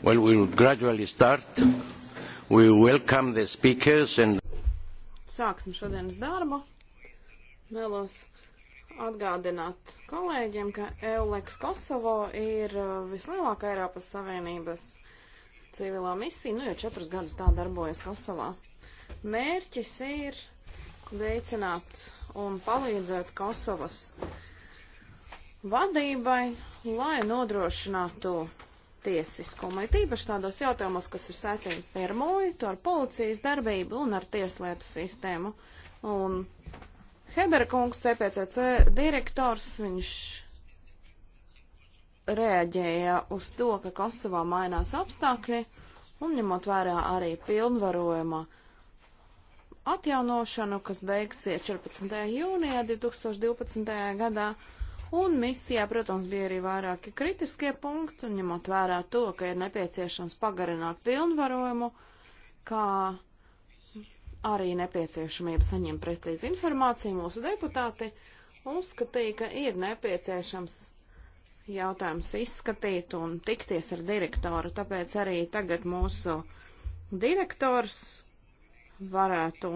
Well, we will gradually start. We welcome the speakers and... Sāksim šodienas darbu. Vēlos atgādināt kolēģiem, ka EULEX Kosovo ir uh, vislielākā Eiropas Savienības civilā misija, nu jau četrus gadus tā darbojas Kosovā. Mērķis ir veicināt un palīdzēt Kosovas vadībai, lai nodrošinātu tiesiskumu, it īpaši tādos jautājumos, kas ir saistīti ar muitu, ar policijas darbību un ar tieslietu sistēmu. Un Hebera kungs, CPCC direktors, viņš reaģēja uz to, ka Kosovā mainās apstākļi un ņemot vērā arī pilnvarojuma atjaunošanu, kas beigsies 14. jūnijā 2012. gadā. Un misijā, protams, bija arī vairāki kritiskie punkti, un ņemot vērā to, ka ir nepieciešams pagarināt pilnvarojumu, kā arī nepieciešamība saņemt precīzi informāciju, mūsu deputāti uzskatīja, ka ir nepieciešams jautājums izskatīt un tikties ar direktoru, tāpēc arī tagad mūsu direktors varētu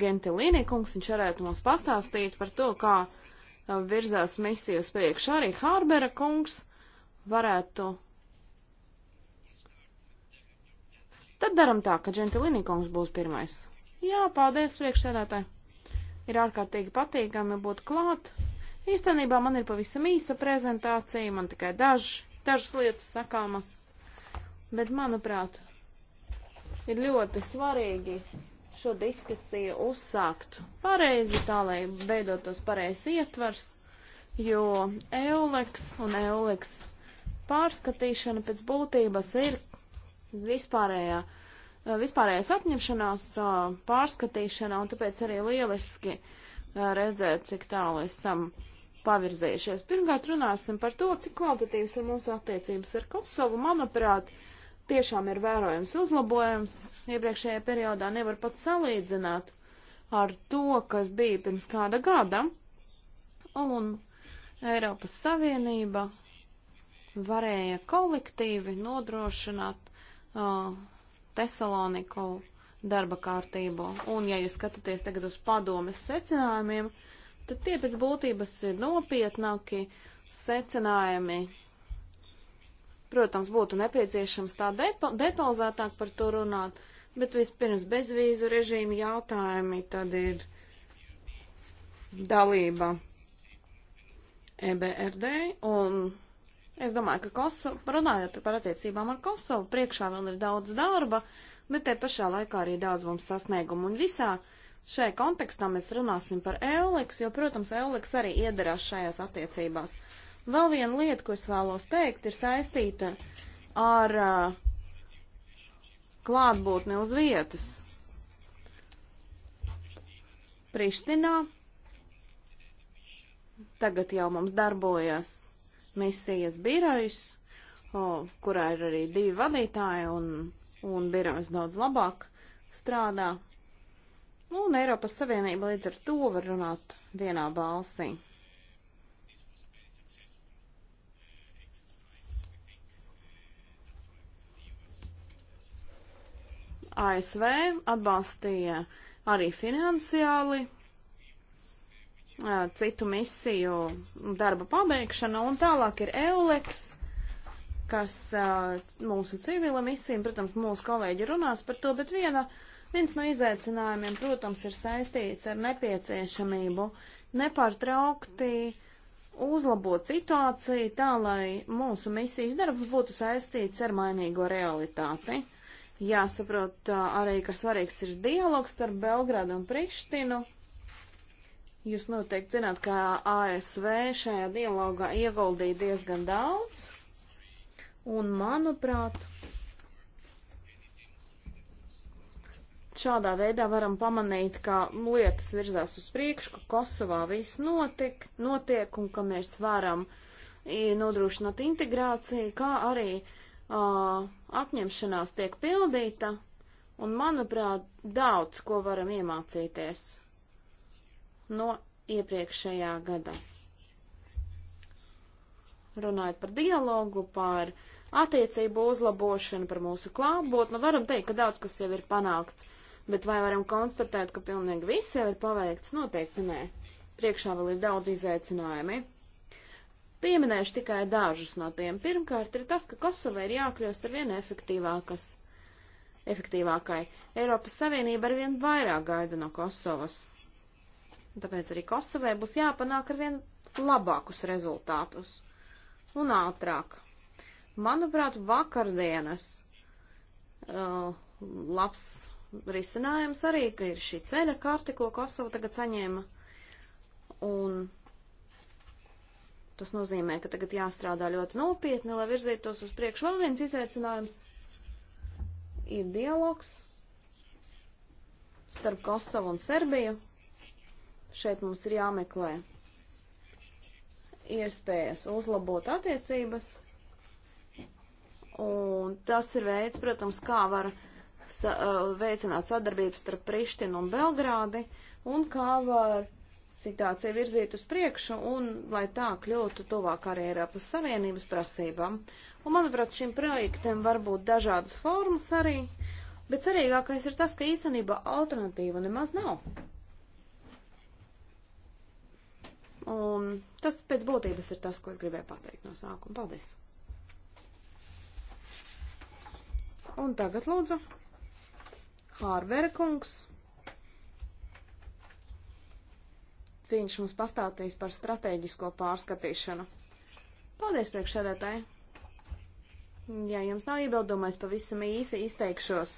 Gentilīnī kungs, viņš varētu mums pastāstīt par to, kā uh, virzās misijas priekš arī Hārbera kungs varētu. Tad daram tā, ka Gentilīnī kungs būs pirmais. Jā, paldies priekšsēdētāji. Ir ārkārtīgi patīkami būt klāt. Īstenībā man ir pavisam īsa prezentācija, man tikai daž, dažas lietas sakāmas. Bet, manuprāt, ir ļoti svarīgi šo diskusiju uzsākt pareizi, tā lai veidotos pareizi ietvars, jo Euleks un Euleks pārskatīšana pēc būtības ir vispārējā, eh, vispārējais apņemšanās eh, pārskatīšana, un tāpēc arī lieliski eh, redzēt, cik tālu esam pavirzējušies. Pirmkārt runāsim par to, cik kvalitatīvas ir mūsu attiecības ar Kosovu. Manuprāt, uh, tiešām ir vērojams uzlabojums. Iepriekšējā periodā nevar pat salīdzināt ar to, kas bija pirms kāda gada. Un Eiropas Savienība varēja kolektīvi nodrošināt uh, Tesaloniku darba kārtību. Un, ja jūs skatāties tagad uz padomes secinājumiem, tad tie pēc būtības ir nopietnāki secinājumi Protams, būtu nepieciešams tā depa, detalizētāk par to runāt, bet vispirms bezvīzu režīmu jautājumi tad ir dalība EBRD un Es domāju, ka Kosovo, runājot par attiecībām ar Kosovu, priekšā vēl ir daudz darba, bet te pašā laikā arī daudz mums sasniegumu. Un visā šajā kontekstā mēs runāsim par Euliks, jo, protams, Euliks arī iedarās šajās attiecībās. Vēl viena lieta, ko es vēlos teikt, ir saistīta ar uh, klātbūtni uz vietas. Prištinā tagad jau mums darbojas misijas birojs, kurā ir arī divi vadītāji un, un birojs daudz labāk strādā. Un Eiropas Savienība līdz ar to var runāt vienā balsī. ASV atbalstīja arī finansiāli citu misiju darba pabeigšanu, un tālāk ir EULEX, kas mūsu civila misija, protams, mūsu kolēģi runās par to, bet viena, viens no izaicinājumiem, protams, ir saistīts ar nepieciešamību nepārtraukti uzlabot situāciju tā, lai mūsu misijas darbs būtu saistīts ar mainīgo realitāti. Jāsaprot arī, ka svarīgs ir dialogs starp Belgrādu un Prištinu. Jūs noteikti zināt, ka ASV šajā dialogā ieguldīja diezgan daudz. Un, manuprāt, šādā veidā varam pamanīt, ka lietas virzās uz priekšu, ka Kosovā viss notiek, notiek un ka mēs varam nodrošināt integrāciju, kā arī uh, uh, apņemšanās tiek pildīta, un, manuprāt, daudz ko varam iemācīties no iepriekšējā gada. Runājot par dialogu, par attiecību uzlabošanu, par mūsu klātbūtni, nu, varam teikt, ka daudz kas jau ir panākts, bet vai varam konstatēt, ka pilnīgi viss jau ir paveikts? Noteikti nē. Priekšā vēl ir daudz izaicinājumi. Pieminēšu tikai dažus no tiem. Pirmkārt ir tas, ka Kosova ir jākļūst ar vien efektīvākas. Efektīvākai. Eiropas Savienība ar vien vairāk gaida no Kosovas. Tāpēc arī Kosovai būs jāpanāk ar vien labākus rezultātus. Un ātrāk. Manuprāt, vakardienas uh, labs risinājums arī, ka ir šī ceļa karte, ko Kosova tagad saņēma. Un Tas nozīmē, ka tagad jāstrādā ļoti nopietni, lai virzītos uz priekšu. Vēl viens izaicinājums ir dialogs starp Kosovu un Serbiju. Šeit mums ir jāmeklē iespējas uzlabot attiecības. Un tas ir veids, protams, kā var sa uh, veicināt sadarbības starp Prištinu un Belgrādi un kā var situācija virzīt uz priekšu un lai tā kļūtu tuvāk arī Eiropas Savienības prasībām. Un, manuprāt, šim projektam var būt dažādas formas arī, bet svarīgākais ir tas, ka īstenībā alternatīva nemaz nav. Un tas pēc būtības ir tas, ko es gribēju pateikt no sākuma. Paldies! Un tagad lūdzu Hārvera kungs. viņš mums pastāstīs par strateģisko pārskatīšanu. Paldies priekšsēdētāji! Ja jums nav iebildumu, es pavisam īsi izteikšos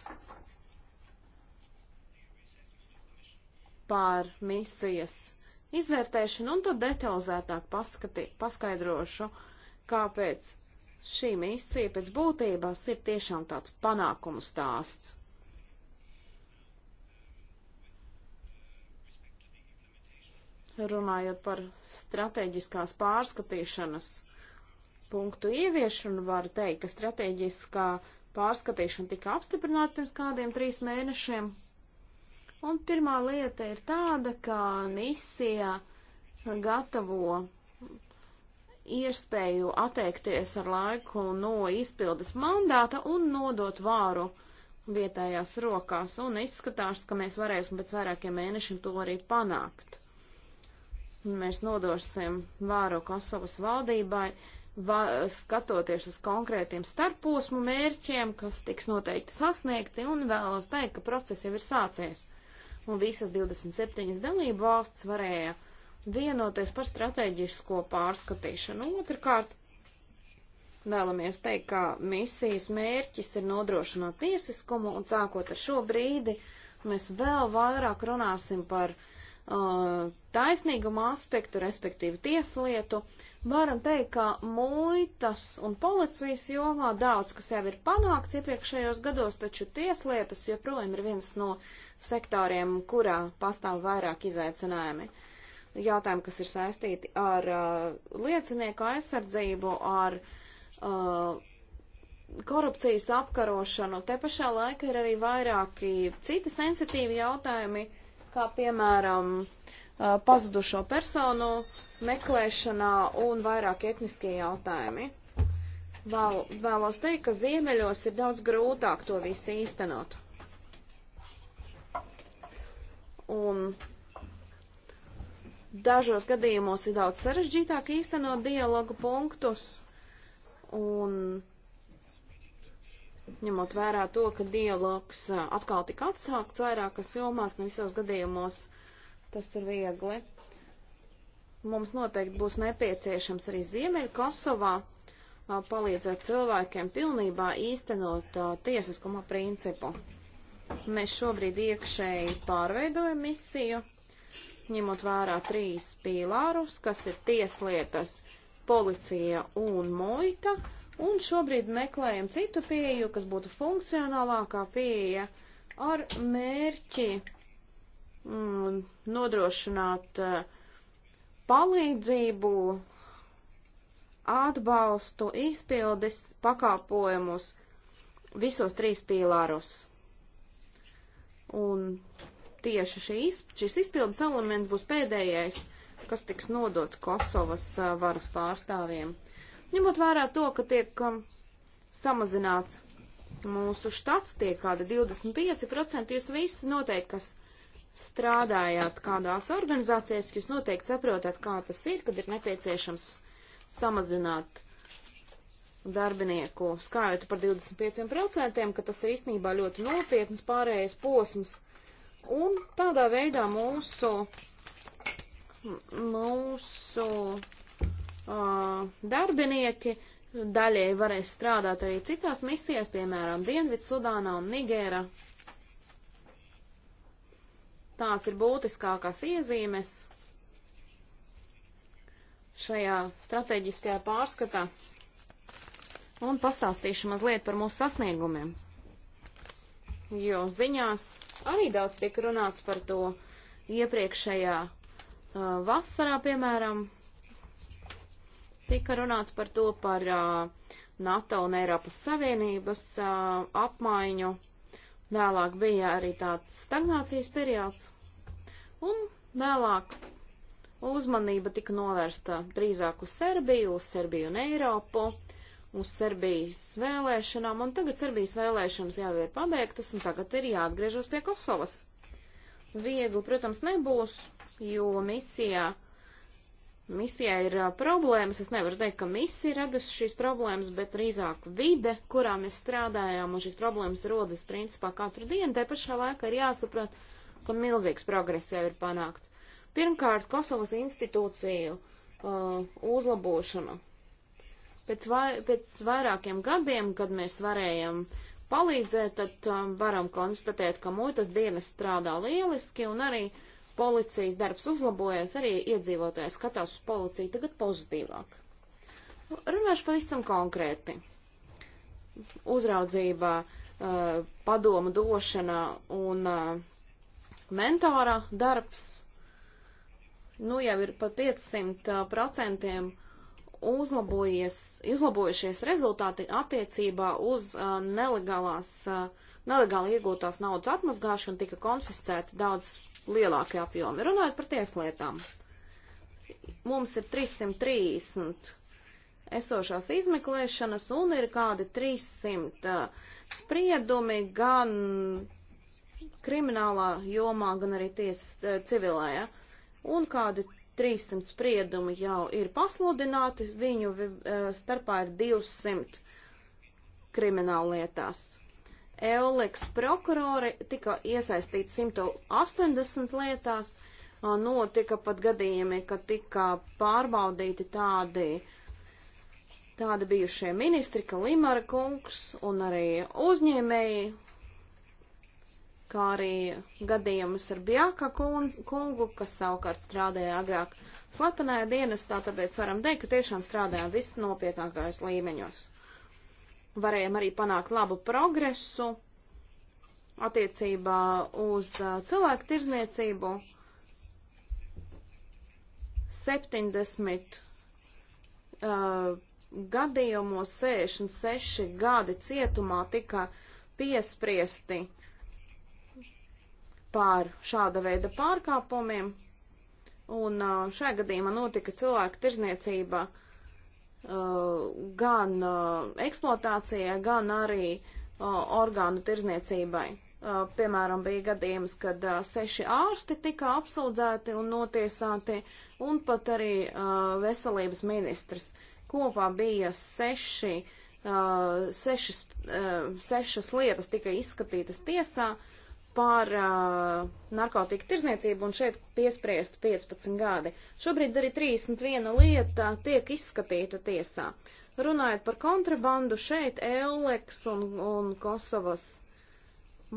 pār misijas izvērtēšanu un tad detalizētāk paskatī, paskaidrošu, kāpēc šī misija pēc būtības ir tiešām tāds panākumu stāsts. runājot par stratēģiskās pārskatīšanas punktu ieviešanu, var teikt, ka stratēģiskā pārskatīšana tika apstiprināta pirms kādiem trīs mēnešiem. Un pirmā lieta ir tāda, ka misija gatavo iespēju atteikties ar laiku no izpildes mandāta un nodot vāru vietējās rokās, un izskatās, ka mēs varēsim pēc vairākiem mēnešiem to arī panākt. Mēs nodosim vāru Kosovas valdībai, va, skatoties uz konkrētiem starposmu mērķiem, kas tiks noteikti sasniegti, un vēlos teikt, ka process jau ir sācies. Un visas 27 dalību valsts varēja vienoties par strateģisko pārskatīšanu. Otrakārt, vēlamies teikt, ka misijas mērķis ir nodrošināt tiesiskumu, un sākot ar šo brīdi mēs vēl vairāk runāsim par uh, taisnīguma aspektu, respektīvi tieslietu, varam teikt, ka muitas un policijas jomā daudz, kas jau ir panākts iepriekšējos gados, taču tieslietas joprojām ir viens no sektoriem, kurā pastāv vairāk izaicinājumi. Jautājumi, kas ir saistīti ar uh, liecinieku aizsardzību, ar uh, korupcijas apkarošanu. Te pašā laikā ir arī vairāki citi sensitīvi jautājumi, kā piemēram uh, Uh, pazudušo personu meklēšanā un vairāk etniskie jautājumi. Vēl, vēlos teikt, ka ziemeļos ir daudz grūtāk to visu īstenot. Un dažos gadījumos ir daudz sarežģītāk īstenot dialogu punktus. Un ņemot vērā to, ka dialogs uh, atkal tika atsākts vairākas jomās, ne visos gadījumos tas ir viegli. Mums noteikti būs nepieciešams arī Ziemeļa Kosovā palīdzēt cilvēkiem pilnībā īstenot uh, tiesiskuma principu. Mēs šobrīd iekšēji pārveidojam misiju, ņemot vērā trīs pīlārus, kas ir tieslietas, policija un muita, un šobrīd meklējam citu pieju, kas būtu funkcionālākā pieeja ar mērķi mm, nodrošināt uh, palīdzību, atbalstu, izpildes pakāpojumus visos trīs pīlāros. Un tieši šis, šis izpildes elements būs pēdējais, kas tiks nodots Kosovas uh, varas pārstāvjiem. Ņemot vērā to, ka tiek um, samazināts mūsu štats, tiek kāda 25%, jūs visi noteikti, kas strādājāt kādās organizācijās, jūs noteikti saprotat, kā tas ir, kad ir nepieciešams samazināt darbinieku skaitu par 25%, ka tas ir īstenībā ļoti nopietnas pārējais posms. Un tādā veidā mūsu, mūsu uh, darbinieki daļēji varēs strādāt arī citās misijās, piemēram, Dienvidsudānā un Nigērā. Tās ir būtiskākās iezīmes šajā strateģiskajā pārskatā un pastāstīšu mazliet par mūsu sasniegumiem. Jo ziņās arī daudz tiek runāts par to iepriekšējā uh, vasarā, piemēram, tika runāts par to par uh, NATO un Eiropas Savienības uh, apmaiņu Vēlāk bija arī tāds stagnācijas periods, un vēlāk uzmanība tika novērsta drīzāk uz Serbiju, uz Serbiju un Eiropu, uz Serbijas vēlēšanām, un tagad Serbijas vēlēšanas jau ir pabeigtas, un tagad ir jāatgriežas pie Kosovas. Viegli, protams, nebūs, jo misijā Misijā ir uh, problēmas, es nevaru teikt, ka misija radusi šīs problēmas, bet drīzāk vide, kurā mēs strādājām, un šīs problēmas rodas principā katru dienu. Te pašā laikā ir jāsaprot, ka milzīgs progress jau ir panākts. Pirmkārt, Kosovas institūciju uh, uzlabošana. Pēc, vai, pēc vairākiem gadiem, kad mēs varējām palīdzēt, tad um, varam konstatēt, ka muitas dienas strādā lieliski un arī uh, policijas darbs uzlabojas, arī iedzīvotāji skatās uz policiju tagad pozitīvāk. Runāšu pavisam konkrēti. Uzraudzībā, padomu došana un mentora darbs nu jau ir pa 500% uzlabojušies rezultāti attiecībā uz nelegālās nelegāli iegūtās naudas atmazgāšana tika konfiscēta daudz lielākie apjomi. Runājot par tieslietām, mums ir 330 esošās izmeklēšanas un ir kādi 300 uh, spriedumi gan kriminālā jomā, gan arī tiesas uh, civilējā. Un kādi 300 spriedumi jau ir pasludināti, viņu uh, starpā ir 200 krimināllietās. Euleks prokurori tika iesaistīti 180 lietās, notika pat gadījumi, ka tika pārbaudīti tādi, tādi bijušie ministri, ka Limara kungs un arī uzņēmēji, kā arī gadījumus ar Bjāka kungu, kas savukārt strādāja agrāk slepenajā dienestā, tāpēc varam teikt, ka tiešām strādājām viss nopietnākajos līmeņos varējām arī panākt labu progresu attiecībā uz cilvēku tirzniecību. 70 uh, gadījumos 66 gadi cietumā tika piespriesti pār šāda veida pārkāpumiem, un uh, šajā gadījumā notika cilvēku tirzniecība uh, Uh, gan uh, eksploatācijai, gan arī uh, orgānu tirzniecībai. Piemēram, bija gadījums, kad seši ārsti tika apsūdzēti un notiesāti, un pat arī veselības ministrs. Kopā bija seši, sešas, sešas lietas tika izskatītas tiesā, par uh, narkotiku tirzniecību un šeit piespriest 15 gadi. Šobrīd arī 31 lieta tiek izskatīta tiesā. Runājot par kontrabandu, šeit Euleks un, un Kosovas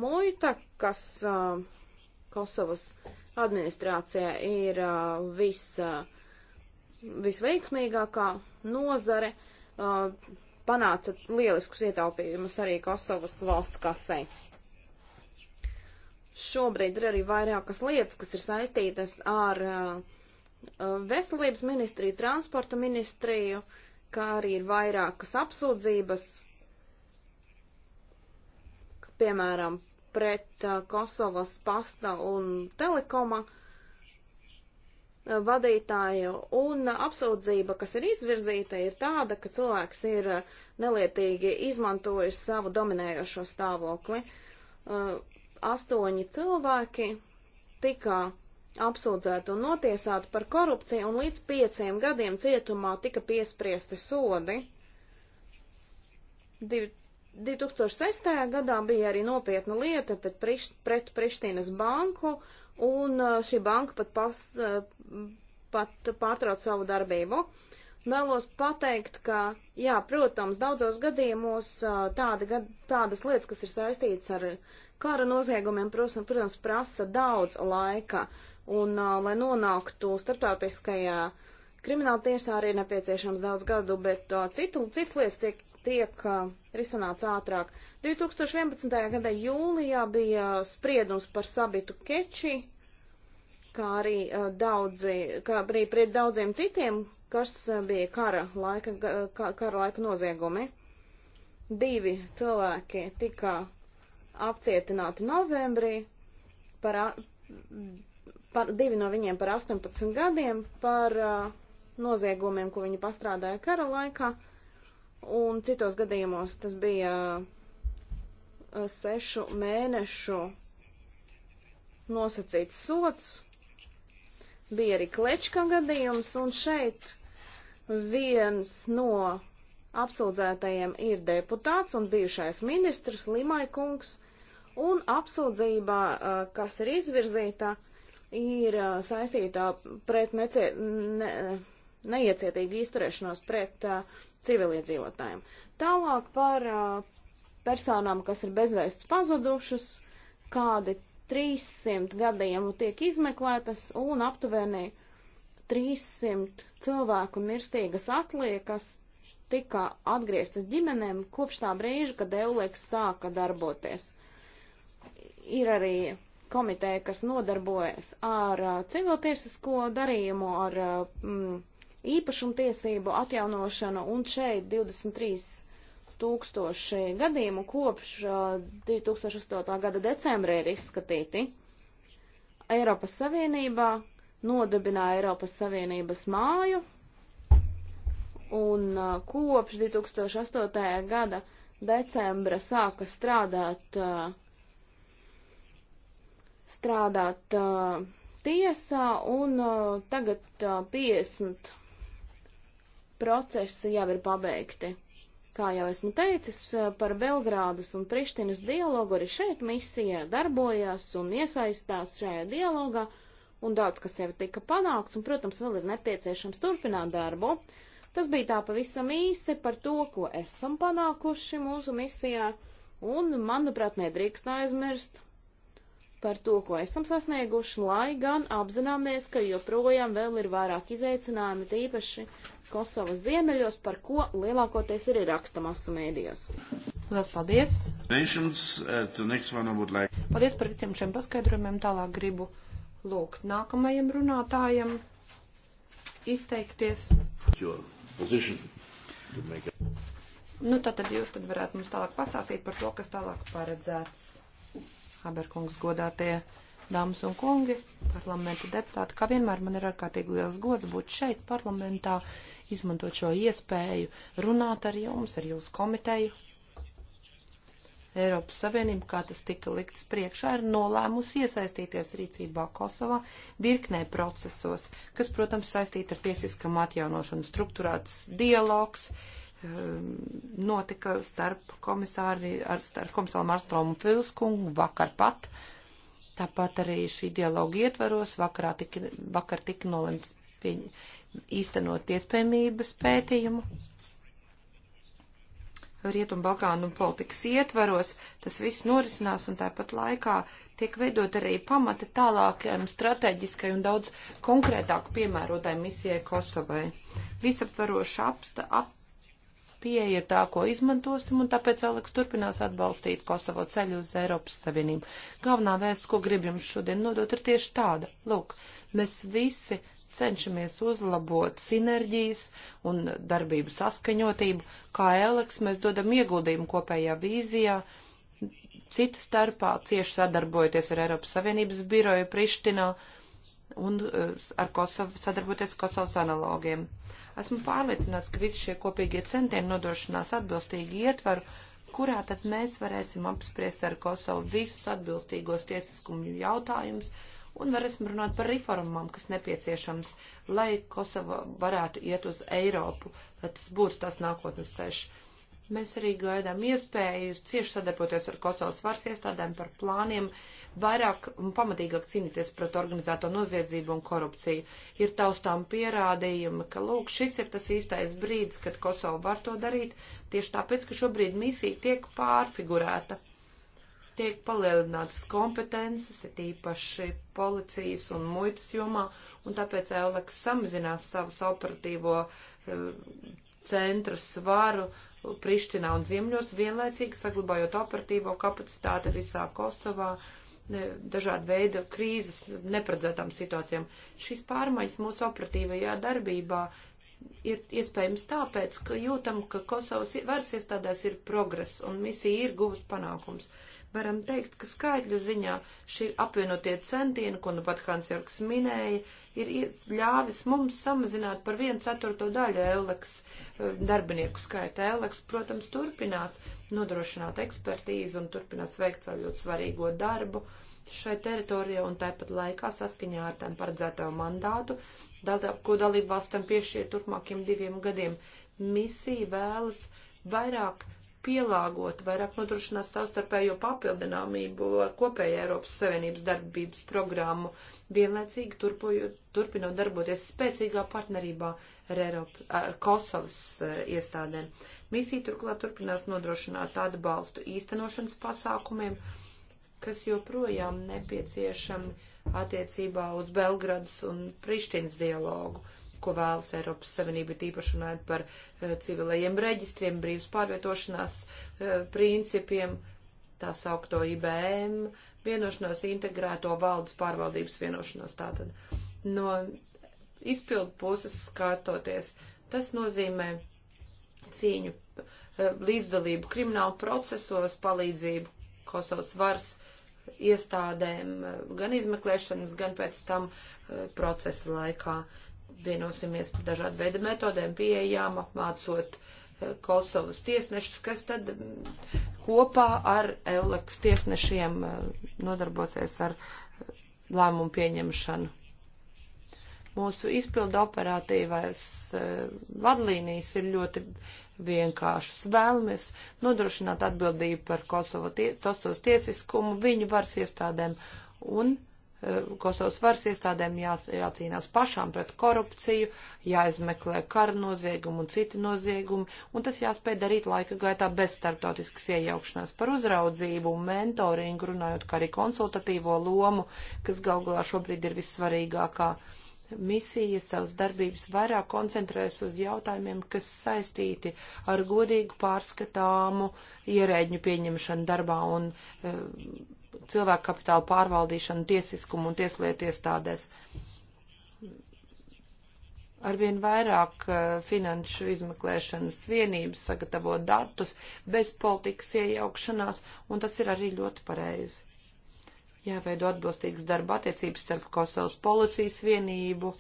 muita, kas uh, Kosovas administrācijā ir uh, vis, uh, visveiksmīgākā nozare, uh, panāca lieliskus ietaupījumus arī Kosovas valsts kasei. Šobrīd ir arī vairākas lietas, kas ir saistītas ar uh, uh, veselības ministriju, transporta ministriju, kā arī ir vairākas apsūdzības, piemēram, pret uh, Kosovas pasta un telekoma vadītāju, un apsūdzība, kas ir izvirzīta, ir tāda, ka cilvēks ir nelietīgi izmantojis savu dominējošo stāvokli. Uh, astoņi cilvēki tika apsūdzēti un notiesāti par korupciju, un līdz pieciem gadiem cietumā tika piespriesti sodi. Div 2006. gadā bija arī nopietna lieta pret, Priš pret Prištinas banku, un uh, šī banka pat, pas, uh, pat pārtrauc savu darbību. Uh, vēlos pateikt, ka, jā, protams, daudzos gadījumos tāda, tādas lietas, kas ir saistītas ar kara noziegumiem, protams, protams prasa daudz laika, un, lai nonāktu starptautiskajā krimināla tiesā arī ir nepieciešams daudz gadu, bet citu, citu lietas tiek, tiek risināts ātrāk. 2011. gada jūlijā bija spriedums par sabitu keči, kā arī daudzi, kā arī pret daudziem citiem kas eh, bija kara laika, eh, kara laika noziegumi. Divi cilvēki tika apcietināti novembrī, par, par, divi no viņiem par 18 gadiem, par uh, noziegumiem, ko viņi pastrādāja kara laikā, un citos gadījumos tas bija uh, sešu mēnešu nosacīts sots, bija arī klečka gadījums, un šeit viens no apsūdzētajiem ir deputāts un bijušais ministrs Limaikungs, un apsūdzībā, kas ir izvirzīta, ir saistītā pret necie, ne, neiecietīgu izturēšanos pret uh, civiliedzīvotājiem. Tālāk par uh, personām, kas ir bezvēsts pazudušas, kādi 300 gadījumu tiek izmeklētas un aptuveni 300 cilvēku mirstīgas atliekas tika atgrieztas ģimenēm kopš tā brīža, kad Eulēks sāka darboties. Ir arī komiteja, kas nodarbojas ar uh, civiltiesisko darījumu, ar uh, mm, īpašumtiesību atjaunošanu, un šeit 23 tūkstoši gadījumu kopš 2008. Uh, gada decembra ir izskatīti. Eiropas Savienībā nodibināja Eiropas Savienības māju, un uh, kopš 2008. gada decembra sāka strādāt, uh, strādāt uh, tiesā, un uh, tagad 50 uh, procesi jau ir pabeigti. Kā jau esmu teicis, uh, par Belgrādas un Prištinas dialogu arī šeit misija darbojās un iesaistās šajā dialogā un daudz kas jau tika panākts, un, protams, vēl ir nepieciešams turpināt darbu. Tas bija tā pavisam īsi par to, ko esam panākuši mūsu misijā, un, manuprāt, nedrīkst aizmirst par to, ko esam sasnieguši, lai gan apzināmies, ka joprojām vēl ir vairāk izaicinājumi, tīpaši Kosovas ziemeļos, par ko lielākoties ir raksta masu mēdījos. Lielas paldies! Uh, paldies par visiem šiem paskaidrojumiem. Tālāk gribu lūgt nākamajam runātājam izteikties. Nu, tad, tad jūs tad varētu mums tālāk pasāstīt par to, kas tālāk paredzēts. Haberkungs godātie dāmas un kungi, parlamenta deputāti, kā vienmēr man ir ārkārtīgi liels gods būt šeit parlamentā, izmantot šo iespēju runāt ar jums, ar jūsu komiteju. Eiropas Savienība, kā tas tika likts priekšā, ir nolēmusi iesaistīties rīcībā Kosovā virknē procesos, kas, protams, saistīti ar tiesiskam atjaunošanu struktūrāts dialogs um, notika starp komisāri, ar, starp komisāru Marstromu Filskungu vakar pat. Tāpat arī šī dialoga ietvaros vakarā tika, vakar tika nolēmts īstenot iespējamības pētījumu Rietumbalkānu politikas ietvaros, tas viss norisinās un tāpat laikā tiek veidot arī pamati tālākiem strateģiskai un daudz konkrētāk piemērotai misijai Kosovai. Visaptvaroša apsta, ap, pieeja ir tā, ko izmantosim, un tāpēc Aleks turpinās atbalstīt Kosovo ceļu uz Eiropas Savienību. Galvenā vēsts, ko grib jums šodien nodot, ir tieši tāda. Lūk, mēs visi cenšamies uzlabot sinerģijas un darbību saskaņotību, kā Eleks mēs dodam ieguldījumu kopējā vīzijā, cita starpā cieši sadarbojoties ar Eiropas Savienības biroju Prištinā un eh, ar Kosovu, sadarboties Kosovas analogiem. Esmu pārliecināts, ka visi šie kopīgie centieni nodrošinās atbilstīgu ietvaru, kurā tad mēs varēsim apspriest ar Kosovu visus atbilstīgos tiesiskumu jautājumus, un varēsim runāt par reformām, kas nepieciešams, lai Kosova varētu iet uz Eiropu, lai tas būtu tas nākotnes ceļš. Mēs arī gaidām iespēju cieši sadarboties ar Kosovas varas iestādēm par plāniem vairāk un pamatīgāk cīnīties pret organizēto noziedzību un korupciju. Ir taustām pierādījumi, ka, lūk, šis ir tas īstais brīdis, kad Kosova var to darīt, tieši tāpēc, ka šobrīd misija tiek pārfigurēta tiek palielinātas kompetences, ir īpaši policijas un muitas jomā, un tāpēc Euleks samazinās savus operatīvo eh, centru svaru Prištinā un Ziemļos, vienlaicīgi saglabājot operatīvo kapacitāti visā Kosovā dažāda veida krīzes, neparedzētām situācijām. Šīs pārmaiņas mūsu operatīvajā darbībā ir iespējams tāpēc, ka jūtam, ka Kosovas varas iestādēs ir progress un misija ir guvusi panākums varam teikt, ka skaitļu ziņā šī apvienotie centieni, ko nu pat Hans Jorgs minēja, ir ļāvis mums samazināt par 1 ceturto daļu Eleks eh, darbinieku skaita. Eleks, protams, turpinās nodrošināt ekspertīzi un turpinās veikt savu ļoti svarīgo darbu šai teritorijai un tāpat laikā saskaņā ar tām paredzēto mandātu, ko dalību valstam piešķir turpmākiem diviem gadiem, misija vēlas vairāk pielāgot, vairāk nodrošināt savstarpējo papildināmību ar kopēju Eiropas Savienības darbības programmu, vienlaicīgi turpojot, turpinot darboties spēcīgā partnerībā ar, Eiropa, ar Kosovas uh, iestādēm. Misija turklāt turpinās nodrošināt atbalstu īstenošanas pasākumiem, kas joprojām nepieciešami attiecībā uz Belgradas un Prištins dialogu ko vēlas Eiropas Savienība, tīpaši runājot par eh, civilajiem reģistriem, brīvas pārvietošanās eh, principiem, tā saukto IBM, vienošanos integrēto valdes pārvaldības vienošanos. Tātad no izpildu puses skatoties, tas nozīmē cīņu, eh, līdzdalību kriminālu procesos, palīdzību Kosovas varas iestādēm gan izmeklēšanas, gan pēc tam procesa laikā. Uh, vienosimies par dažādu veidu metodēm, pieejām, apmācot eh, Kosovas tiesnešus, kas tad mm, kopā ar Euleks tiesnešiem eh, nodarbosies ar eh, lēmumu pieņemšanu. Mūsu izpildu operatīvais vadlīnijas ir ļoti vienkāršas. Vēlamies nodrošināt atbildību par Kosovo tie, Kosovas tiesiskumu viņu varas iestādēm un Kosovas varas iestādēm jā, jācīnās pašām pret korupciju, jāizmeklē kara noziegumu un citi noziegumi, un tas jāspēj darīt laika gaitā bez starptautiskas iejaukšanās par uzraudzību un mentoringu, runājot kā arī konsultatīvo lomu, kas galgulā šobrīd ir vissvarīgākā. Misija savas darbības vairāk koncentrēs uz jautājumiem, kas saistīti ar godīgu pārskatāmu ierēģņu pieņemšanu darbā un e, cilvēku kapitāla pārvaldīšanu, tiesiskumu un tieslietu iestādēs. Arvien vairāk eh, finanšu izmeklēšanas vienības sagatavo datus bez politikas iejaukšanās, un tas ir arī ļoti pareizi. Jāveido atbilstīgas darba attiecības starp Kosovas policijas vienību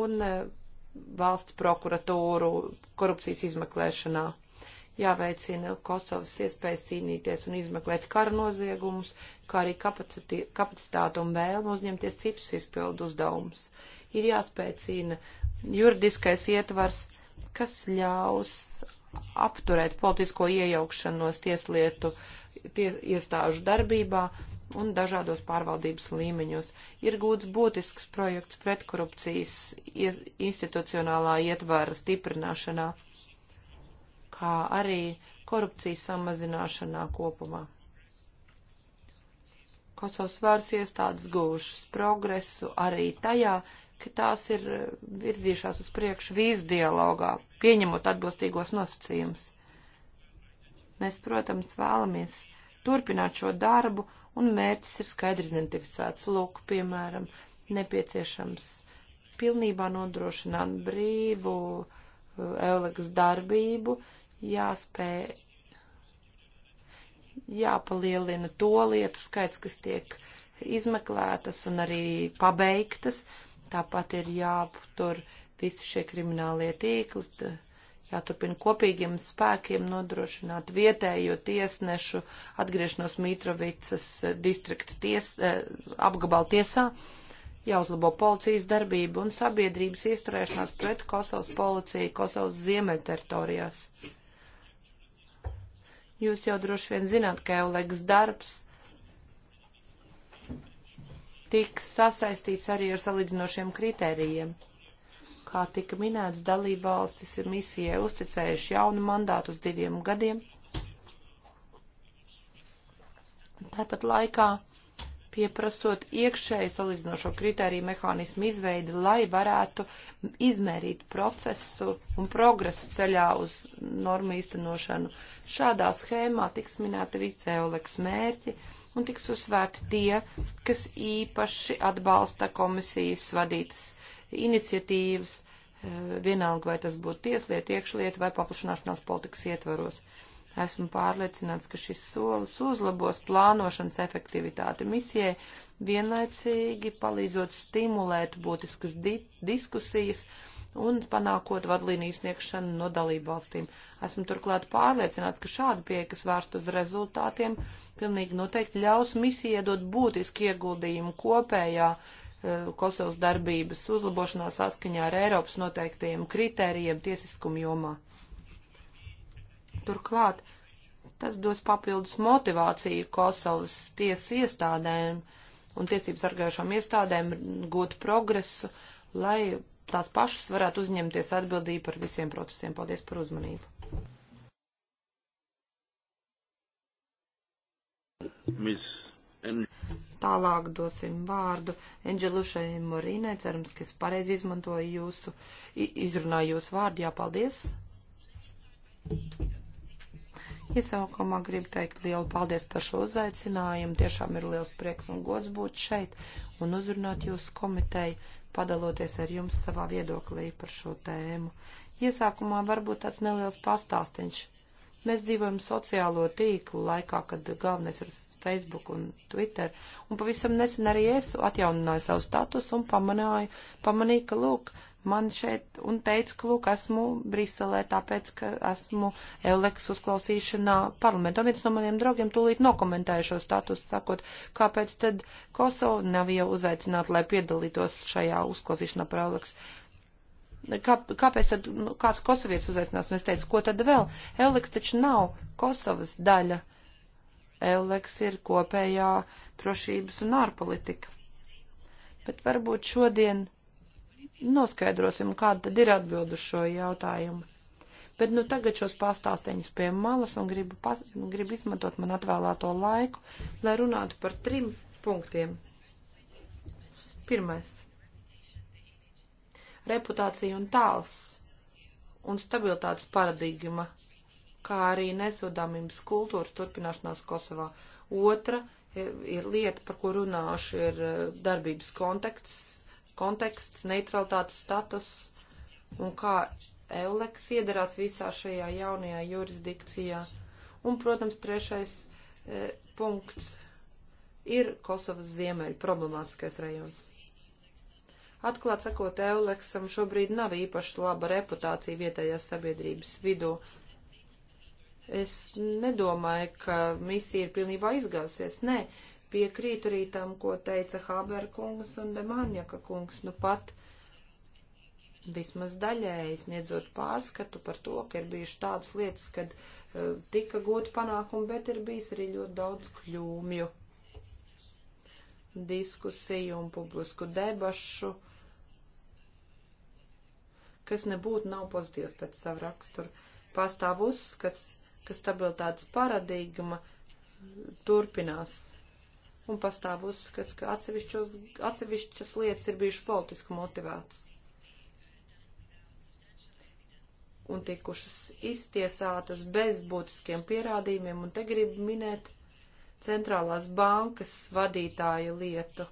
un eh, valsts prokuratūru korupcijas izmeklēšanā jāveicina Kosovas iespējas cīnīties un izmeklēt kara noziegumus, kā arī kapacitāti un vēlmu uzņemties citus izpildu uzdevumus. Ir jāspēcina juridiskais ietvars, kas ļaus apturēt politisko iejaukšanos tieslietu ties, iestāžu darbībā un dažādos pārvaldības līmeņos. Ir gūts būtisks projekts pretkorupcijas institucionālā ietvara stiprināšanā kā arī korupcijas samazināšanā kopumā. Kosovas varas iestādes gūšas progresu arī tajā, ka tās ir virzījušās uz priekšu vīz dialogā, pieņemot atbilstīgos nosacījumus. Mēs, protams, vēlamies turpināt šo darbu, un mērķis ir skaidri identificēts. Lūk, piemēram, nepieciešams pilnībā nodrošināt brīvu uh, Euleks darbību, uh, jāspēj, jāpalielina to lietu skaits, kas tiek izmeklētas un arī pabeigtas. Tāpat ir jāaptur visi šie kriminālie tīkli, jāturpina kopīgiem spēkiem nodrošināt vietējo tiesnešu atgriešanos Mitrovicas eh, distrikta ties, eh, apgabala tiesā, jāuzlabo policijas darbību un sabiedrības iesturēšanās pret Kosovas policiju Kosovas ziemeļteritorijās. teritorijās Jūs jau droši vien zināt, ka Euleks darbs tiks sasaistīts arī ar salīdzinošiem kritērijiem. Kā tika minēts, dalībvalstis ir misijai uzticējuši jaunu mandātu uz diviem gadiem. Tāpat laikā pieprasot iekšēju salīdzinošo kritēriju mehānismu izveidi, lai varētu izmērīt procesu un progresu ceļā uz normu īstenošanu. Šādā schēmā tiks minēta visi EOLEX mērķi un tiks uzsvērti tie, kas īpaši atbalsta komisijas vadītas iniciatīvas, eh, vienalga vai tas būtu tieslietu, iekšlietu vai paplašanāšanās politikas ietvaros. Esmu pārliecināts, ka šis solis uzlabos plānošanas efektivitāti misijai, vienlaicīgi palīdzot stimulēt būtiskas di diskusijas un panākot vadlīniju sniegšanu no dalību valstīm. Esmu turklāt pārliecināts, ka šāda pieeja, kas vērst uz rezultātiem, pilnīgi noteikti ļaus misijai dot būtisku ieguldījumu kopējā uh, Kosovas darbības uzlabošanā saskaņā ar Eiropas noteiktajiem kritērijiem tiesiskumu jomā. Turklāt tas dos papildus motivāciju Kosovas tiesu iestādēm un tiesības argājušām iestādēm gūt progresu, lai tās pašas varētu uzņemties atbildību par visiem procesiem. Paldies par uzmanību. Miss And... Tālāk dosim vārdu Enģelušai Morinai. Cerams, ka es pareizi izmantoju jūsu, izrunāju jūsu vārdu. Jā, paldies. Iesaukumā gribu teikt lielu paldies par šo uzaicinājumu. Tiešām ir liels prieks un gods būt šeit un uzrunāt jūsu komiteju, padaloties ar jums savā viedoklī par šo tēmu. Iesākumā varbūt tāds neliels pastāstiņš. Mēs dzīvojam sociālo tīklu laikā, kad galvenais ir Facebook un Twitter, un pavisam nesen arī es atjaunināju savu statusu un pamanāju, pamanīju, ka, lūk, man šeit un teicu, ka, lūk, esmu Briselē, tāpēc, ka esmu Eleks uzklausīšanā parlamentā. Viens no maniem draugiem tūlīt nokomentēja šo statusu, sakot, kāpēc tad Kosovo nav jau uzaicināta, lai piedalītos šajā uzklausīšanā par Eleks. Kā, kāpēc tad nu, kāds kosovietis uzaicinās? Un es teicu, ko tad vēl? Eleks taču nav Kosovas daļa. Eleks ir kopējā drošības un ārpolitika. Bet varbūt šodien noskaidrosim, kāda tad ir atbild uz šo jautājumu. Bet nu tagad šos pastāsteņus pie malas un gribu, pas, gribu izmantot man atvēlēto laiku, lai runātu par trim punktiem. Pirmais. Reputācija un tāls un stabilitātes paradigma, kā arī nesodāmības kultūras turpināšanās Kosovā. Otra e, ir lieta, par ko runāšu, ir e, darbības konteksts konteksts, neutralitātes status un kā Euleks iedarās visā šajā jaunajā jurisdikcijā. Un, protams, trešais e, punkts ir Kosovas ziemeļa problemātiskais rajons. Atklāt sakot, Euleksam šobrīd nav īpaši laba reputācija vietējās sabiedrības vidū. Es nedomāju, ka misija ir pilnībā izgāzusies. Nē, Piekrīt arī tam, ko teica Haber kungs un Demaņaka kungs. Nu pat vismaz daļēji sniedzot pārskatu par to, ka ir bijuši tādas lietas, kad uh, tika gūti panākumi, bet ir bijis arī ļoti daudz kļūmju diskusiju un publisku debašu, kas nebūtu nav pozitīvs pēc savu raksturu. Pastāv uzskats, ka stabilitātes paradigma turpinās un pastāv uzskats, ka atsevišķas lietas ir bijušas politiski motivētas un tikušas iztiesātas bez būtiskiem pierādījumiem, un te grib minēt centrālās bankas vadītāja lietu.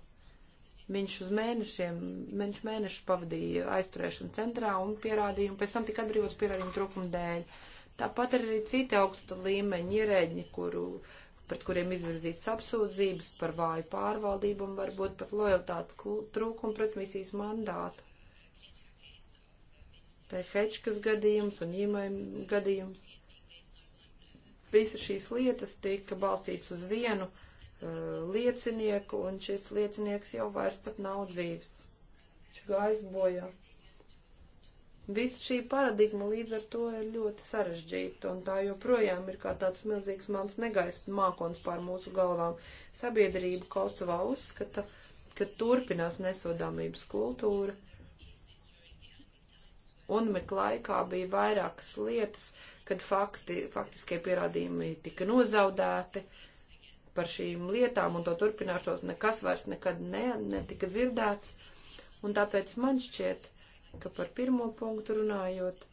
Viņš uz mēnešiem, viņš mēnešus pavadīja aizturēšanu centrā un pierādījumu, pēc tam tika atbrīvots pierādījumu trūkuma dēļ. Tāpat ir arī citi augsta līmeņa ierēģi, kuru uh, pret kuriem izvirzīts apsūdzības par vāju pārvaldību un varbūt pat lojalitātes trūkumu pret misijas mandātu. Tā ir Hečkas gadījums un Jimai gadījums. Visas šīs lietas tika balstīts uz vienu uh, liecinieku, un šis liecinieks jau vairs pat nav dzīves. Viņš gājas bojā. Visa šī paradigma līdz ar to ir ļoti sarežģīta, un tā joprojām ir kā tāds milzīgs mans negaisa mākons pār mūsu galvām. Sabiedrība Kosovā uzskata, ka turpinās nesodāmības kultūra. Unmet laikā bija vairākas lietas, kad fakti, faktiskie pierādījumi tika nozaudēti par šīm lietām, un to turpināšos nekas vairs nekad ne, netika dzirdēts, un tāpēc man šķiet, ka par pirmo punktu runājot,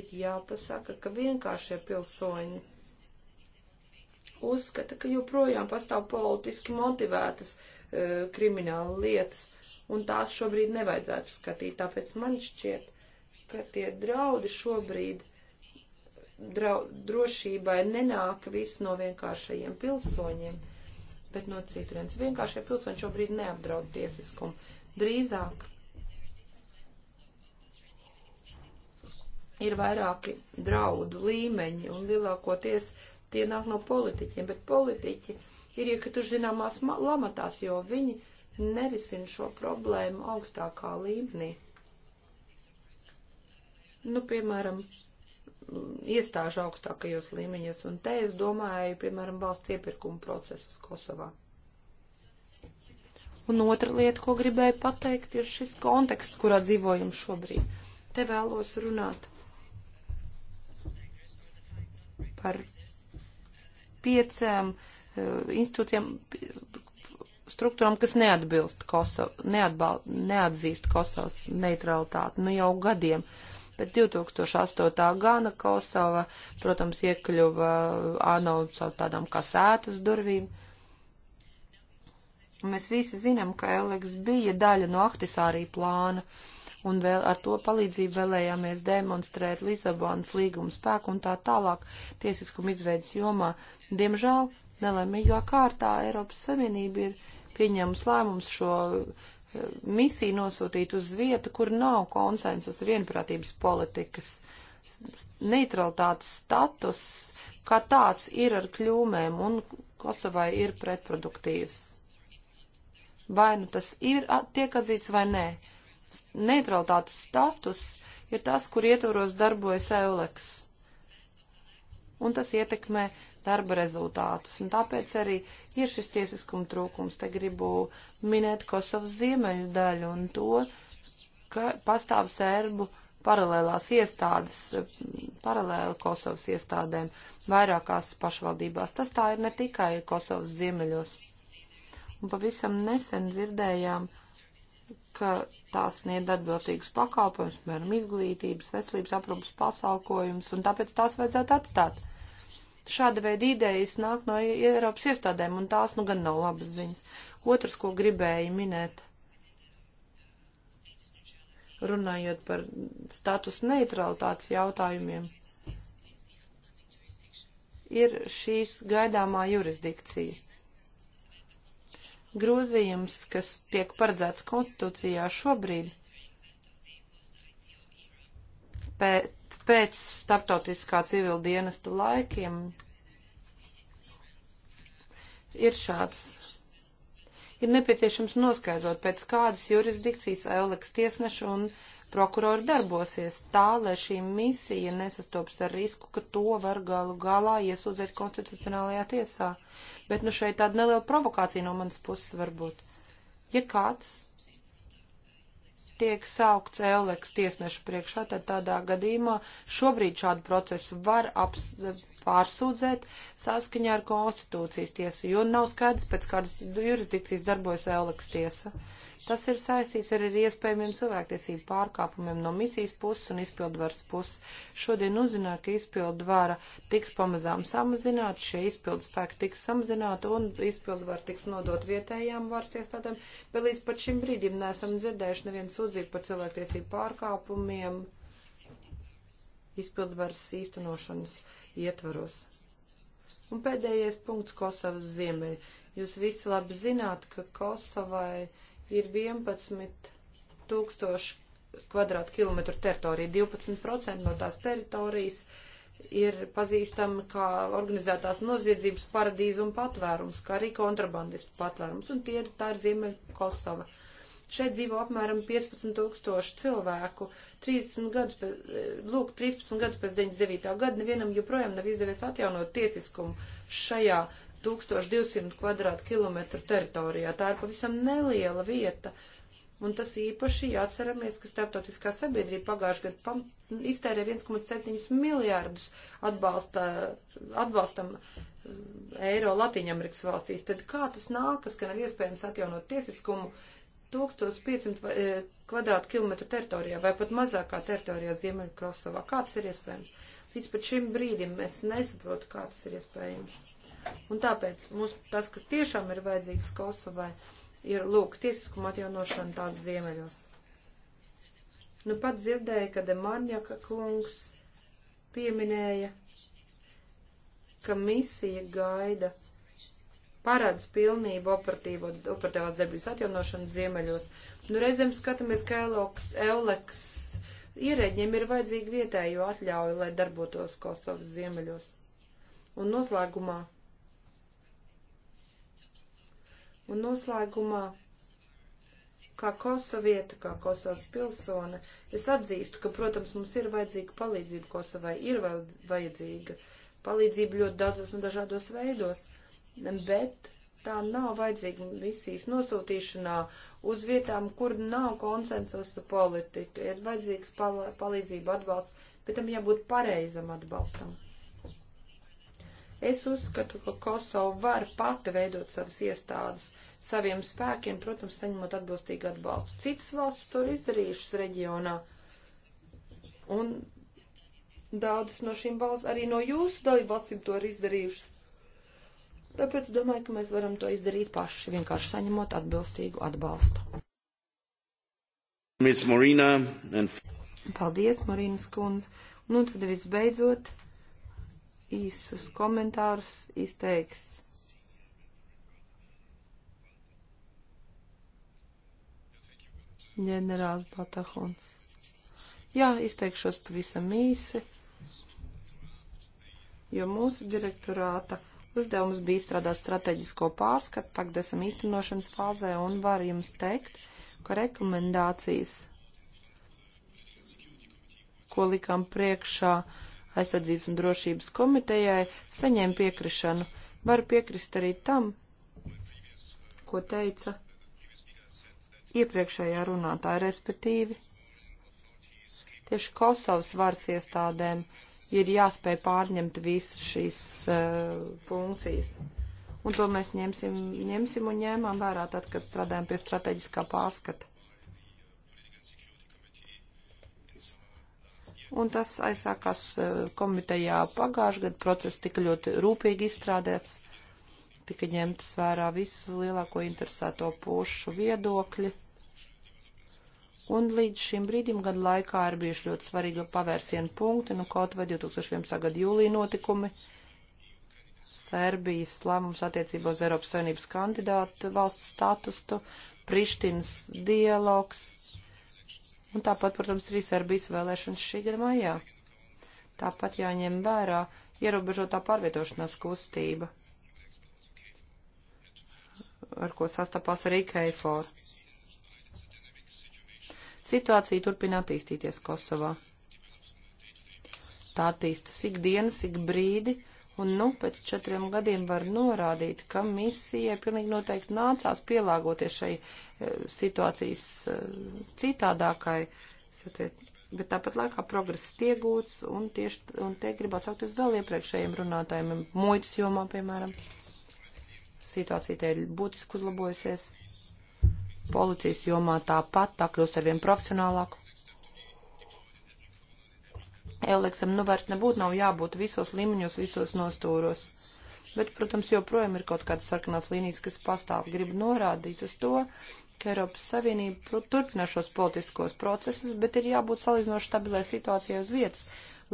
ir jāpasaka, ka vienkāršie pilsoņi uzskata, ka joprojām pastāv politiski motivētas e, krimināla lietas, un tās šobrīd nevajadzētu skatīt. Tāpēc man šķiet, ka tie draudi šobrīd drau, drošībai nenāk viss no vienkāršajiem pilsoņiem, bet no citurienes. Vienkāršie pilsoņi šobrīd neapdraud tiesiskumu. Drīzāk ir vairāki draudu līmeņi, un lielākoties tie nāk no politiķiem, bet politiķi ir iekrituši zināmās lamatās, jo viņi nerisina šo problēmu augstākā līmenī. Nu, piemēram, iestāžu augstākajos līmeņos, un te es domāju, piemēram, valsts iepirkuma procesus Kosovā. Un otra lieta, ko gribēju pateikt, ir šis konteksts, kurā dzīvojam šobrīd. Te vēlos runāt par piecām eh, institūcijām, struktūram, kas neatbilst Kosovu, neatbal, neatzīst Kosovas neutralitāti, nu jau gadiem. Bet 2008. gada Kosova, protams, iekļuva eh, ANO caur tādām kā sētas durvīm. Mēs visi zinām, ka Eleks bija daļa no Ahtisārī plāna. Uh, un vēl ar to palīdzību vēlējāmies demonstrēt Lisabonas līgumu spēku un tā tālāk tiesiskuma izveidas jomā. Diemžēl nelēmīgā kārtā Eiropas Savienība ir pieņēmusi lēmums šo eh, misiju nosūtīt uz vietu, kur nav konsensus vienprātības politikas. Neutralitātes status kā tāds ir ar kļūmēm un Kosovai ir pretproduktīvs. Vai nu tas ir, tiek atzīts vai nē neutralitātes status ir tas, kur ietvaros darbojas Euleks. Un tas ietekmē darba rezultātus. Un tāpēc arī ir šis tiesiskuma trūkums. Te gribu minēt Kosovas ziemeļu daļu un to, ka pastāv sērbu paralēlās iestādes, paralēli Kosovas iestādēm vairākās pašvaldībās. Tas tā ir ne tikai Kosovas ziemeļos. Un pavisam nesen dzirdējām, uh, ka tās sniedz atbilstīgus pakalpojumus, piemēram, izglītības, veselības aprūpas pasalkojums, un tāpēc tās vajadzētu atstāt. Šāda veida idejas nāk no Eiropas iestādēm, un tās nu gan nav labas ziņas. Otrs, ko gribēju minēt, runājot par status neutralitātes jautājumiem, ir šīs gaidāmā jurisdikcija grozījums, kas tiek paredzēts konstitūcijā šobrīd, pēc, pēc starptautiskā civila dienesta laikiem, ir šāds. Ir nepieciešams noskaidrot, pēc kādas jurisdikcijas Euleks tiesneša un prokurori darbosies tā, lai šī misija nesastops ar risku, ka to var galu galā iesūdzēt konstitucionālajā tiesā bet nu šeit tāda neliela provokācija no manas puses varbūt. Ja kāds tiek saukts Euleks tiesnešu priekšā, tad tādā gadījumā šobrīd šādu procesu var aps, pārsūdzēt saskaņā ar konstitūcijas tiesu, jo nav skaidrs, pēc kādas jurisdikcijas darbojas Euleks tiesa. Uh, Tas ir saistīts arī ar iespējamiem cilvēktiesību pārkāpumiem no misijas puses un izpildvaras puses. Šodien uzzināja, ka izpildvara tiks pamazām samazināta, šie izpildspēki tiks samazināti un izpildvara tiks nodot vietējām varas iestādēm, bet līdz pat šim brīdim neesam dzirdējuši nevienu sūdzību par cilvēktiesību pārkāpumiem izpildvaras īstenošanas ietvaros. Un pēdējais punkts Kosovas ziemeļi. Jūs visi labi zināt, ka Kosovai ir 11 tūkstoši kvadrātkilometru teritorija. 12% no tās teritorijas ir pazīstama kā organizētās noziedzības paradīze un patvērums, kā arī kontrabandistu patvērums, un tie ir tā ir Ziemeļa Kosova. Šeit dzīvo apmēram 15 tūkstoši cilvēku. 30 gadus pēc, eh, lūk, 13 gadus pēc 99. gada nevienam joprojām nav izdevies atjaunot tiesiskumu šajā 1200 kvadrātkilometru teritorijā. Tā ir pavisam neliela vieta. Un tas īpaši jāatceramies, ka starptautiskā sabiedrība pagājušajā gadā iztērē 1,7 miljārdus atbalsta, atbalstam eh, eiro Latīņamerikas valstīs. Tad kā tas nākas, ka nav iespējams atjaunot tiesiskumu 1500 eh, kvadrātkilometru teritorijā vai pat mazākā teritorijā Ziemeļkrosovā? Kā tas ir iespējams? Līdz pat šim brīdim es nesaprotu, kā tas ir iespējams. Un tāpēc mums tas, kas tiešām ir vajadzīgs Kosovai, ir, lūk, tiesiskuma atjaunošana tās ziemeļos. Nu, pat dzirdēju, ka Demanjaka kungs pieminēja, ka misija gaida paredz pilnību operatīvās darbības atjaunošanas ziemeļos. Nu, reizēm skatāmies, ka Eloks, Euleks ierēģiem ir vajadzīga vietējo atļauja, lai darbotos Kosovas ziemeļos. Un noslēgumā Un noslēgumā, kā kosovieta, kā kosovas pilsone, es atzīstu, ka, protams, mums ir vajadzīga palīdzība Kosovai, ir vajadzīga palīdzība ļoti daudzos un dažādos veidos, bet tā nav vajadzīga misijas nosūtīšanā uz vietām, kur nav konsensusa politika, ir vajadzīgs pal palīdzība atbalsts, bet tam jābūt pareizam atbalstam. Es uzskatu, ka Kosova var pati veidot savas iestādes saviem spēkiem, protams, saņemot atbilstīgu atbalstu. Citas valstis to ir izdarījušas reģionā. Un daudzas no šīm valsts, arī no jūsu dalībvalstīm to ir izdarījušas. Tāpēc domāju, ka mēs varam to izdarīt paši, vienkārši saņemot atbilstīgu atbalstu. Miss Marina and... Paldies, Marīnas kundze. Nu, tad visbeidzot īsus komentārus izteiks. ģenerālis Patahons. Jā, izteikšos pavisam īsi, jo mūsu direktorāta uzdevums bija izstrādāt strateģisko pārskatu, tagad esam īstenošanas fāzē un var jums teikt, ka rekomendācijas, ko likām priekšā, uh, aizsardzības un drošības komitejai saņēma piekrišanu. Varu piekrist arī tam, ko teica iepriekšējā runātāja, respektīvi. Tieši Kosovas varas iestādēm ir jāspēj pārņemt visas šīs uh, funkcijas. Un to mēs ņemsim, ņemsim un ņēmām vērā tad, kad strādājam pie strateģiskā pārskata. Un tas aizsākās eh, komitejā pagājušajā gadā. Process tika ļoti rūpīgi izstrādēts, tika ņemtas vērā visu lielāko interesēto pušu viedokļi. Un līdz šim brīdim gadu laikā ir bijuši ļoti svarīgi pavērsienu punkti, nu kaut vai 2011. gada jūlija notikumi, Serbijas lēmums attiecībā uz Eiropas Savienības kandidātu valsts statustu, Prištins dialogs Un tāpat, protams, arī Serbijas vēlēšanas šī gada maijā. Tāpat jāņem vērā ierobežotā pārvietošanās kustība, ar ko sastapās arī Keifor. Situācija turpina attīstīties Kosovā. Tā attīstas ik dienas, ik brīdi Un nu, pēc četriem gadiem var norādīt, ka misijai pilnīgi noteikti nācās pielāgoties šai e, situācijas e, citādākai. Bet tāpat laikā progress tiek gūts, un tieši un te gribētu sakt uz vēl iepriekšējiem runātājiem, muitas jomā, piemēram. Situācija te ir būtiski uzlabojusies. Policijas jomā tāpat tā kļūst ar vien profesionālāku. Euleksam nu vairs nebūtu nav jābūt visos līmeņos, visos nostūros. Bet, protams, joprojām ir kaut kādas sarkanās līnijas, kas pastāv. Gribu norādīt uz to, ka Eiropas Savienība turpina šos politiskos procesus, bet ir jābūt salīdzinoši stabilai situācijai uz vietas,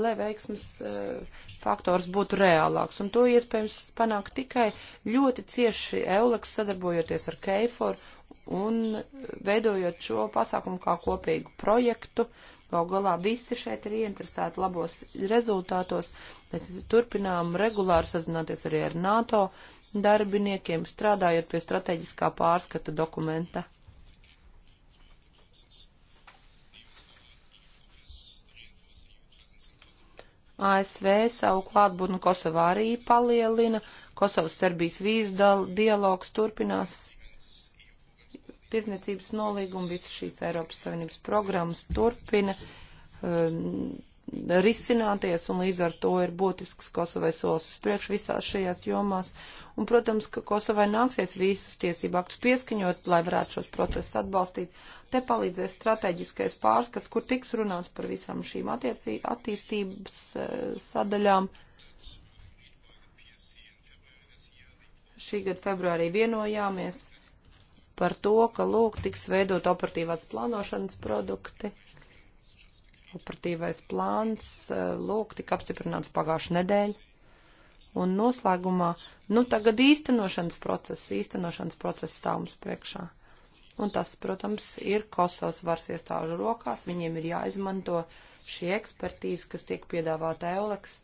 lai veiksmes uh, faktors būtu reālāks. Un to iespējams panākt tikai ļoti cieši Euleks sadarbojoties ar Keiforu un eh, veidojot šo pasākumu kā kopīgu projektu. Uh, Gal galā visi šeit ir ieinteresēti labos rezultātos. Mēs turpinām regulāri sazināties arī ar NATO darbiniekiem, strādājot pie strateģiskā pārskata dokumenta. ASV savu klātbūtni Kosovā arī palielina, Kosovas Serbijas vīzu dialogs turpinās tirzniecības nolīgumi, visas šīs Eiropas Savienības programmas turpina um, risināties, un līdz ar to ir būtisks Kosovai solis uz priekšu visās šajās jomās. Un, protams, ka Kosovai nāksies visus tiesību aktus pieskaņot, lai varētu šos procesus atbalstīt. Te palīdzēs strateģiskais pārskats, kur tiks runāts par visām šīm attīstības e, sadaļām. Šī gada februārī vienojāmies par to, ka lūk tiks veidot operatīvās plānošanas produkti. Operatīvais plāns eh, lūk tika apstiprināts pagājušajā nedēļā. Un noslēgumā, nu tagad īstenošanas process, īstenošanas process stāv mums priekšā. Un tas, protams, ir Kosovas varas iestāžu rokās. Viņiem ir jāizmanto šī ekspertīze, kas tiek piedāvāta Euleks,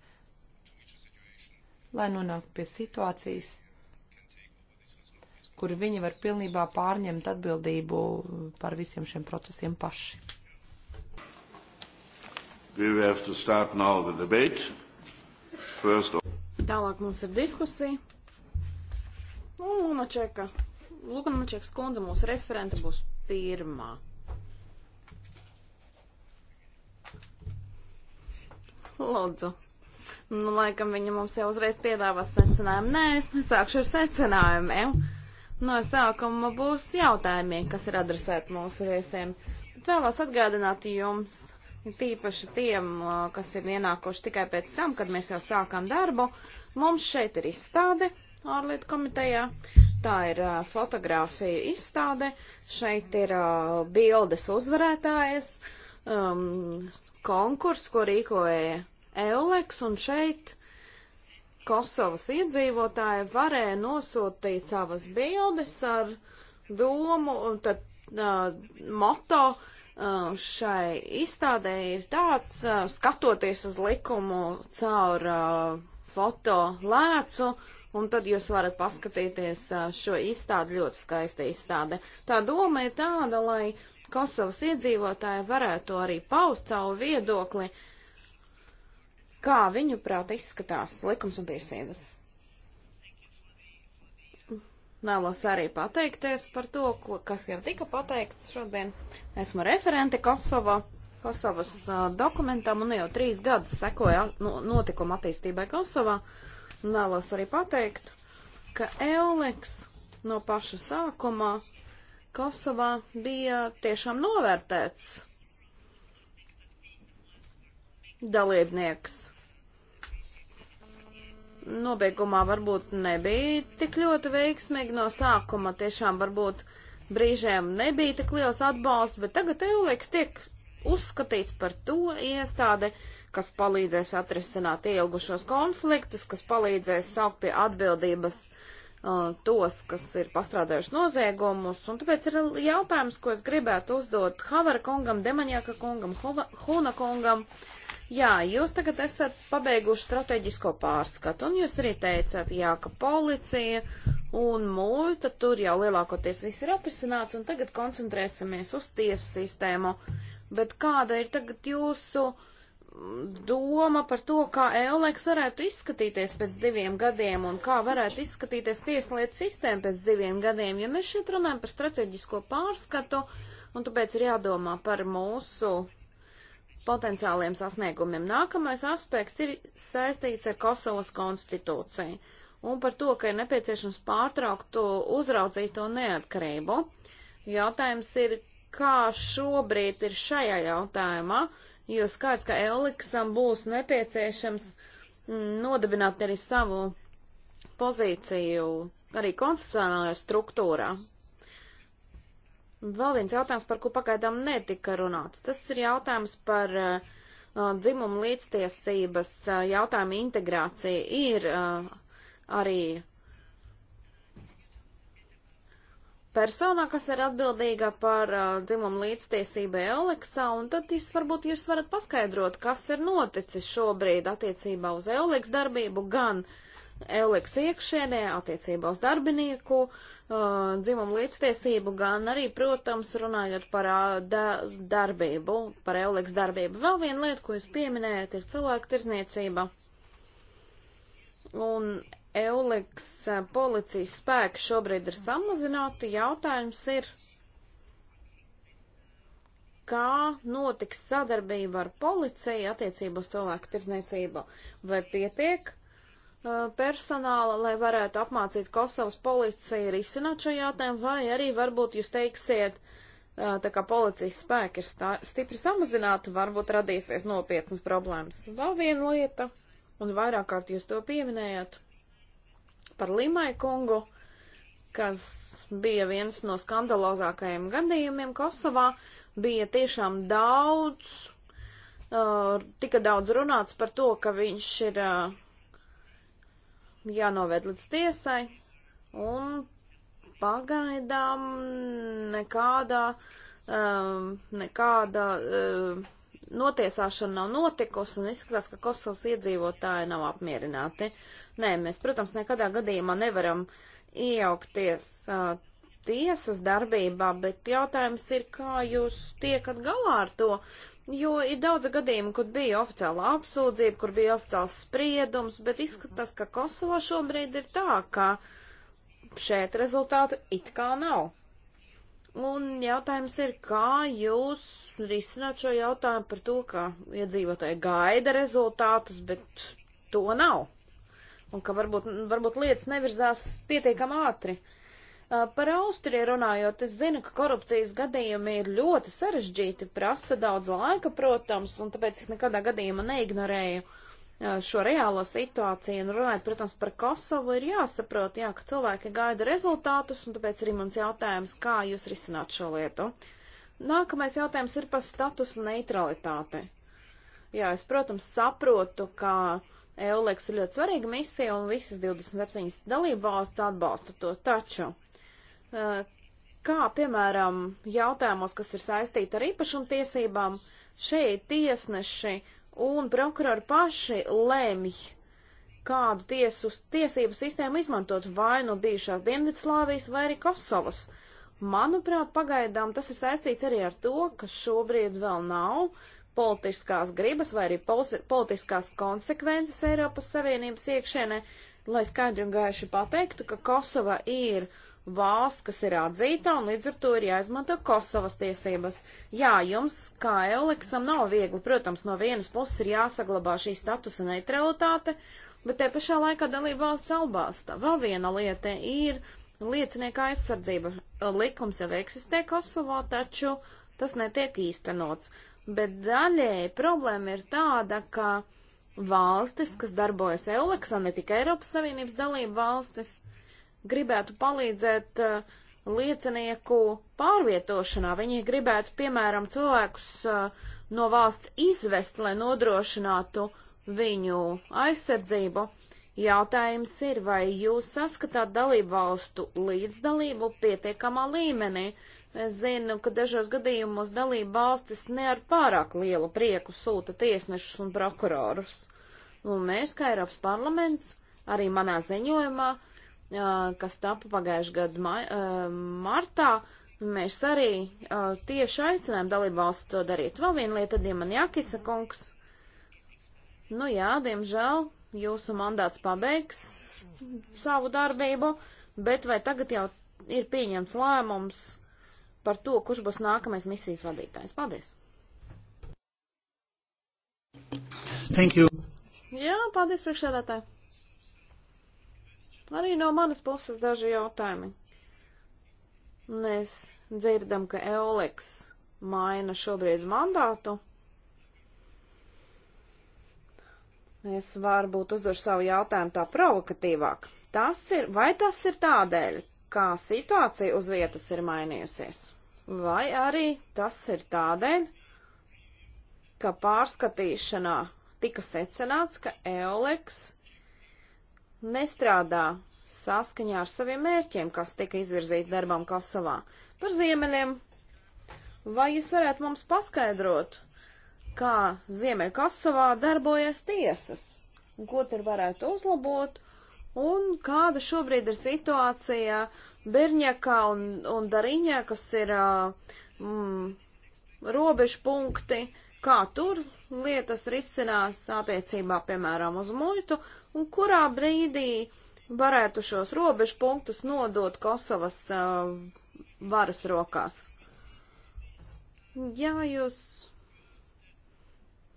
lai nonāktu pie situācijas, kur viņi var pilnībā pārņemt atbildību par visiem šiem procesiem paši. First... Tālāk mums ir diskusija. Nu, Lunačeka, Lunačekas kundze mūsu referenta būs pirmā. Lūdzu. Nu, laikam viņa mums jau uzreiz piedāvās secinājumu. Nē, es nesākšu ar secinājumiem. No sākuma būs jautājumi, kas ir adresēti mūsu viesiem. Bet vēlos atgādināt jums, tīpaši tiem, kas ir ienākuši tikai pēc tam, kad mēs jau sākām darbu, mums šeit ir izstāde ārlietu komitejā. Tā ir uh, fotografija izstāde. Šeit ir uh, bildes uzvarētājas, um, konkurss, ko rīkoja Euleks, un šeit Kosovas iedzīvotāji varēja nosūtīt savas bildes ar domu un tad uh, moto uh, šai izstādē ir tāds, uh, skatoties uz likumu caur uh, foto lēcu, un tad jūs varat paskatīties šo izstādi, ļoti skaisti izstāde. Tā doma ir tāda, lai Kosovas iedzīvotāji varētu arī paust savu viedokli Kā viņu prāt izskatās likums un tiesības? Vēlos arī pateikties par to, ko, kas jau tika pateikts šodien. Esmu referente Kosovo, Kosovas uh, dokumentam un jau trīs gadus sekoja no, notikuma attīstībai Kosovā. Vēlos arī pateikt, ka Euleks no paša sākumā Kosovā bija tiešām novērtēts dalībnieks. Nobeigumā varbūt nebija tik ļoti veiksmīgi no sākuma, tiešām varbūt brīžiem nebija tik liels atbalsts, bet tagad Eulēks tiek uzskatīts par to iestādi, kas palīdzēs atrisināt ielgušos konfliktus, kas palīdzēs saukt pie atbildības uh, tos, kas ir pastrādājuši noziegumus. Un tāpēc ir jautājums, ko es gribētu uzdot Havara kungam, Demaņaka kungam, Hova, Huna kungam. Uh, Jā, jūs tagad esat pabeiguši strateģisko pārskatu, un jūs arī teicāt, jā, ka policija un multa tur jau lielākoties viss ir atrisināts, un tagad koncentrēsimies uz tiesu sistēmu. Bet kāda ir tagad jūsu doma par to, kā Eoleks varētu izskatīties pēc diviem gadiem un kā varētu izskatīties tieslietu sistēma pēc diviem gadiem, ja mēs šeit runājam par strateģisko pārskatu, un tāpēc ir jādomā par mūsu potenciāliem sasniegumiem. Nākamais aspekts ir saistīts ar Kosovas konstitūciju un par to, ka ir nepieciešams pārtraukt to uzraudzīto neatkarību. Jautājums ir, kā šobrīd ir šajā jautājumā, jo skaidrs, ka Eliksam būs nepieciešams mm, nodibināt arī savu pozīciju arī konstitucionālajā struktūrā. Vēl viens jautājums, par ko pagaidām netika runāts. Tas ir jautājums par uh, dzimumu līdztiesības uh, jautājumu integrāciju. Ir uh, arī persona, kas ir atbildīga par uh, dzimumu līdztiesību Euliksā, un tad jūs varbūt jūs varat paskaidrot, kas ir noticis šobrīd attiecībā uz Euliks darbību gan Euliks iekšienē, attiecībā uz darbinieku uh, uh, dzimumu līdztiesību, gan arī, protams, runājot par uh, da, darbību, par Euleks darbību. Vēl viena lieta, ko jūs pieminējat, ir cilvēku tirzniecība. Un Euleks uh, policijas spēki šobrīd ir samazināti. Jautājums ir, kā notiks sadarbība ar policiju attiecībā uz cilvēku tirzniecību? Vai pietiek? Uh, personāla, lai varētu apmācīt Kosovas policiju risināt šo jautājumu, vai arī varbūt jūs teiksiet, uh, tā kā policijas spēki ir stā, stipri samazināti, varbūt radīsies nopietnas problēmas. Vēl viena lieta, un vairāk kārt jūs to pieminējat, par Limai kungu, kas bija viens no skandalozākajiem gadījumiem Kosovā, bija tiešām daudz, uh, tika daudz runāts par to, ka viņš ir uh, jānoved līdz tiesai, un pagaidām nekāda, um, nekāda um, notiesāšana nav notikusi, un izskatās, ka Kosovas iedzīvotāji nav apmierināti. Nē, mēs, protams, nekadā gadījumā nevaram iejaukties uh, tiesas darbībā, bet jautājums ir, kā jūs tiekat galā ar to, Jo ir daudz gadījumu, kur bija oficiāla apsūdzība, kur bija oficiāls spriedums, bet izskatās, ka Kosovā šobrīd ir tā, ka šeit rezultātu it kā nav. Un jautājums ir, kā jūs risināt šo jautājumu par to, ka iedzīvotāji gaida rezultātus, bet to nav. Un ka varbūt, varbūt lietas nevirzās pietiekam ātri. Uh, Par Austriju runājot, es zinu, ka korupcijas gadījumi ir ļoti sarežģīti, prasa daudz laika, protams, un tāpēc es nekadā gadījumā neignorēju šo reālo situāciju. Un runājot, protams, par Kosovu ir jāsaprot, jā, ka cilvēki gaida rezultātus, un tāpēc arī mans jautājums, kā jūs risināt šo lietu. Nākamais jautājums ir par statusu neutralitāti. Jā, es, protams, saprotu, ka EULEX ir ļoti svarīga misija un visas 27 dalību valsts atbalsta to, taču kā, piemēram, jautājumos, kas ir saistīti ar īpašumtiesībām, šeit tiesneši un prokurori paši lemj, kādu tiesu tiesību sistēmu izmantot vai nu bijušās Dienvidslāvijas vai arī Kosovas. Manuprāt, pagaidām tas ir saistīts arī ar to, ka šobrīd vēl nav politiskās gribas vai arī politiskās konsekvences Eiropas Savienības iekšēnē, lai skaidri un gaiši pateiktu, ka Kosova ir uh, valsts, kas ir atzīta, un līdz ar to ir jāizmanto Kosovas tiesības. Jā, jums, kā Euliksam, nav viegli, protams, no vienas puses ir jāsaglabā šī statusa neutralitāte, bet te pašā laikā dalība valsts atbalsta. Vēl viena lieta ir liecinieka aizsardzība. Likums jau eksistē Kosovā, taču tas netiek īstenots. Bet daļēji problēma ir tāda, ka valstis, kas darbojas Euliksā, ne tikai Eiropas Savienības dalība valstis, gribētu palīdzēt uh, liecinieku pārvietošanā. Viņi gribētu, piemēram, cilvēkus uh, no valsts izvest, lai nodrošinātu viņu aizsardzību. Jautājums ir, vai jūs saskatāt dalību valstu līdzdalību pietiekamā līmenī? Es zinu, ka dažos gadījumos dalību valstis ne ar pārāk lielu prieku sūta tiesnešus un prokurorus. Un mēs, kā Eiropas parlaments, arī manā ziņojumā uh, kas tapu pagājušajā gadu ma martā, mēs arī tieši aicinām dalību valsts to darīt. Vēl viena lieta, ja man jākisa kungs, nu jā, diemžēl jūsu mandāts pabeigs savu darbību, bet vai tagad jau ir pieņemts lēmums par to, kurš būs nākamais misijas vadītājs? Paldies! Thank you. Jā, paldies priekšsēdētāji. Arī no manas puses daži jautājumi. Mēs dzirdam, ka Eoleks maina šobrīd mandātu. Es varbūt uzdošu savu jautājumu tā provokatīvāk. Tas ir, vai tas ir tādēļ, kā situācija uz vietas ir mainījusies? Vai arī tas ir tādēļ, ka pārskatīšanā tika secināts, ka Eoleks nestrādā saskaņā ar saviem mērķiem, kas tika izvirzīti darbam Kosovā. Par ziemeļiem, vai jūs varētu mums paskaidrot, kā ziemeļ Kosovā darbojas tiesas, un ko tur varētu uzlabot, un kāda šobrīd ir situācija Berņakā un, un Dariņā, kas ir mm, robežpunkti, uh, kā tur lietas risinās attiecībā, piemēram, uz muitu, un kurā brīdī varētu šos robežu punktus nodot Kosovas uh, varas rokās. Jā, jūs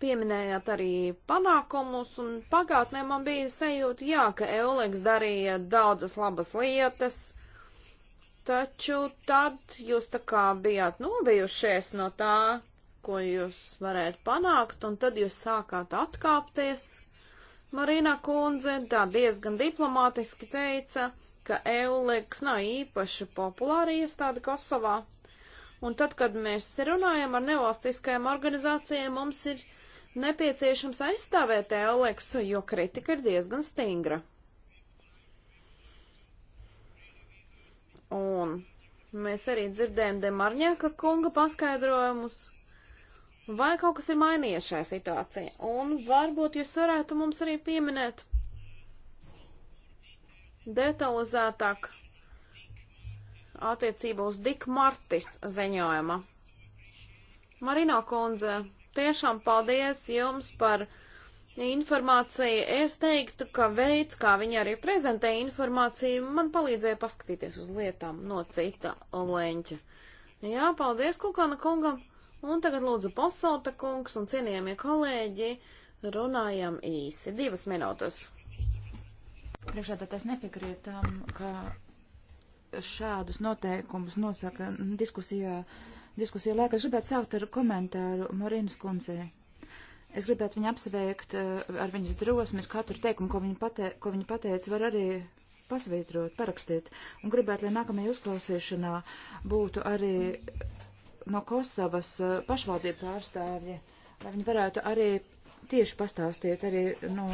pieminējāt arī panākumus, un pagātnē man bija sajūta, jā, ka Euleks darīja daudzas labas lietas, taču tad jūs tā kā bijāt nobijušies no tā, ko jūs varētu panākt, un tad jūs sākāt atkāpties. Marina kundze tā diezgan diplomātiski teica, ka Euleks nav īpaši populāra iestāde Kosovā. Un tad, kad mēs runājam ar nevalstiskajām organizācijām, mums ir nepieciešams aizstāvēt Euleksu, jo kritika ir diezgan stingra. Un mēs arī dzirdējam Demarņēka kunga paskaidrojumus, Vai kaut kas ir mainījies šajā situācijā? Un varbūt jūs varētu mums arī pieminēt detalizētāk attiecībā uz Dik Martis ziņojuma. Marino kundze, tiešām paldies jums par informāciju. Es teiktu, ka veids, kā viņi arī prezentē informāciju, man palīdzēja paskatīties uz lietām no cita leņķa. Jā, paldies Kukana kungam. Un tagad lūdzu pasalta kungs un cienījamie kolēģi, runājam īsi, divas minūtes. Priekšā tad es nepiekrītu tam, ka šādus noteikumus nosaka diskusijā, diskusijā laikā. Es gribētu sākt ar komentāru Marinas kundzei. Es gribētu viņu apsveikt eh, ar viņas drosmi, katru teikumu, ko viņa, pate, ko viņa pateica, var arī pasvītrot, parakstīt. Un gribētu, lai nākamajā uzklausīšanā būtu arī no Kosovas eh, pašvaldību pārstāvji, lai viņi varētu arī tieši pastāstīt arī no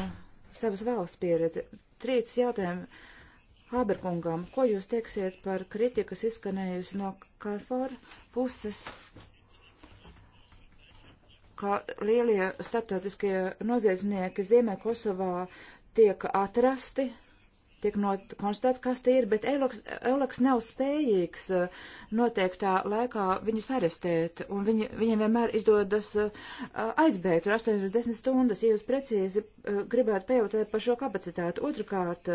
savas valsts pieredzi. Trīts jautājumu Haberkungam, ko jūs teiksiet par kritiku, kas izskanējusi no Carfor puses, ka lielie starptautiskie noziedznieki Ziemē Kosovā tiek atrasti tiek not, konstatēts, kas tie ir, bet Eulaks, Eulaks nav spējīgs eh, noteiktā laikā viņus arestēt, un viņi, viņiem vienmēr izdodas eh, aizbēgt ar 80 stundas, ja jūs precīzi eh, gribētu pajautāt par šo kapacitāti. Otrakārt,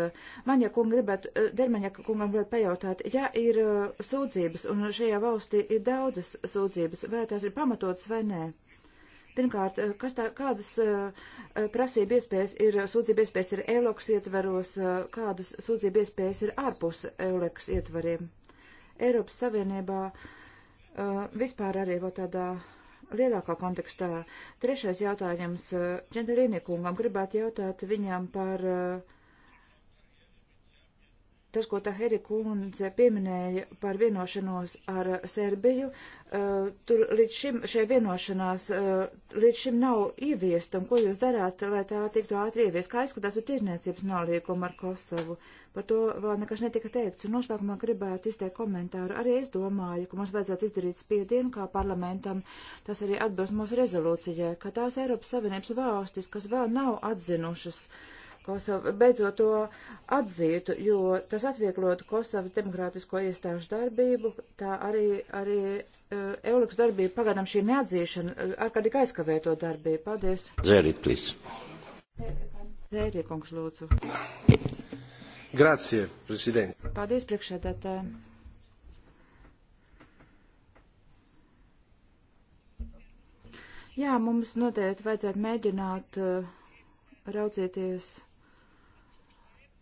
man, ja kungam gribētu, Dermaņa kungam gribētu pajautāt, ja ir sūdzības, un šajā valstī ir daudzas sūdzības, vai tās ir pamatotas vai nē. Pirmkārt, eh, kas tā, kādas eh, eh, prasība iespējas ir, sūdzība iespējas ir ELOX ietvaros, kādas sūdzība iespējas ir ārpus ELOX ietvariem? Eiropas Savienībā vispār arī vēl tādā lielākā kontekstā. Trešais jautājums Čentelīnī kungam gribētu jautāt viņam par uh, Tas, ko tā Herikūnce pieminēja par vienošanos ar Serbiju, uh, tur līdz šim šie vienošanās uh, līdz šim nav ieviesta, un ko jūs darāt, lai tā tiktu ātri ieviest? Kā izskatās ar tirzniecības nolīgumu ar Kosovu? Par to vēl nekas netika teikts, un noslēgumā gribētu izteikt komentāru. Arī es domāju, ka mums vajadzētu izdarīt spiedienu kā parlamentam, tas arī atbilst mūsu rezolūcijai, ka tās Eiropas Savienības valstis, kas vēl nav atzinušas, uh, Kosova beidzot to atzītu, jo tas atvieglotu Kosovas demokrātisko iestāžu darbību, tā arī, arī uh, Euliks darbība pagadam šī neatzīšana uh, ārkārtīgi aizkavē to darbību. Paldies. Zērit, plīs. Zērit, kungs, lūdzu. Grazie, prezident. Paldies, priekšsēdētāji. Jā, mums noteikti vajadzētu mēģināt uh, raudzīties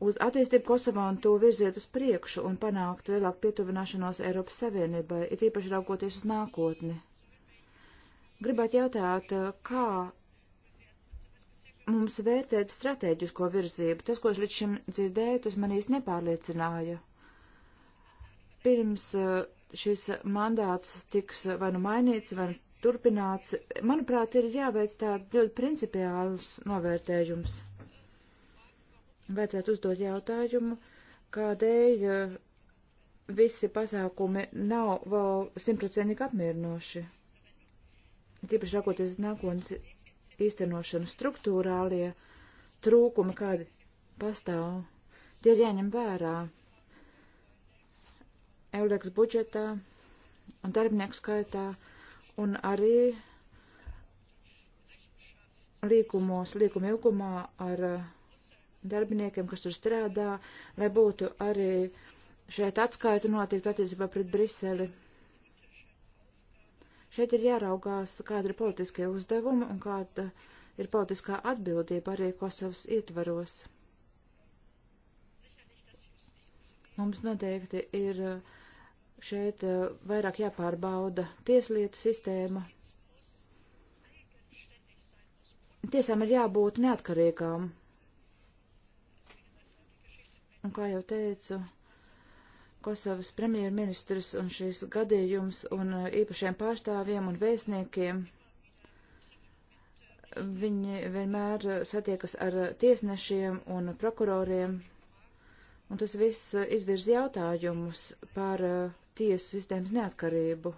uz attīstību Kosovā un to virziet uz priekšu un panākt lielāku pietuvināšanos Eiropas Savienībai, ir īpaši raugoties uz nākotni. Gribētu jautāt, kā mums vērtēt stratēģisko virzību. Tas, ko es līdz šim dzirdēju, tas man īsti nepārliecināja. Pirms uh, šis mandāts tiks vai nu mainīts, vai nu turpināts, manuprāt, ir jāveic tāds ļoti principiāls novērtējums vajadzētu uzdot jautājumu, kādēļ eh, visi pasākumi nav vēl simtprocentīgi apmierinoši. Tīpaši raugoties uz nākotnes īstenošanu struktūrālie trūkumi, kādi pastāv, tie ir jāņem vērā. Euleks budžetā un darbinieku skaitā un arī līkumos, līkuma ilgumā ar uh, darbiniekiem, kas tur strādā, lai būtu arī šeit atskaita notikt attiecībā pret Briseli. Šeit ir jāraugās, kāda ir politiskie uzdevumi un kāda ir politiskā atbildība arī Kosovas ietvaros. Mums noteikti ir uh, šeit uh, vairāk jāpārbauda tieslietu sistēma. Tiesām ir jābūt neatkarīgām Un, kā jau teicu, Kosovas premjerministrs un šīs gadījums un uh, īpašiem pārstāvjiem un vēstniekiem. Viņi vienmēr uh, satiekas ar uh, tiesnešiem un prokuroriem, un tas viss izvirz jautājumus par tiesu sistēmas neatkarību.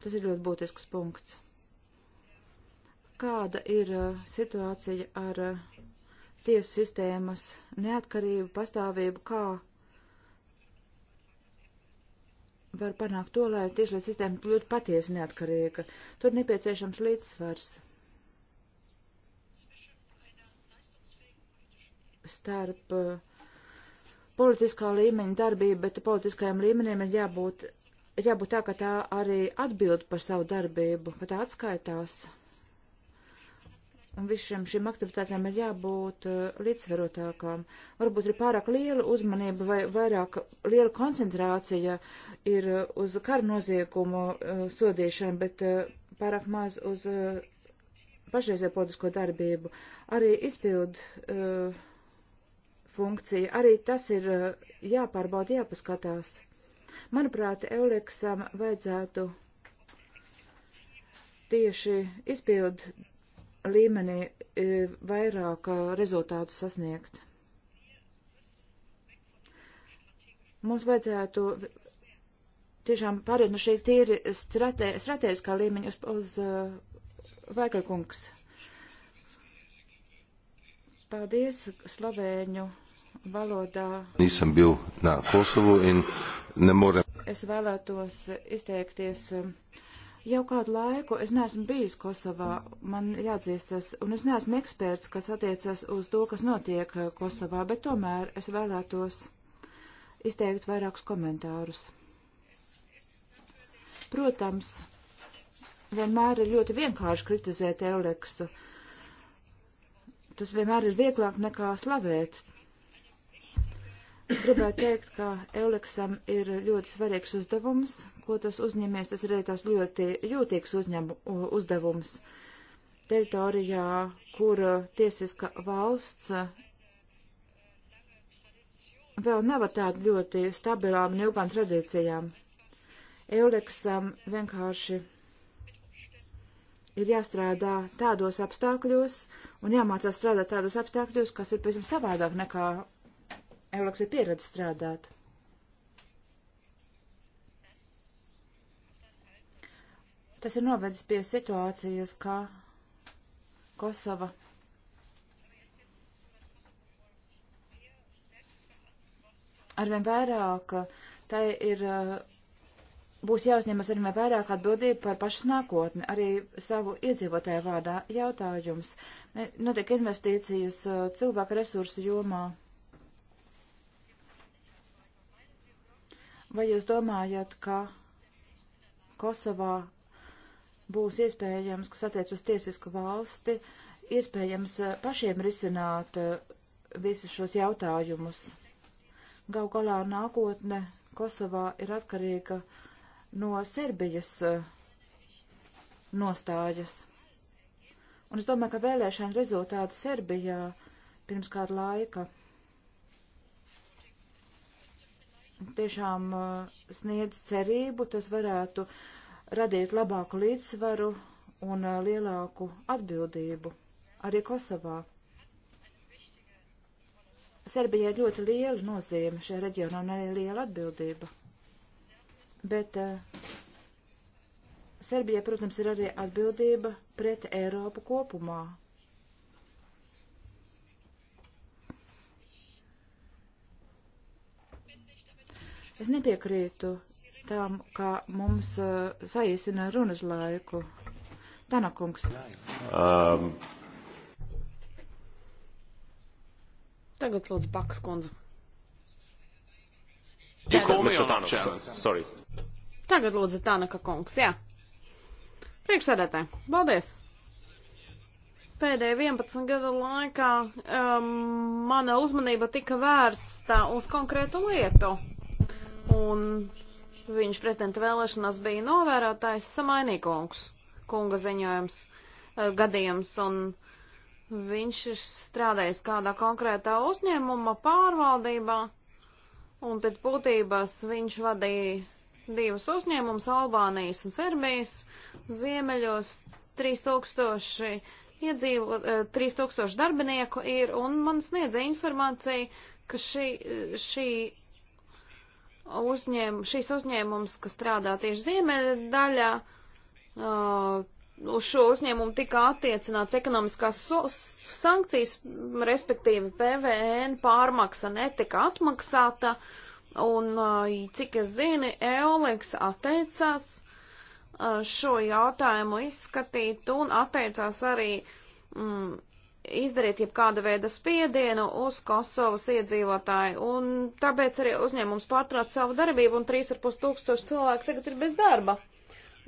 Tas ir ļoti būtisks punkts. Kāda ir situācija ar tiesu sistēmas neatkarību, pastāvību, kā var panākt to, lai tieslietu sistēma kļūtu patiesi neatkarīga. Tur nepieciešams līdzsvars starp uh, politiskā līmeņa darbību, bet politiskajiem līmenim ir jābūt, ir jābūt tā, ka tā arī atbild par savu darbību, ka tā atskaitās. Un visam šīm aktivitātēm ir jābūt uh, līdzsvarotākām. Varbūt ir pārāk liela uzmanība vai vairāk liela koncentrācija ir uh, uz karu noziegumu uh, sodīšanu, bet uh, pārāk maz uz uh, pašreizē politisko darbību. Arī izpildu uh, funkcija, arī tas ir jāpārbauda, jāpaskatās. Manuprāt, Euleksam vajadzētu tieši izpildu līmenī e, vairāk e, rezultātu sasniegt. Mums vajadzētu tiešām pāriet no šī tīri stratē, stratēģiskā līmeņa uz, uz uh, e, Vaikakungs. Paldies, Slovēņu valodā. Nisam bil na Kosovu un ne moram. Es vēlētos izteikties uh, Jau kādu laiku es neesmu bijis Kosovā, man jāatzīstas, un es neesmu eksperts, kas attiecas uz to, kas notiek eh, Kosovā, bet tomēr es vēlētos izteikt vairākus komentārus. Protams, vienmēr ir ļoti vienkārši kritizēt Euleksu. Tas vienmēr ir vieglāk nekā slavēt Gribētu teikt, ka Euleksam ir ļoti svarīgs uzdevums, ko tas uzņemies, tas ir arī tās ļoti jūtīgs uzņem, uzdevums teritorijā, kur uh, tiesiska valsts uh, vēl nav tāda ļoti stabilām un ilgām tradīcijām. Euleksam vienkārši ir jāstrādā tādos apstākļos un jāmācās strādāt tādos apstākļos, kas ir pēc tam savādāk nekā Eulaks ir pieredze strādāt. Tas ir novedis pie situācijas, kā Kosova arvien vairāk, tai ir, būs jāuzņemas arvien vairāk atbildība par pašas nākotni, arī savu iedzīvotāju vārdā jautājums. Notiek investīcijas cilvēku resursu jomā. Vai jūs domājat, ka Kosovā būs iespējams, kas attiec uz tiesisku valsti, iespējams eh, pašiem risināt eh, visus šos jautājumus? Gau galā nākotne Kosovā ir atkarīga no Serbijas eh, nostājas. Un es domāju, ka vēlēšana rezultāti Serbijā pirms kāda laika tiešām uh, sniedz cerību, tas varētu radīt labāku līdzsvaru un uh, lielāku atbildību arī Kosovā. Serbijai ļoti liela nozīme šajā reģionā un arī liela atbildība. Bet uh, Serbijai, protams, ir arī atbildība pret Eiropu kopumā, Es nepiekrītu tam, kā mums uh, saīsina runas laiku. Tanakungs. Um. Tagad lūdzu Baks kundze. Tagad lūdzu Tanaka kungs, jā. Priekšsēdētāji, paldies! Pēdējā 11 gada laikā um, mana uzmanība tika vērsta uz konkrētu lietu un viņš prezidenta vēlēšanās bija novērotājs samainīkungs, kunga ziņojums, eh, gadījums, un viņš ir strādājis kādā konkrētā uzņēmuma pārvaldībā, un pēc būtības viņš vadīja divus uzņēmumus Albānijas un Serbijas ziemeļos 3000 iedzīvo, 3000 eh, darbinieku ir, un man sniedza informāciju, ka šī, šī uzņēm, šis uzņēmums, kas strādā tieši ziemeļa daļā, uh, uz šo uzņēmumu tika attiecināts ekonomiskās so sankcijas, respektīvi PVN pārmaksa netika atmaksāta, un uh, cik es zinu, Eoleks atteicās uh, šo jautājumu izskatīt un atteicās arī mm, izdarīt jebkāda veida spiedienu uz Kosovas iedzīvotāju, un tāpēc arī uzņēmums pārtrauc savu darbību, un 3,5 tūkstoši cilvēku tagad ir bez darba.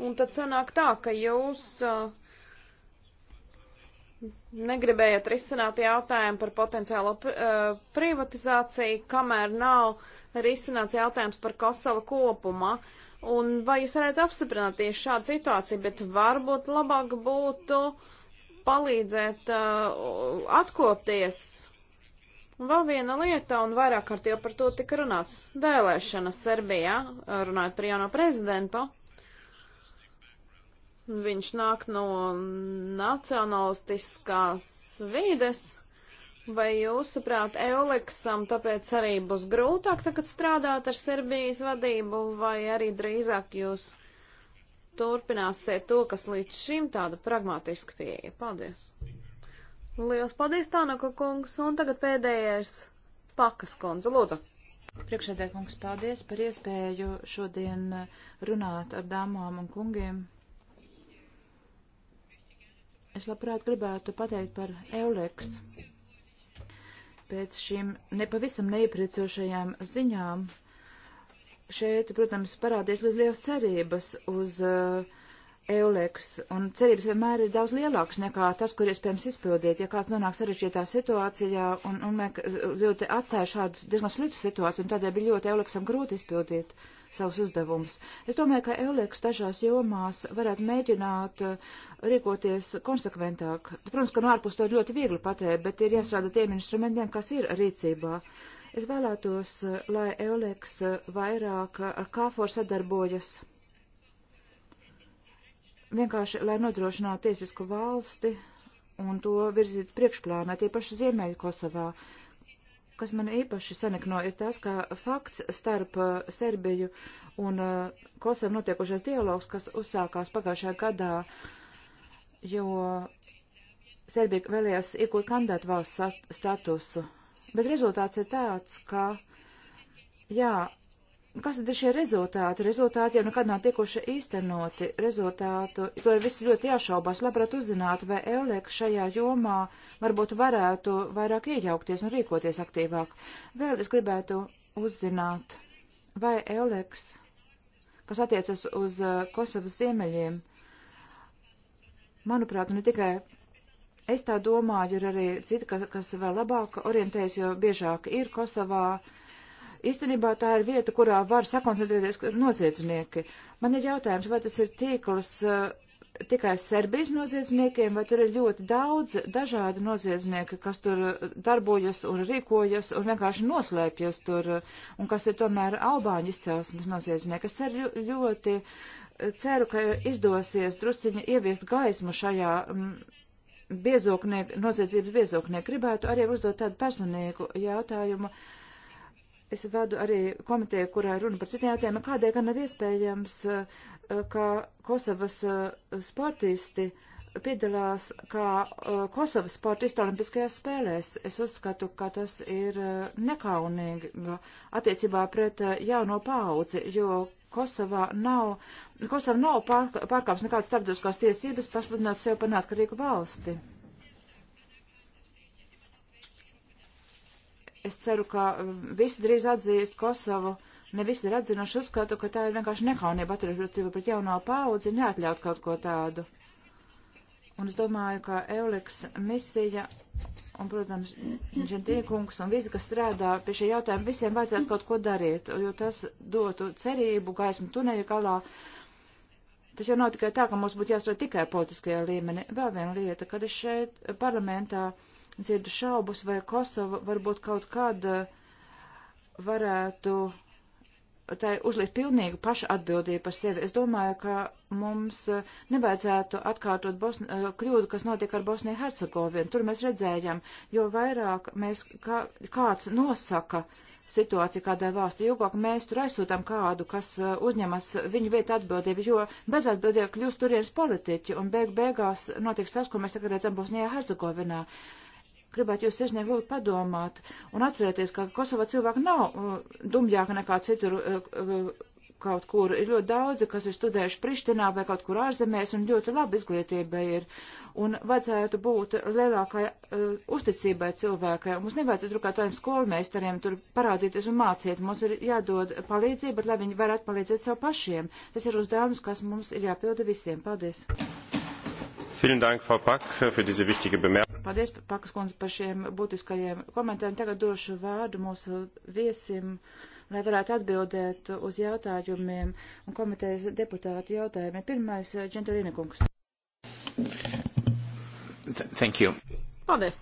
Un tad sanāk tā, ka jūs uh, negribējat risināt jautājumu par potenciālo uh, privatizāciju, kamēr nav risināts jautājums par Kosovu kopumā. Un vai jūs varētu apstiprināt tieši šādu situāciju, bet varbūt labāk būtu uh, palīdzēt uh, atkopties. Un vēl viena lieta, un vairāk kārt jau par to tika runāts - vēlēšana Serbijā, runājot par jauno prezidentu. Viņš nāk no nacionalistiskās vides. Vai jūsuprāt, Euliksam tāpēc arī būs grūtāk tagad strādāt ar Serbijas vadību, vai arī drīzāk jūs turpināsiet to, kas līdz šim tāda pragmatiska pieeja. Paldies! Lielas paldies, Tānaka kungs, un tagad pēdējais pakas kundze, lūdzu. Priekšēdē kungs, paldies par iespēju šodien eh, runāt ar dāmām un kungiem. Es labprāt gribētu pateikt par Euleks. Pēc šīm nepavisam neiepriecošajām ziņām šeit, protams, parādīs ļoti liels cerības uz uh, Euleks, un cerības vienmēr ir daudz lielākas nekā tas, kur iespējams izpildīt. Ja kāds nonāk sarežģītā situācijā un, un mēk, ļoti atstāja šādu diezgan slitu situāciju, un tādēļ bija ļoti Euleksam grūti izpildīt savus uzdevumus. Es domāju, ka Euleks dažās jomās varētu mēģināt uh, rīkoties konsekventāk. Protams, ka no ārpus to ir ļoti viegli pateikt, bet ir jāsrāda tiem instrumentiem, kas ir rīcībā. Uh, Es vēlētos, lai Euleks vairāk ar KFOR sadarbojas, vienkārši, lai nodrošinātu tiesisku valsti un to virzīt priekšplānā tie paši Ziemeļu Kosovā. Kas man īpaši sanikno, ir tas, ka fakts starp uh, Serbiju un uh, Kosovu notiekošais dialogs, kas uzsākās pagājušajā gadā, jo Serbija vēlējās iegūt kandidātu valsts statusu bet rezultāts ir tāds, ka, jā, kas tad ir šie rezultāti? Rezultāti jau nekad nav tikuši īstenoti. Rezultātu, to ir viss ļoti jāšaubās. Labprāt uzzināt, vai Eulēk šajā jomā varbūt varētu vairāk iejaukties un rīkoties aktīvāk. Vēl es gribētu uzzināt, vai Eulēks, kas attiecas uz uh, Kosovas ziemeļiem, manuprāt, ne tikai Es tā domāju, ir arī citi, kas vēl labāk orientējas, jo biežāk ir Kosovā. Īstenībā tā ir vieta, kurā var sakoncentrēties noziedznieki. Man ir jautājums, vai tas ir tīkls eh, tikai Serbijas noziedzniekiem, vai tur ir ļoti daudz dažādu noziedznieku, kas tur darbojas un rīkojas un vienkārši noslēpjas tur, un kas ir tomēr Albāņu izcelsmes noziedznieki. Es ceru, ļoti ceru, ka izdosies drusciņi ieviest gaismu šajā. Mm, biezoknieki, noziedzības biezoknieki. Gribētu arī uzdot tādu personīgu jautājumu. Es vadu arī komiteju, kurā runa par citiem jautājumiem. Kādēļ gan nav iespējams, eh, ka Kosovas eh, sportisti piedalās kā eh, Kosovas sportisti olimpiskajās spēlēs? Es uzskatu, ka tas ir nekaunīgi attiecībā pret jauno paudzi, jo Kosovā nav, Kosova nav pārkāps nekādas starptautiskās tiesības pasludināt sev par neatkarīgu valsti. Es ceru, ka um, visi drīz atzīst Kosovu. Ne visi ir atzinuši uzskatu, ka tā ir vienkārši nekaunība attiecībā pret jauno paudzi, neatļaut kaut ko tādu. Un es domāju, ka Euleks misija un, protams, Džentīkungs un visi, kas strādā pie šī jautājuma, visiem vajadzētu kaut ko darīt, jo tas dotu cerību gaismu tuneļa galā. Tas jau nav tikai tā, ka mums būtu jāstrādā tikai politiskajā līmenī. Vēl viena lieta, kad es šeit parlamentā dzirdu šaubus, vai Kosova varbūt kaut kad eh, varētu tai uzlikt pilnīgu pašu atbildību par sevi. Es domāju, ka mums eh, nevajadzētu atkārtot Bosn eh, kļūdu, kas notiek ar Bosniju Hercegovinu. Tur mēs redzējām, jo vairāk mēs kā, kāds nosaka situāciju kādai valsti, jo ilgāk mēs tur aizsūtām kādu, kas eh, uzņemas viņu vietu atbildību, jo bez atbildību kļūst turienes politiķi un beig beigās notiks tas, ko mēs tagad redzam Bosnijā Hercegovinā. Uh, gribētu jūs iesniegt lūgt padomāt un atcerēties, ka Kosova cilvēki nav uh, dumjāki nekā citur. Uh, uh, kaut kur ir ļoti daudzi, kas ir studējuši Prištinā vai kaut kur ārzemēs, un ļoti labi izglītība ir. Un vajadzētu būt lielākai uh, uzticībai cilvēkai. Mums nevajadzētu tur kā tādiem skolmeistariem tur parādīties un mācīt. Mums ir jādod palīdzība, bet, lai viņi varētu palīdzēt sev pašiem. Tas ir uzdevums, kas mums ir jāpilda visiem. Paldies! Vielen Dank, Frau Pack, für diese wichtige Bemerkung. Paldies, Pakas kundze, par šiem būtiskajiem komentāriem. Tagad došu vārdu mūsu viesim, lai varētu atbildēt uz jautājumiem un komitejas deputātu jautājumiem. Pirmais, eh, Džentelīna kungs. Thank you. Paldies.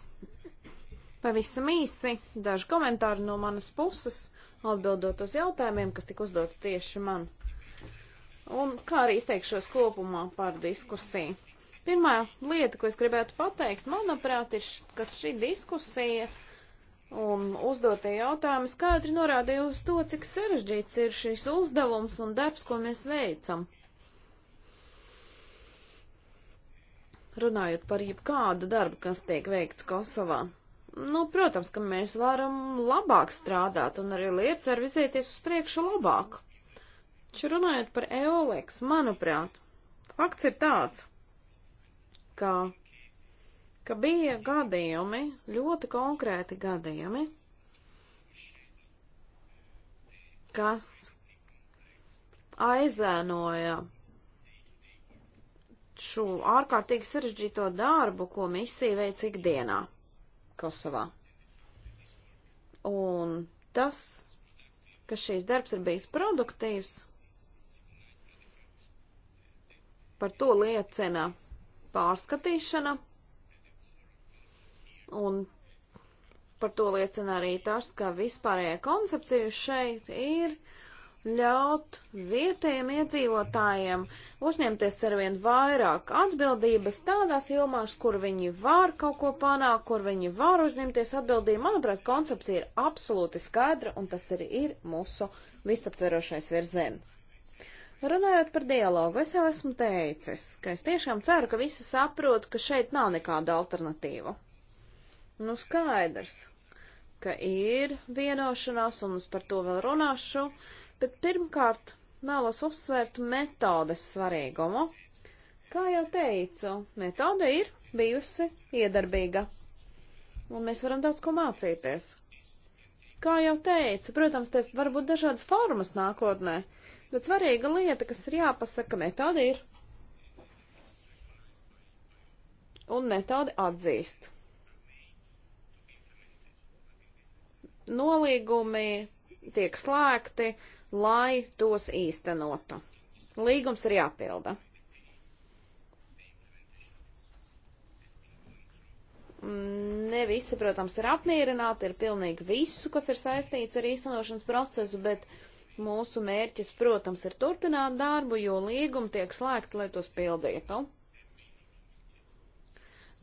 Pavisam īsi daži komentāri no manas puses, atbildot uz jautājumiem, kas tika uzdoti tieši man. Un kā arī izteikšos kopumā par diskusiju. Pirmā lieta, ko es gribētu pateikt, manuprāt, ir, ka šī diskusija un uzdotie jautājumi skaidri norādīja uz to, cik sarežģīts ir šis uzdevums un darbs, ko mēs veicam. Runājot par jebkādu darbu, kas tiek veikts Kosovā. Nu, protams, ka mēs varam labāk strādāt un arī lietas var vizēties uz priekšu labāk. Taču runājot par Eoleks, manuprāt, fakts ir tāds, ka, ka bija gadījumi, ļoti konkrēti gadījumi, kas aizēnoja šo ārkārtīgi sarežģīto darbu, ko misija veic ikdienā Kosovā. Un tas, ka šīs darbs ir bijis produktīvs, par to liecina pārskatīšana. Un par to liecina arī tas, ka vispārējā koncepcija šeit ir ļaut vietējiem iedzīvotājiem uzņemties arvien vairāk atbildības tādās jomās, kur viņi var kaut ko panākt, kur viņi var uzņemties atbildību. Manuprāt, koncepcija ir absolūti skaidra, un tas arī ir mūsu visaptverošais virziens. Runājot par dialogu, es jau esmu teicis, ka es tiešām ceru, ka visi saprot, ka šeit nav nekāda alternatīva. Nu, skaidrs, ka ir vienošanās, un es par to vēl runāšu, bet pirmkārt vēlos uzsvērt metodes svarīgumu. Kā jau teicu, metode ir bijusi iedarbīga, un mēs varam daudz ko mācīties. Kā jau teicu, protams, te var būt dažādas formas nākotnē. Bet svarīga lieta, kas ir jāpasaka, metode ir. Un metode atzīst. Nolīgumi tiek slēgti, lai tos īstenotu. Līgums ir jāpilda. Ne visi, protams, ir apmierināti ar pilnīgi visu, kas ir saistīts ar īstenošanas procesu, bet uh, Mūsu mērķis, protams, ir turpināt darbu, jo līgumi tiek slēgti, lai tos pildītu.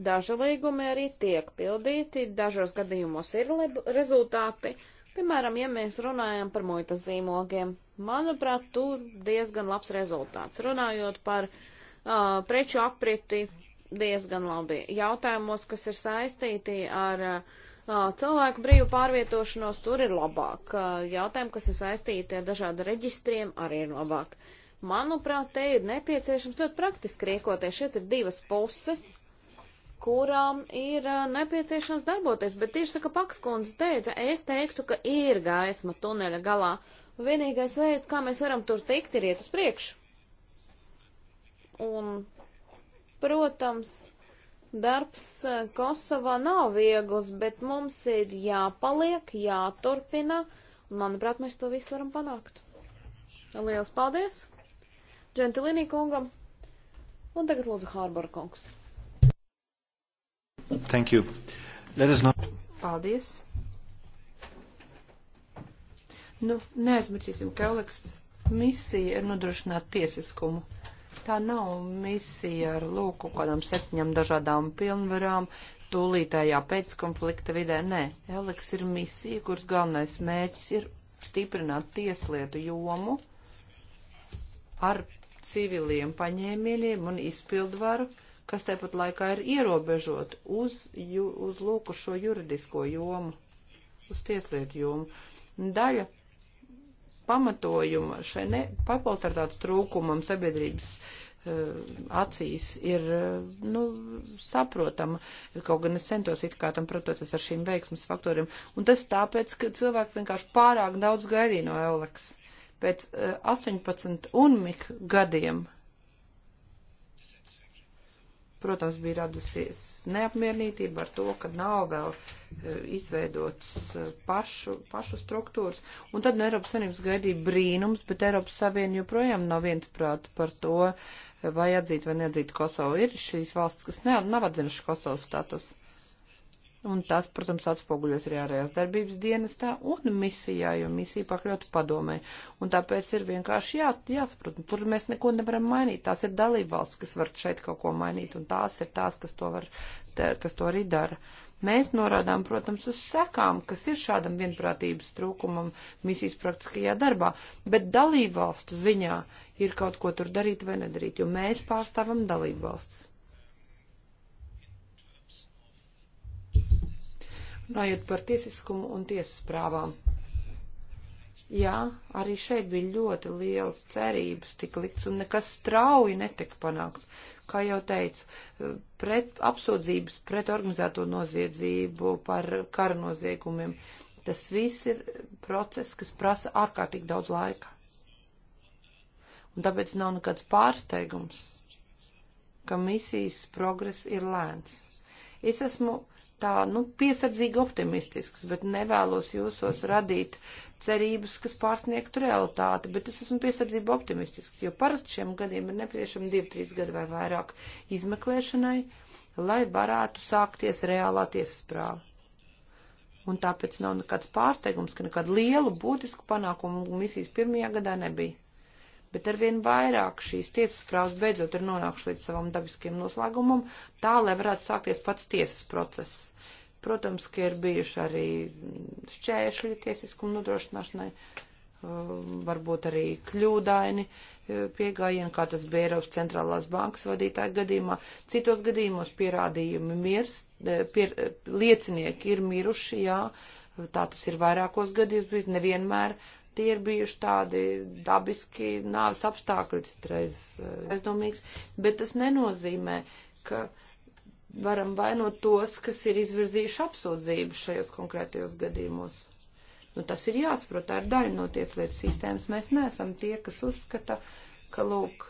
Daži līgumi arī tiek pildīti, dažos gadījumos ir rezultāti, Piemēram, ja mēs runājam par muitas zīmogiem, manuprāt, tur diezgan labs rezultāts. Runājot par uh, preču apriti, diezgan labi. Jautājumos, kas ir saistīti ar uh, cilvēku brīvu pārvietošanos, tur ir labāk. Jautājumi, kas ir saistīti ar dažādu reģistriem, arī ir labāk. Manuprāt, te ir nepieciešams ļoti praktiski riekoties. Šeit ir divas puses, kurām ir nepieciešams darboties, bet tieši tā kā Pakskundze teica, es teiktu, ka ir gaisma tuneļa galā. Vienīgais veids, kā mēs varam tur tikt, ir iet uz priekšu. Un, protams, Darbs eh, Kosovā nav viegls, bet mums ir jāpaliek, jāturpina, un manuprāt, mēs to visu varam panākt. Lielas paldies! Džentilīnī kungam, un tagad lūdzu Hārbora kungs. Thank you. Let us not... Paldies. Nu, neaizmirsīsim, ka Euleks misija ir nodrošināt tiesiskumu. Tā nav misija ar lūku kādām septiņām dažādām pilnvarām, tūlītējā pēckonflikta vidē. Nē, Eliks ir misija, kuras galvenais mērķis ir stiprināt tieslietu jomu ar civiliem paņēmieniem un izpildvaru, kas tepat laikā ir ierobežot uz, ju, uz lūku šo juridisko jomu, uz tieslietu jomu. Daļa pamatojuma šai nepapiltartāts trūkumam sabiedrības eh, acīs ir, eh, nu, saprotama, kaut gan es centos it kā tam pretoties ar šīm veiksmas faktoriem. Un tas tāpēc, ka cilvēki vienkārši pārāk daudz gaidīja no Euleks. Pēc 18 eh, un mik gadiem Protams, bija radusies neapmierinātība ar to, ka nav vēl e, izveidots e, pašu, pašu struktūras. Un tad no Eiropas Savienības gaidīja brīnums, bet Eiropas Savienība joprojām nav viensprāta par to, vai atzīt vai neatzīt Kosovu. Ir šīs valsts, kas ne, nav atzinuši Kosovas status. Un tas, protams, atspoguļos arī ārējās darbības dienestā un misijā, jo misija pakļauta padomē. Un tāpēc ir vienkārši jā, jāsaprot, un tur mēs neko nevaram mainīt. Tās ir dalībvalsts, kas var šeit kaut ko mainīt, un tās ir tās, kas to, var, te, kas to arī dara. Mēs norādām, protams, uz sekām, kas ir šādam vienprātības trūkumam misijas praktiskajā darbā, bet dalībvalstu ziņā ir kaut ko tur darīt vai nedarīt, jo mēs pārstāvam dalībvalstus. Runājot par tiesiskumu un tiesas prāvām. Jā, arī šeit bija ļoti liels cerības tika likts, un nekas strauji netika panākts. Kā jau teicu, pret apsūdzības pret organizēto noziedzību par kara noziegumiem, tas viss ir process, kas prasa ārkārtīgi daudz laika. Un tāpēc nav nekāds pārsteigums, ka misijas progress ir lēns. Es esmu tā, nu, piesardzīgi optimistisks, bet nevēlos jūsos radīt cerības, kas pārsniegtu realitāti, bet es esmu piesardzīgi optimistisks, jo parasti šiem gadiem ir nepieciešami 2-3 gadi vai vairāk izmeklēšanai, lai varētu sākties reālā tiesasprāva. Un tāpēc nav nekāds pārsteigums, ka nekādu lielu būtisku panākumu misijas pirmajā gadā nebija bet arvien vairāk šīs tiesas prāvas beidzot ir nonākuši līdz savam dabiskiem noslēgumam, tā, lai varētu sākties pats tiesas process. Protams, ka ir bijuši arī šķēršļi tiesiskumu nodrošināšanai, um, varbūt arī kļūdaini uh, pieejami, kā tas bija Eiropas centrālās bankas vadītāja gadījumā. Citos gadījumos pierādījumi mirs, uh, pier, uh, liecinieki ir miruši, jā, tā tas ir vairākos gadījumos, bet nevienmēr tie ir bijuši tādi dabiski nāves apstākļi citreiz eh, aizdomīgs, bet tas nenozīmē, ka varam vainot tos, kas ir izvirzījuši apsūdzību šajos konkrētajos gadījumos. Nu, tas ir jāsaprot, tā ir daļa no tieslietu sistēmas. Mēs neesam tie, kas uzskata, ka, lūk,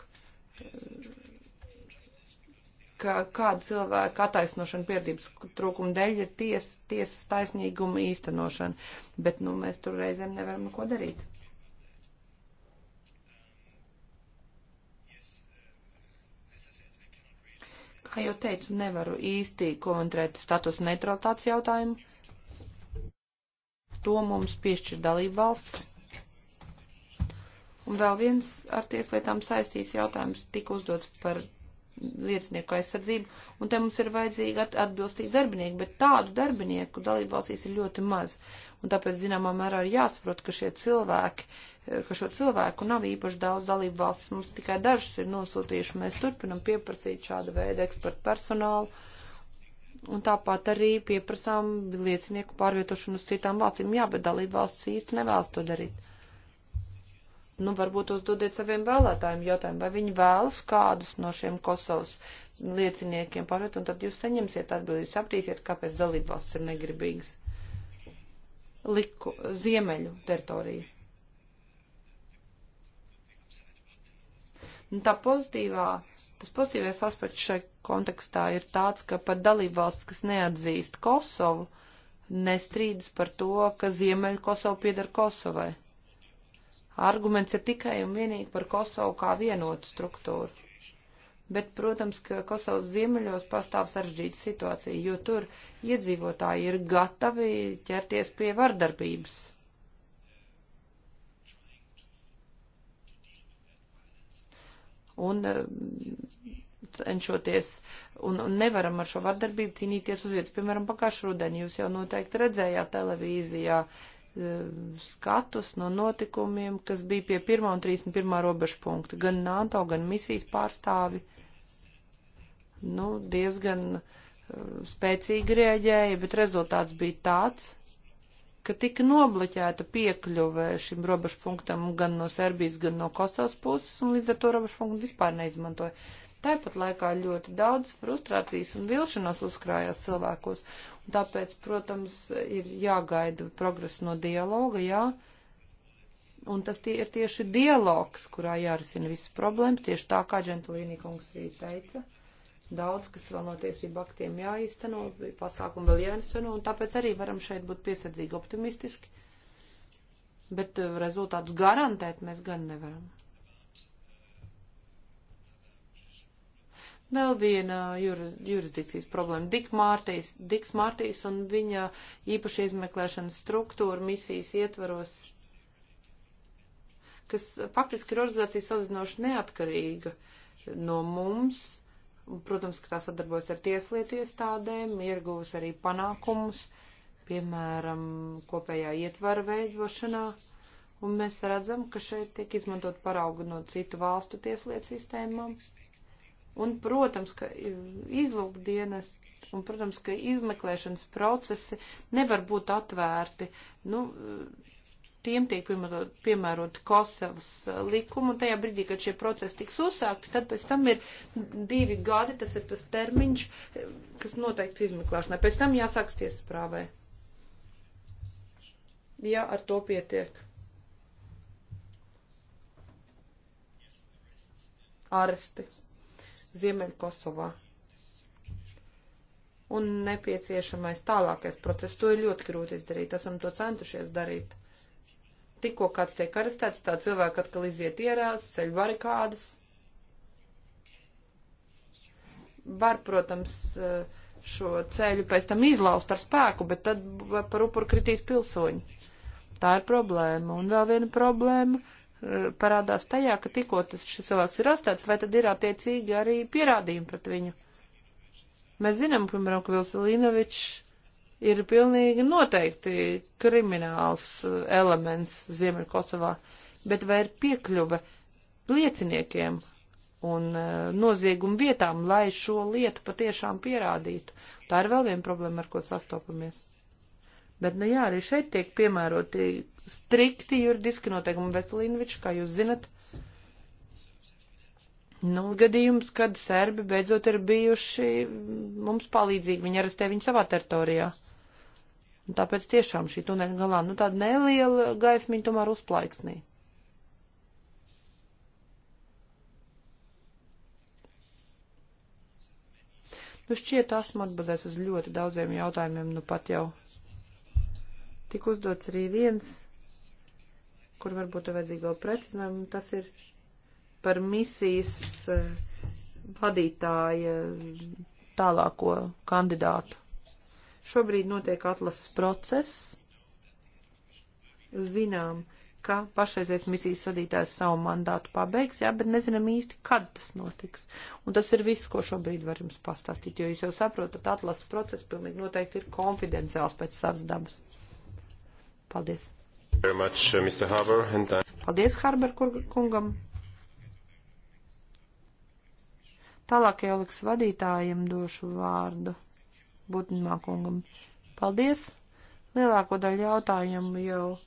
ka kāda cilvēka attaisnošana piedības trūkuma dēļ ir ties, tiesas taisnīguma īstenošana, bet nu, mēs tur reizēm nevaram neko darīt. Kā jau teicu, nevaru īsti komentēt status neutralitātes jautājumu. To mums piešķir dalību valsts. Un vēl viens ar tieslietām saistīts jautājums tika uzdots par liecinieku aizsardzību, un te mums ir vajadzīgi at atbilstīgi darbinieki, bet tādu darbinieku dalībvalstīs ir ļoti maz. Un tāpēc, zināmā mērā, ir jāsaprot, ka šie cilvēki, ka šo cilvēku nav īpaši daudz dalībvalstis, mums tikai dažas ir nosūtījuši, mēs turpinam pieprasīt šādu veidu ekspertu personālu. Un tāpat arī pieprasām liecinieku pārvietošanu uz citām valstīm. Jā, bet dalībvalstis īsti nevēlas to darīt. Nu, varbūt uzdodiet saviem vēlētājiem jautājumu, vai viņi vēlas kādus no šiem Kosovas lieciniekiem pārviet, un tad jūs saņemsiet atbildi, jūs sapratīsiet, kāpēc dalībvalsts ir negribīgs. Liku ziemeļu teritoriju. Nu, tā pozitīvā, tas pozitīvais aspekts šai kontekstā ir tāds, ka pat dalībvalsts, kas neatzīst Kosovu, nestrīdas par to, ka Ziemeļa Kosova pieder Kosovai. Arguments ir tikai un vienīgi par Kosovu kā vienotu struktūru. Bet, protams, ka Kosovas ziemeļos pastāv sarežģīta situācija, jo tur iedzīvotāji ir gatavi ķerties pie vardarbības. Un eh, cenšoties, un, un nevaram ar šo vardarbību cīnīties uz vietas. Piemēram, pagājušā rudenī jūs jau noteikti redzējāt televīzijā Eh, skatus no notikumiem, kas bija pie 1 un 31 robežu punkta. Gan NATO, gan misijas pārstāvi nu, diezgan eh, spēcīgi rēģēja, bet rezultāts bija tāds, ka tika nobloķēta piekļuve šim robežu punktam gan no Serbijas, gan no Kosovas puses, un līdz ar to robežu punktu vispār neizmantoja. Tāpat laikā ļoti daudz frustrācijas un vilšanās uzkrājās cilvēkos, Tāpēc, protams, ir jāgaida progress no dialoga, jā. Un tas tie ir tieši dialogs, kurā jārisina visas problēmas, tieši tā kā Džentlīnī kungs arī teica. Daudz, kas vēl no tiesību aktiem jāizceno, pasākumu vēl jāizceno, un tāpēc arī varam šeit būt piesardzīgi optimistiski. Bet eh, rezultātus garantēt mēs gan nevaram. Vēl viena jur, jurisdikcijas problēma - Diks Mārtīs, Diks Mārtīs un viņa īpaši izmeklēšanas struktūra misijas ietvaros, kas faktiski ir organizācija salīdzinoši neatkarīga no mums. Protams, ka tā sadarbojas ar tieslietu iestādēm, ieguvusi arī panākumus, piemēram, kopējā ietvara veidošanā. Un mēs redzam, ka šeit tiek izmantot paraugu no citu valstu tieslietu sistēmām. Un, protams, ka izlūkdienas un, protams, ka izmeklēšanas procesi nevar būt atvērti. Nu, tiem tiek piemērot, piemērot Kosovas likumu, un tajā brīdī, kad šie procesi tiks uzsākti, tad pēc tam ir divi gadi, tas ir tas termiņš, kas noteikts izmeklēšanai. Pēc tam jāsāks tiesasprāvē. Ja ar to pietiek. Aresti. Ziemeļkosovā. Un nepieciešamais tālākais process, to ir ļoti grūti izdarīt, esam to centušies darīt. Tikko kāds tiek arestēts, tā cilvēka atkal iziet ierās, ceļ barikādas. Var, protams, šo ceļu pēc tam izlaust ar spēku, bet tad par upuru kritīs pilsoņi. Tā ir problēma. Un vēl viena problēma parādās tajā, ka tikko tas šis cilvēks ir atstāts, vai tad ir attiecīgi arī pierādījumi pret viņu. Mēs zinām, piemēram, ka Vilsalīnovičs ir pilnīgi noteikti krimināls uh, elements Ziemeļkosovā, bet vai ir piekļuve lieciniekiem un uh, noziegumu vietām, lai šo lietu patiešām pierādītu? Tā ir vēl viena problēma, ar ko sastopamies. Bet, nu jā, arī šeit tiek piemēroti strikti juridiski noteikumi Veselīnvičs, kā jūs zinat. Nu, gadījums, kad serbi beidzot ir bijuši mums palīdzīgi, viņi arestē viņu savā teritorijā. Un tāpēc tiešām šī tuneļa galā, nu, tāda neliela gaismiņa tomēr uzplaiksnī. Nu, šķiet, esmu atbildējis uz ļoti daudziem jautājumiem, nu pat jau Tik uzdots arī viens, kur varbūt ir vajadzīgi vēl precizinājumi, tas ir par misijas eh, vadītāja tālāko kandidātu. Šobrīd notiek atlases process. Zinām, ka pašreizējais misijas vadītājs savu mandātu pabeigs, jā, bet nezinām īsti, kad tas notiks. Un tas ir viss, ko šobrīd var jums pastāstīt, jo jūs jau saprotat, atlases process pilnīgi noteikti ir konfidenciāls pēc savas dabas. Paldies. Much, uh, Harbour, and... Paldies, Harber kungam. Tālāk jau liks vadītājiem došu vārdu Budnumā kungam. Paldies! Lielāko daļu jautājumu jau uh,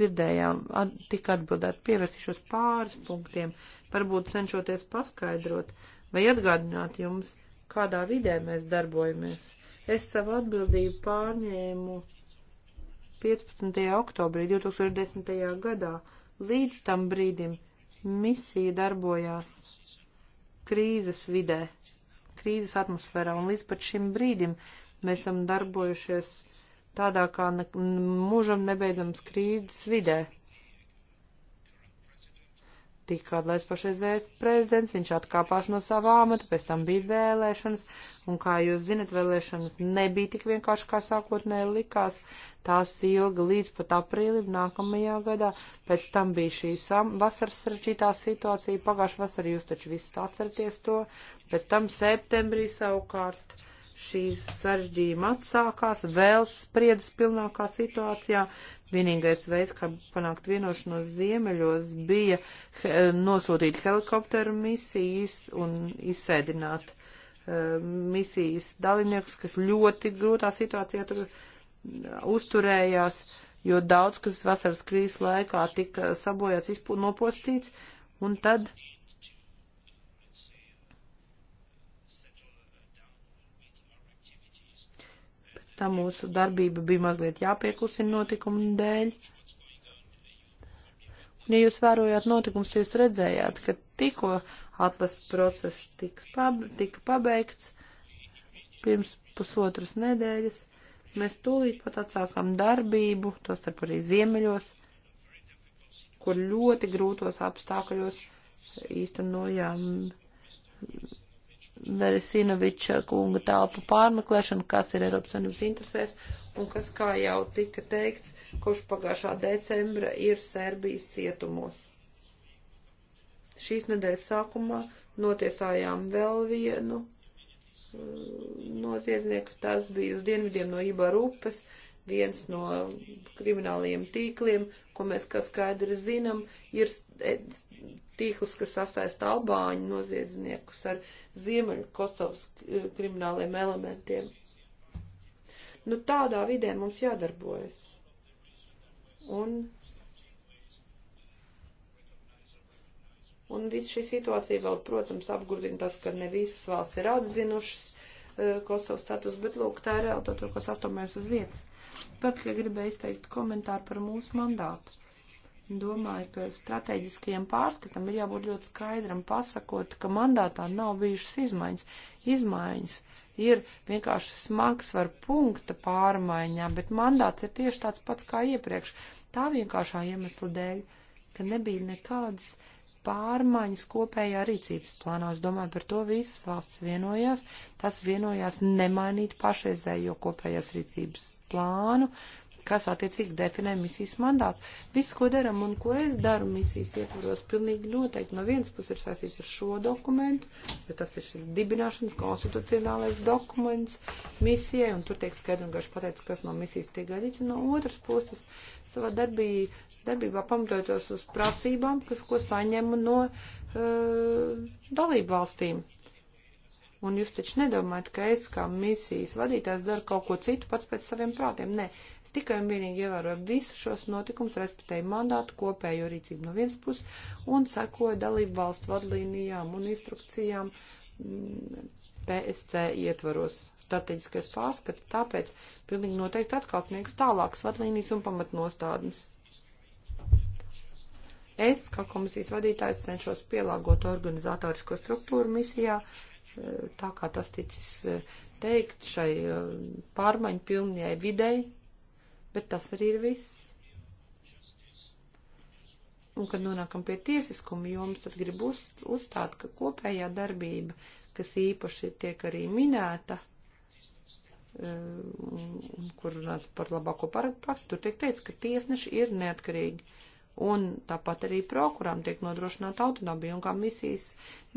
dzirdējām, at, tika atbildēt, pievērsīšos pāris punktiem, varbūt cenšoties paskaidrot vai atgādināt jums, kādā vidē mēs darbojamies Es savu atbildību pārņēmu 15. oktobrī 2010. gadā. Līdz tam brīdim misija darbojās krīzes vidē, krīzes atmosfērā, un līdz pat šim brīdim mēs esam darbojušies tādā kā ne, mūžam nebeidzams krīzes vidē tika atlaists pašreizējais prezidents, viņš atkāpās no savā amata, pēc tam bija vēlēšanas, un kā jūs zinat, vēlēšanas nebija tik vienkārši, kā sākotnēji likās, tās ilga līdz pat aprīlim nākamajā gadā, pēc tam bija šī vasaras sarežģītā situācija, pagājušā vasara jūs taču viss atceraties to, pēc tam septembrī savukārt šī sarežģījuma atsākās, vēl spriedzes pilnākā situācijā. Vienīgais veids, kā panākt vienošanos ziemeļos, bija he, nosūtīt helikopteru misijas un izsēdināt uh, misijas dalībniekus, kas ļoti grūtā situācijā tur uzturējās, jo daudz, kas vasaras krīzes laikā tika sabojāts, nopostīts, un tad tā mūsu darbība bija mazliet jāpieklusina notikumu dēļ. Un, ja jūs vērojāt notikums, jūs redzējāt, ka tikko atlases process tiks pab tika pabeigts pirms pusotras nedēļas, mēs tūlīt pat atsākām darbību, tostarp arī ziemeļos, kur ļoti grūtos apstākļos īstenojām Veresinoviča kunga telpu pārmeklēšanu, kas ir Eiropas Savienības interesēs un kas, kā jau tika teikts, kurš pagājušā decembra ir Serbijas cietumos. Šīs nedēļas sākumā notiesājām vēl vienu uh, noziedznieku, tas bija uz dienvidiem no Iba Rūpes, viens no krimināliem tīkliem, ko mēs kā skaidri zinām, ir e, tīkls, kas sasaista albāņu noziedzniekus ar Ziemeļu Kosovas krimināliem elementiem. Nu, tādā vidē mums jādarbojas. Un, un viss šī situācija vēl, protams, apgrūtina tas, ka ne visas valsts ir atzinušas e, Kosovas status, bet lūk, tā ir realitāte, kas astomējas uz vietas. Vēl gribēju izteikt komentāru par mūsu mandātu. Domāju, ka strateģiskajam pārskatam ir jābūt ļoti skaidram pasakot, ka mandātā nav bijušas izmaiņas. Izmaiņas ir vienkārši smags var punkta pārmaiņā, bet mandāts ir tieši tāds pats kā iepriekš. Tā vienkāršā iemesla dēļ, ka nebija nekādas pārmaiņas kopējā rīcības plānā. Es domāju, par to visas valsts vienojās. Tas vienojās nemainīt pašreizējo kopējās rīcības plānu, kas attiecīgi definē misijas mandātu. Viss, ko daram un ko es daru misijas ietvaros, pilnīgi noteikti no vienas puses ir saistīts ar šo dokumentu, jo tas ir šis dibināšanas konstitucionālais dokuments misijai, un tur tiek skaidri un garši pateicis, kas no misijas tiek gaidīts, un no otras puses savā darbī, darbībā pamatojoties uz prasībām, kas, ko saņemu no uh, dalību valstīm. Un jūs taču nedomājat, ka es kā misijas vadītājs daru kaut ko citu pats pēc saviem prātiem. Nē, es tikai un vienīgi ievēroju visus šos notikumus, respektēju mandātu, kopējo rīcību no vienas puses un sekoju dalību valstu vadlīnijām un instrukcijām mm, PSC ietvaros strateģiskais pārskats, tāpēc pilnīgi noteikti atkal sniegs tālākas vadlīnijas un pamatnostādnes. Es, kā komisijas vadītājs, cenšos pielāgot organizatorisko struktūru misijā, uh, tā kā tas ticis e, teikt, šai e, pārmaiņu pilnajai videi, bet tas arī ir viss. Un, kad nonākam pie tiesiskuma jomas, tad gribu uz, uzstāt, ka kopējā darbība, kas īpaši tiek arī minēta, e, un, un kur runāts par labāko praksi, tur tiek teikts, ka tiesneši ir neatkarīgi un tāpat arī prokuram tiek nodrošināta autonomija, un kā misijas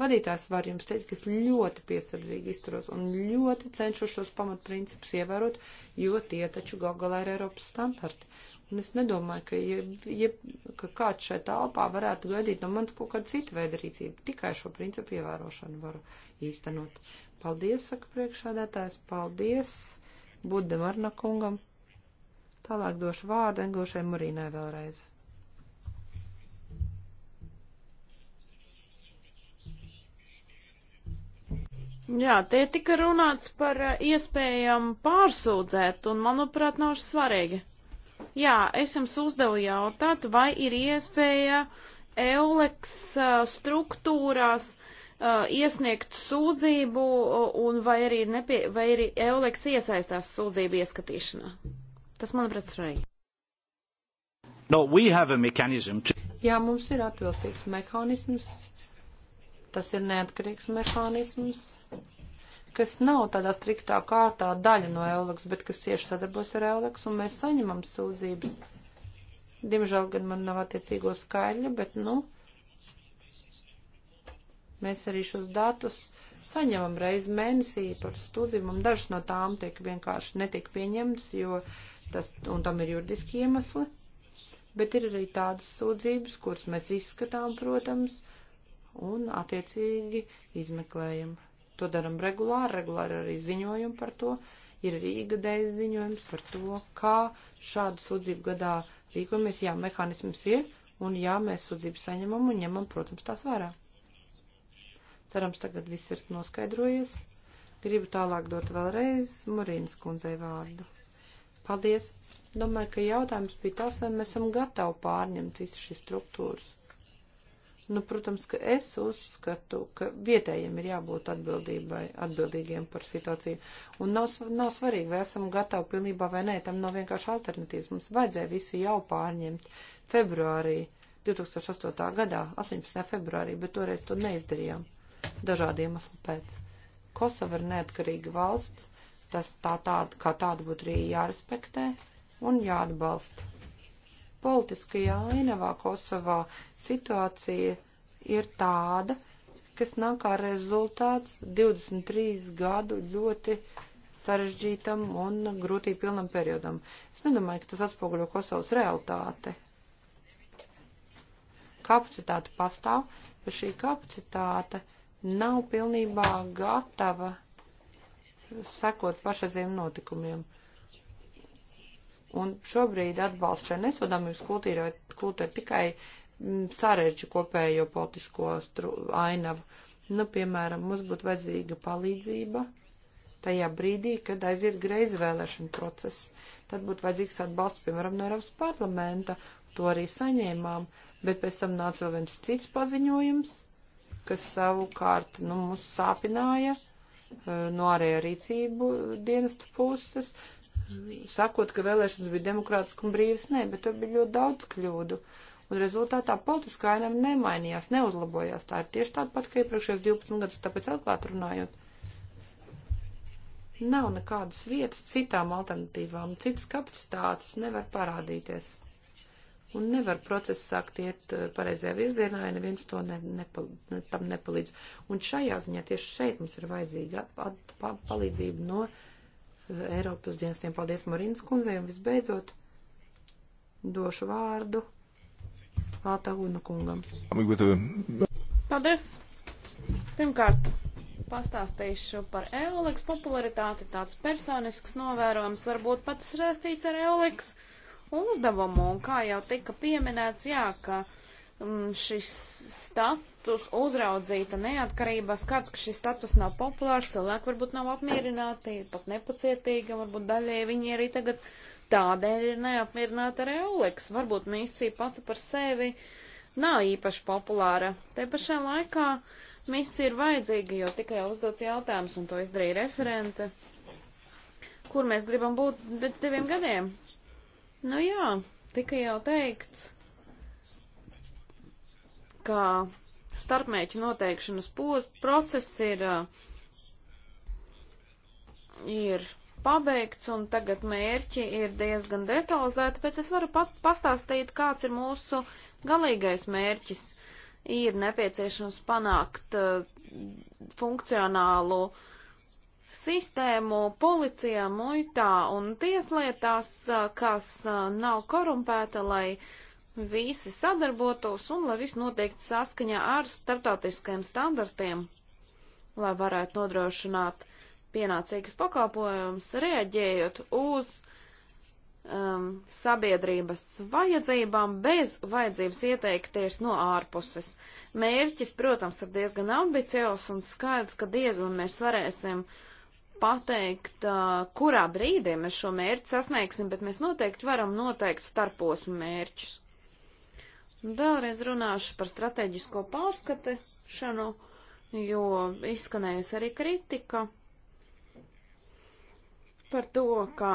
vadītājs var jums teikt, ka es ļoti piesardzīgi izturos un ļoti cenšos šos pamatprincipus ievērot, jo tie taču gal galā ir Eiropas standarti. Un es nedomāju, ka, ja, ja, ka kāds šai telpā varētu gaidīt no manis kaut kādu citu veidu rīcību, tikai šo principu ievērošanu varu īstenot. Paldies, saka priekšādētājs, paldies Budde Marnakungam. Tālāk došu vārdu Englušai Marīnai vēlreiz. Jā, te tika runāts par eh, iespējamu pārsūdzēt, un manuprāt, nav svarīgi. Jā, es jums uzdevu jautāt, vai ir iespēja Euleks eh, struktūrās eh, iesniegt sūdzību, un vai arī, nepie, vai arī Euleks iesaistās sūdzību ieskatīšanā. Tas, manuprāt, svarīgi. No, to... Jā, mums ir atbilstīgs mehānisms. Tas ir neatkarīgs mehānisms kas nav tādā striktā kārtā daļa no Eulaks, bet kas cieši sadarbos ar Eulaks, un mēs saņemam sūdzības. Diemžēl gan man nav attiecīgo skaidļa, bet, nu, mēs arī šos datus saņemam reizi mēnesī par studijām, un dažas no tām tiek vienkārši netiek pieņemtas, jo tas, un tam ir juridiski iemesli, bet ir arī tādas sūdzības, kuras mēs izskatām, protams, un attiecīgi izmeklējam. To daram regulāri, regulāri arī ziņojumi par to. Ir arī gadējs ziņojums par to, kā šādu sūdzību gadā rīkojamies. Jā, mehānisms ir, un jā, mēs sūdzības saņemam un ņemam, protams, tās vērā. Cerams, tagad viss ir noskaidrojies. Gribu tālāk dot vēlreiz Marīnas kundzei vārdu. Paldies! Domāju, ka jautājums bija tas, vai mēs esam gatavi pārņemt visu šīs struktūras. Nu, protams, ka es uzskatu, ka vietējiem ir jābūt atbildībai, atbildīgiem par situāciju. Un nav, nav svarīgi, vai esam gatavi pilnībā vai nē, tam nav vienkārši alternatīvas. Mums vajadzēja visu jau pārņemt februārī 2008. gadā, 18. februārī, bet toreiz to neizdarījām dažādu iemeslu pēc. Kosova ir neatkarīga valsts, tas tā tāda, kā tāda būtu arī jārespektē un jāatbalsta. Politiskajā ainavā Kosovā situācija ir tāda, kas nāk kā rezultāts 23 gadu ļoti sarežģītam un grūtību pilnam periodam. Es nedomāju, ka tas atspoguļo Kosovas realitāti. Kapacitāte pastāv, bet šī kapacitāte nav pilnībā gatava sekot pašreiziem notikumiem. Un šobrīd atbalsts šai nesodāmības kultūrai, kultūrai tikai mm, sarežģi kopējo politisko stru, ainavu. Nu, piemēram, mums būtu vajadzīga palīdzība tajā brīdī, kad aiziet greizi vēlēšana process. Tad būtu vajadzīgs atbalsts, piemēram, no Eiropas parlamenta. To arī saņēmām, bet pēc tam nāca vēl viens cits paziņojums, kas savukārt nu, mūs sāpināja eh, no ārējā rīcību dienestu puses sakot, ka vēlēšanas bija demokrātiski un brīvas, nē, bet tur bija ļoti daudz kļūdu. Un rezultātā politiskā ainava nemainījās, neuzlabojās. Tā ir tieši tāda pat, kā iepriekšējos 12 gadus, tāpēc atklāt runājot. Nav nekādas vietas citām alternatīvām, citas kapacitātes nevar parādīties. Un nevar procesu sākt iet eh, pareizajā virzienā, ja neviens to ne, nepal, ne, tam nepalīdz. Un šajā ziņā tieši šeit mums ir vajadzīga at, at, pa, palīdzība no. Uh, Eiropas dienestiem. Paldies Marinas kundzei un visbeidzot došu vārdu Ātahuna kungam. Paldies! Pirmkārt, pastāstīšu par Eoliks popularitāti, tāds personisks novērojums, varbūt pats saistīts ar Eoliks uzdevumu, un kā jau tika pieminēts, jā, ka Mm, šis status uzraudzīta neatkarībā, skats, ka šis status nav populārs, cilvēki varbūt nav apmierināti, pat nepacietīgi, varbūt daļēji viņi arī tagad tādēļ ir neapmierināti ar Euleks. Varbūt misija pati par sevi nav īpaši populāra. Te pašā laikā misija ir vajadzīga, jo tikai uzdots jautājums, un to izdarīja referente, kur mēs gribam būt pēc diviem gadiem. Nu jā, tikai jau teikts ka starpmēķu noteikšanas pos, process ir, uh, ir pabeigts, un tagad mērķi ir diezgan detalizēti, tāpēc es varu pat pastāstīt, kāds ir mūsu galīgais mērķis. Ir nepieciešams panākt uh, funkcionālu sistēmu policijā, muitā un tieslietās, uh, kas uh, nav korumpēta, lai uh, visi sadarbotos un lai viss noteikti saskaņā ar starptautiskajiem standartiem, lai varētu nodrošināt pienācīgas pakāpojumus, reaģējot uz um, sabiedrības vajadzībām bez vajadzības ieteikties no ārpuses. Mērķis, protams, ir diezgan ambiciozs un skaidrs, ka diez vai mēs varēsim pateikt, uh, kurā brīdī mēs šo mērķi sasniegsim, bet mēs noteikti varam noteikt starposmu mērķus. Vēlreiz runāšu par strateģisko pārskatešanu, jo izskanējusi arī kritika par to, ka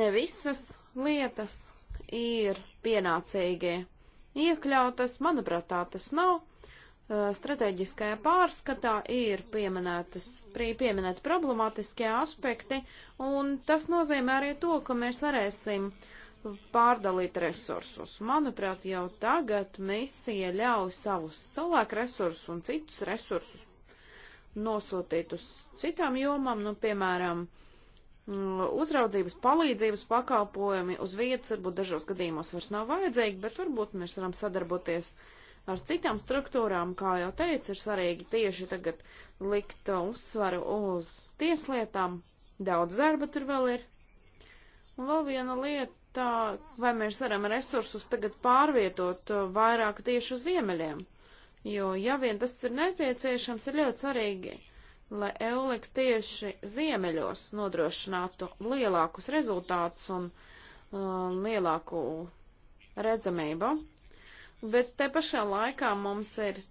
ne visas lietas ir pienācīgi iekļautas. Manuprāt, tā tas nav. Strateģiskajā pārskatā ir pieminēti problemātiskie aspekti, un tas nozīmē arī to, ka mēs varēsim uh, pārdalīt resursus. Manuprāt, jau tagad misija ļauj savus cilvēku resursus un citus resursus nosūtīt uz citām jomām, nu, piemēram, mm, uzraudzības palīdzības pakalpojumi uz vietas varbūt dažos gadījumos vairs nav vajadzīgi, bet varbūt mēs varam sadarboties ar citām struktūrām, kā jau teicu, ir svarīgi tieši tagad likt uzsvaru uz tieslietām. Daudz darba tur vēl ir. Un vēl viena lieta, tā, vai mēs varam resursus tagad pārvietot uh, vairāk tieši uz ziemeļiem. Jo, ja vien tas ir nepieciešams, ir ļoti svarīgi, lai Euleks tieši ziemeļos nodrošinātu lielākus rezultātus un uh, lielāku redzamību. Bet te pašā laikā mums ir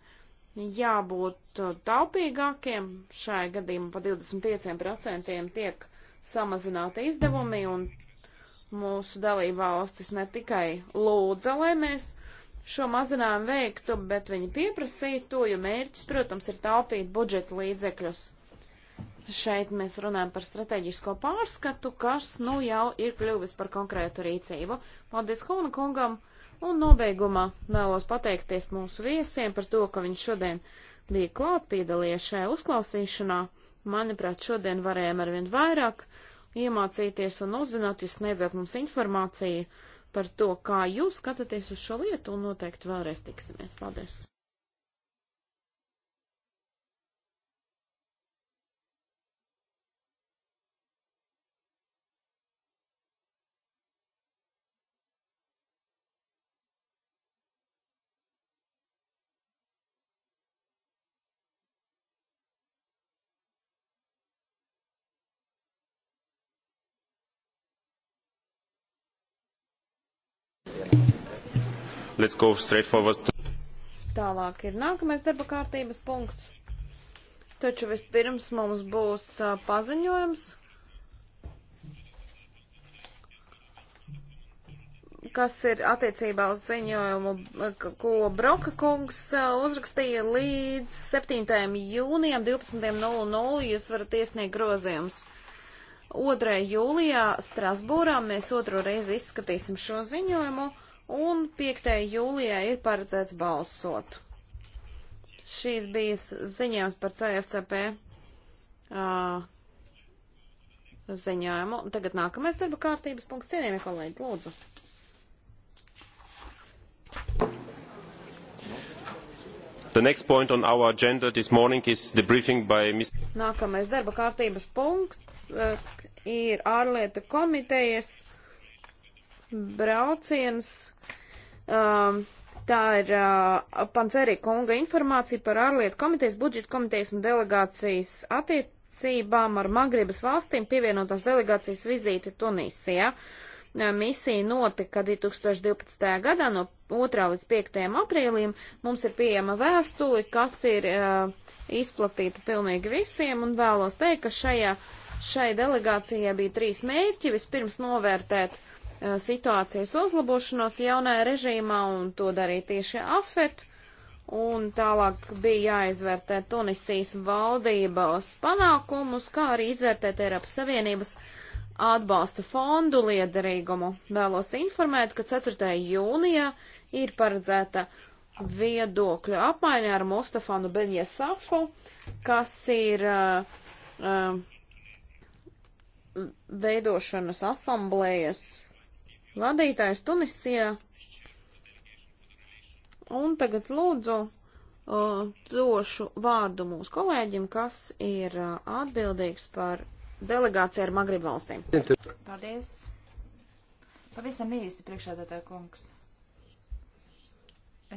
jābūt uh, taupīgākiem. Šai gadījumā pa 25% tiek samazināti izdevumi un mūsu dalībvalstis ne tikai lūdza, lai mēs šo mazinājumu veiktu, bet viņi pieprasīja to, jo mērķis, protams, ir taupīt budžeta līdzekļus. Šeit mēs runājam par strateģisko pārskatu, kas nu jau ir kļuvis par konkrētu rīcību. Paldies Hona kungam! Un nobeigumā vēlos pateikties mūsu viesiem par to, ka viņi šodien bija klāt piedalījies šajā uzklausīšanā. Manuprāt, šodien varējām arvien vairāk uh, iemācīties un uzzināt, jūs sniedzat mums informāciju par to, kā jūs skatāties uz šo lietu, un noteikti vēlreiz tiksimies. Paldies! Let's go straight forward. Tālāk ir nākamais darba kārtības punkts. Taču vispirms mums būs uh, paziņojums, kas ir attiecībā uz ziņojumu, ko Broka kungs uzrakstīja līdz 7. jūnijam 12.00. Jūs varat iesniegt grozījumus. 2. jūlijā Strasbūrā mēs otro reizi izskatīsim šo ziņojumu, un 5. jūlijā ir paredzēts balsot. Šīs bija ziņojums par CFCP uh, ziņojumu. Tagad nākamais darba kārtības punkts. Cienījamie kolēģi, lūdzu! The next point on our agenda this morning is the briefing by Ms. Nākamais darba kārtības punkts uh, ir ārlietu komitejas brauciens. Um, tā ir uh, eh, Pancerī kunga informācija par ārlietu komitejas, budžeta komitejas un delegācijas attiecībām ar Magribas valstīm pievienotās delegācijas vizīti Tunisijā. Ja? misija notika 2012. gadā no 2. līdz 5. aprīlim. Mums ir pieejama vēstuli, kas ir uh, izplatīta pilnīgi visiem, un vēlos teikt, ka šajā, šai delegācijai bija trīs mērķi. Vispirms novērtēt uh, situācijas uzlabošanos jaunajā režīmā, un to darīja tieši AFET. Un tālāk bija jāizvērtē Tunisijas valdības panākumus, kā arī izvērtēt Eiropas Savienības uh, atbalsta fondu liederīgumu. Vēlos informēt, ka 4. jūnijā ir paredzēta viedokļu apmaiņa ar Mustafanu Benjesafu, kas ir uh, uh, veidošanas asamblējas vadītājs Tunisijā. Un tagad lūdzu uh, došu vārdu mūsu kolēģim, kas ir uh, atbildīgs par delegācija ar Magrib valstīm. Paldies. Pavisam īsi priekšādātāja kungs.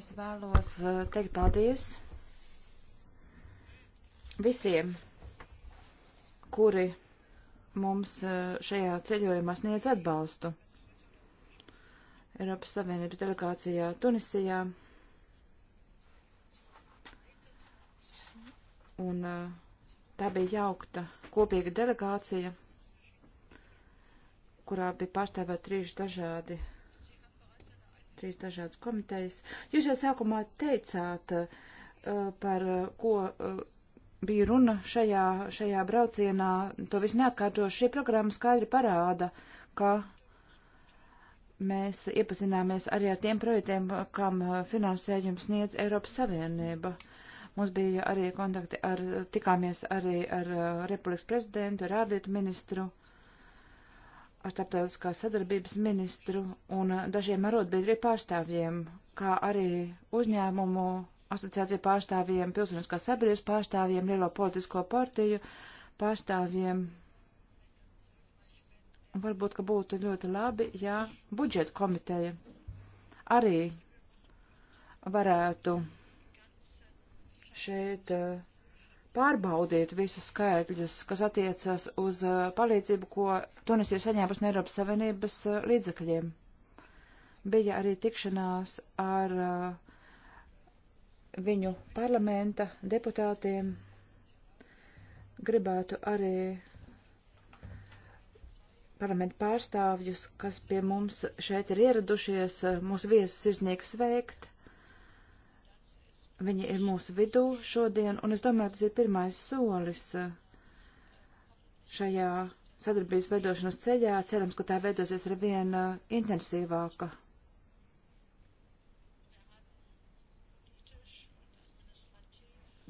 Es vēlos eh, teikt paldies visiem, kuri mums eh, šajā ceļojumā sniedz atbalstu. Eiropas Savienības delegācijā Tunisijā un eh, tā bija jaukta kopīga delegācija, kurā bija pārstāvēt trīs dažādi, trīs dažādas komitejas. Jūs jau sākumā teicāt, uh, par uh, ko uh, bija runa šajā, šajā braucienā, to visu neatkārtošu. Šī programma skaidri parāda, ka mēs iepazināmies arī ar tiem projektiem, kam finansējums sniedz Eiropas Savienība. Uh, Mums bija arī kontakti ar, tikāmies arī ar uh, Republikas prezidentu, ar ārlietu ministru, ar starptautiskās sadarbības ministru un uh, dažiem arotbiedrību pārstāvjiem, kā arī uzņēmumu asociāciju pārstāvjiem, pilsoniskās sabiedrības pārstāvjiem, lielo politisko partiju pārstāvjiem. Un varbūt, ka būtu ļoti labi, ja budžeta komiteja arī varētu šeit eh, pārbaudīt visus skaitļus, kas attiecas uz eh, palīdzību, ko Tunisija saņēmusi no Eiropas Savienības eh, līdzekļiem. Bija arī tikšanās ar viņu parlamenta deputātiem. Gribētu arī parlamentu pārstāvjus, kas pie mums šeit ir ieradušies, mūsu viesus sirsnīgi sveikt. Viņi ir mūsu vidū šodien, un es domāju, tas ir pirmais solis eh, šajā sadarbības veidošanas ceļā. Cerams, ka tā veidosies ar vien eh, intensīvāka.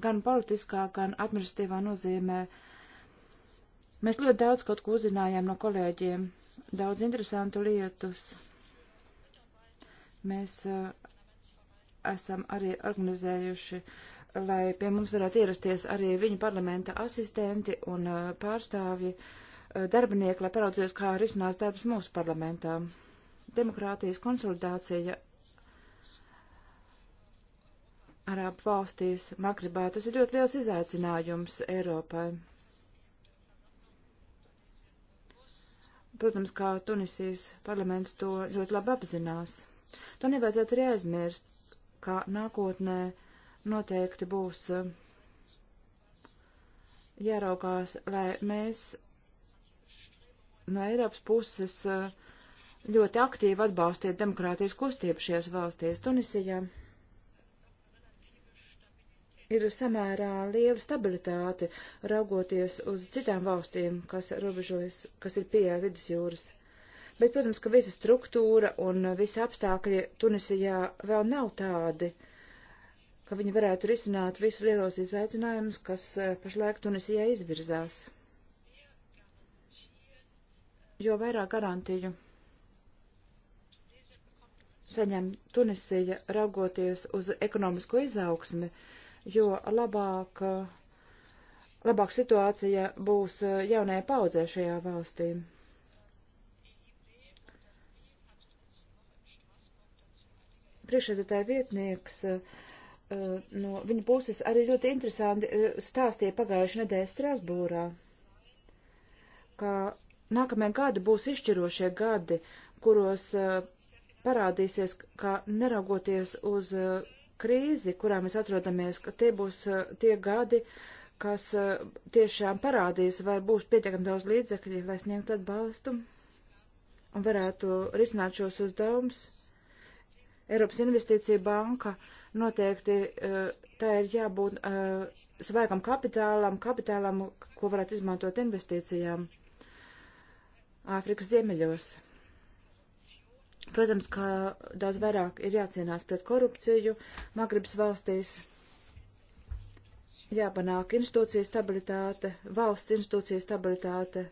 Gan politiskā, gan administratīvā nozīmē. Mēs ļoti daudz kaut ko uzzinājām no kolēģiem, daudz interesantu lietus. Mēs eh, esam arī organizējuši, lai pie mums varētu ierasties arī viņu parlamenta asistenti un uh, pārstāvji uh, darbinieki, lai paraudzītos, kā risinās darbs mūsu parlamentā. Demokrātijas konsolidācija Arābu valstīs, Magribā, tas ir ļoti liels izaicinājums Eiropai. Protams, kā Tunisijas parlaments to ļoti labi apzinās. To nevajadzētu arī aizmirst ka nākotnē noteikti būs eh, jāraugās, lai mēs no Eiropas puses eh, ļoti aktīvi atbalstītu demokrātijas kustību šajās valstīs. Tunisijā ir samērā liela stabilitāte, raugoties uz citām valstīm, kas robežojas, kas ir pie vidusjūras Bet, protams, ka visa struktūra un visi apstākļi Tunisijā vēl nav tādi, ka viņi varētu risināt visus lielos izaicinājumus, kas eh, pašlaik Tunisijā izvirzās. Jo vairāk garantiju saņem Tunisija raugoties uz ekonomisko izaugsmi, jo labāk, eh, labāk situācija būs eh, jaunajai paudzē šajā valstī. priekšredatāja vietnieks eh, eh, no viņa puses arī ļoti interesanti eh, stāstīja pagājušajā nedēļā Strasbūrā, ka nākamajā gadi būs izšķirošie gadi, kuros parādīsies, ka neraugoties uz krīzi, kurā mēs atrodamies, ka tie būs tie gadi, kas tiešām parādīs, vai būs pietiekami daudz līdzekļu, lai sniegtu atbalstu un varētu risināt šos uzdevumus Eiropas investīcija banka noteikti eh, tā ir jābūt eh, svaigam kapitālam, kapitālam, ko varētu izmantot investīcijām Āfrikas ziemeļos. Protams, ka daudz vairāk ir jācīnās pret korupciju Magribas valstīs. Jāpanāk institūcija stabilitāte, valsts institūcija stabilitāte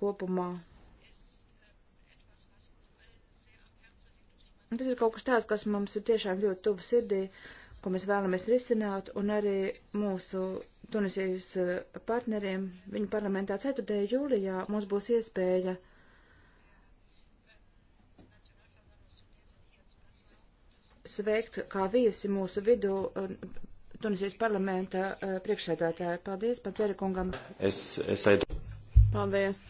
kopumā. Un nu, tas ir kaut kas tāds, kas mums ir tiešām ļoti tuvu sirdī, ko mēs vēlamies risināt, un arī mūsu Tunisijas eh, partneriem, viņu parlamentā 4. jūlijā mums būs iespēja sveikt kā viesi mūsu vidū eh, Tunisijas parlamenta eh, priekšsēdētāju. Paldies, pats Erikungam. Es, es aidu. Paldies,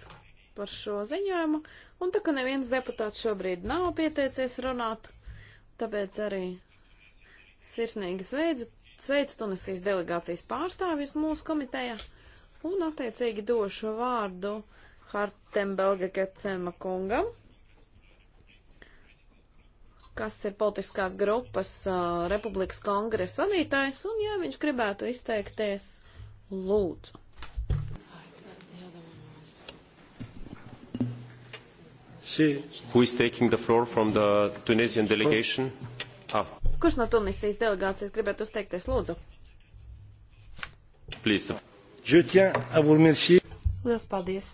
par šo ziņojumu, un tā kā neviens deputāts šobrīd nav pieteicies runāt, tāpēc arī sirsnīgi sveicu, sveicu Tunisijas delegācijas pārstāvjus mūsu komitejā, un attiecīgi došu vārdu Hartembelga Kecema kungam, kas ir politiskās grupas uh, Republikas kongresa vadītājs, un ja viņš gribētu izteikties, lūdzu. Si. Who is taking the floor from the Tunisian delegation? Ah. Kurš no Tunisijas delegācijas gribētu uzteikties, lūdzu? Please. Je tiens à vous remercier. Lielas paldies.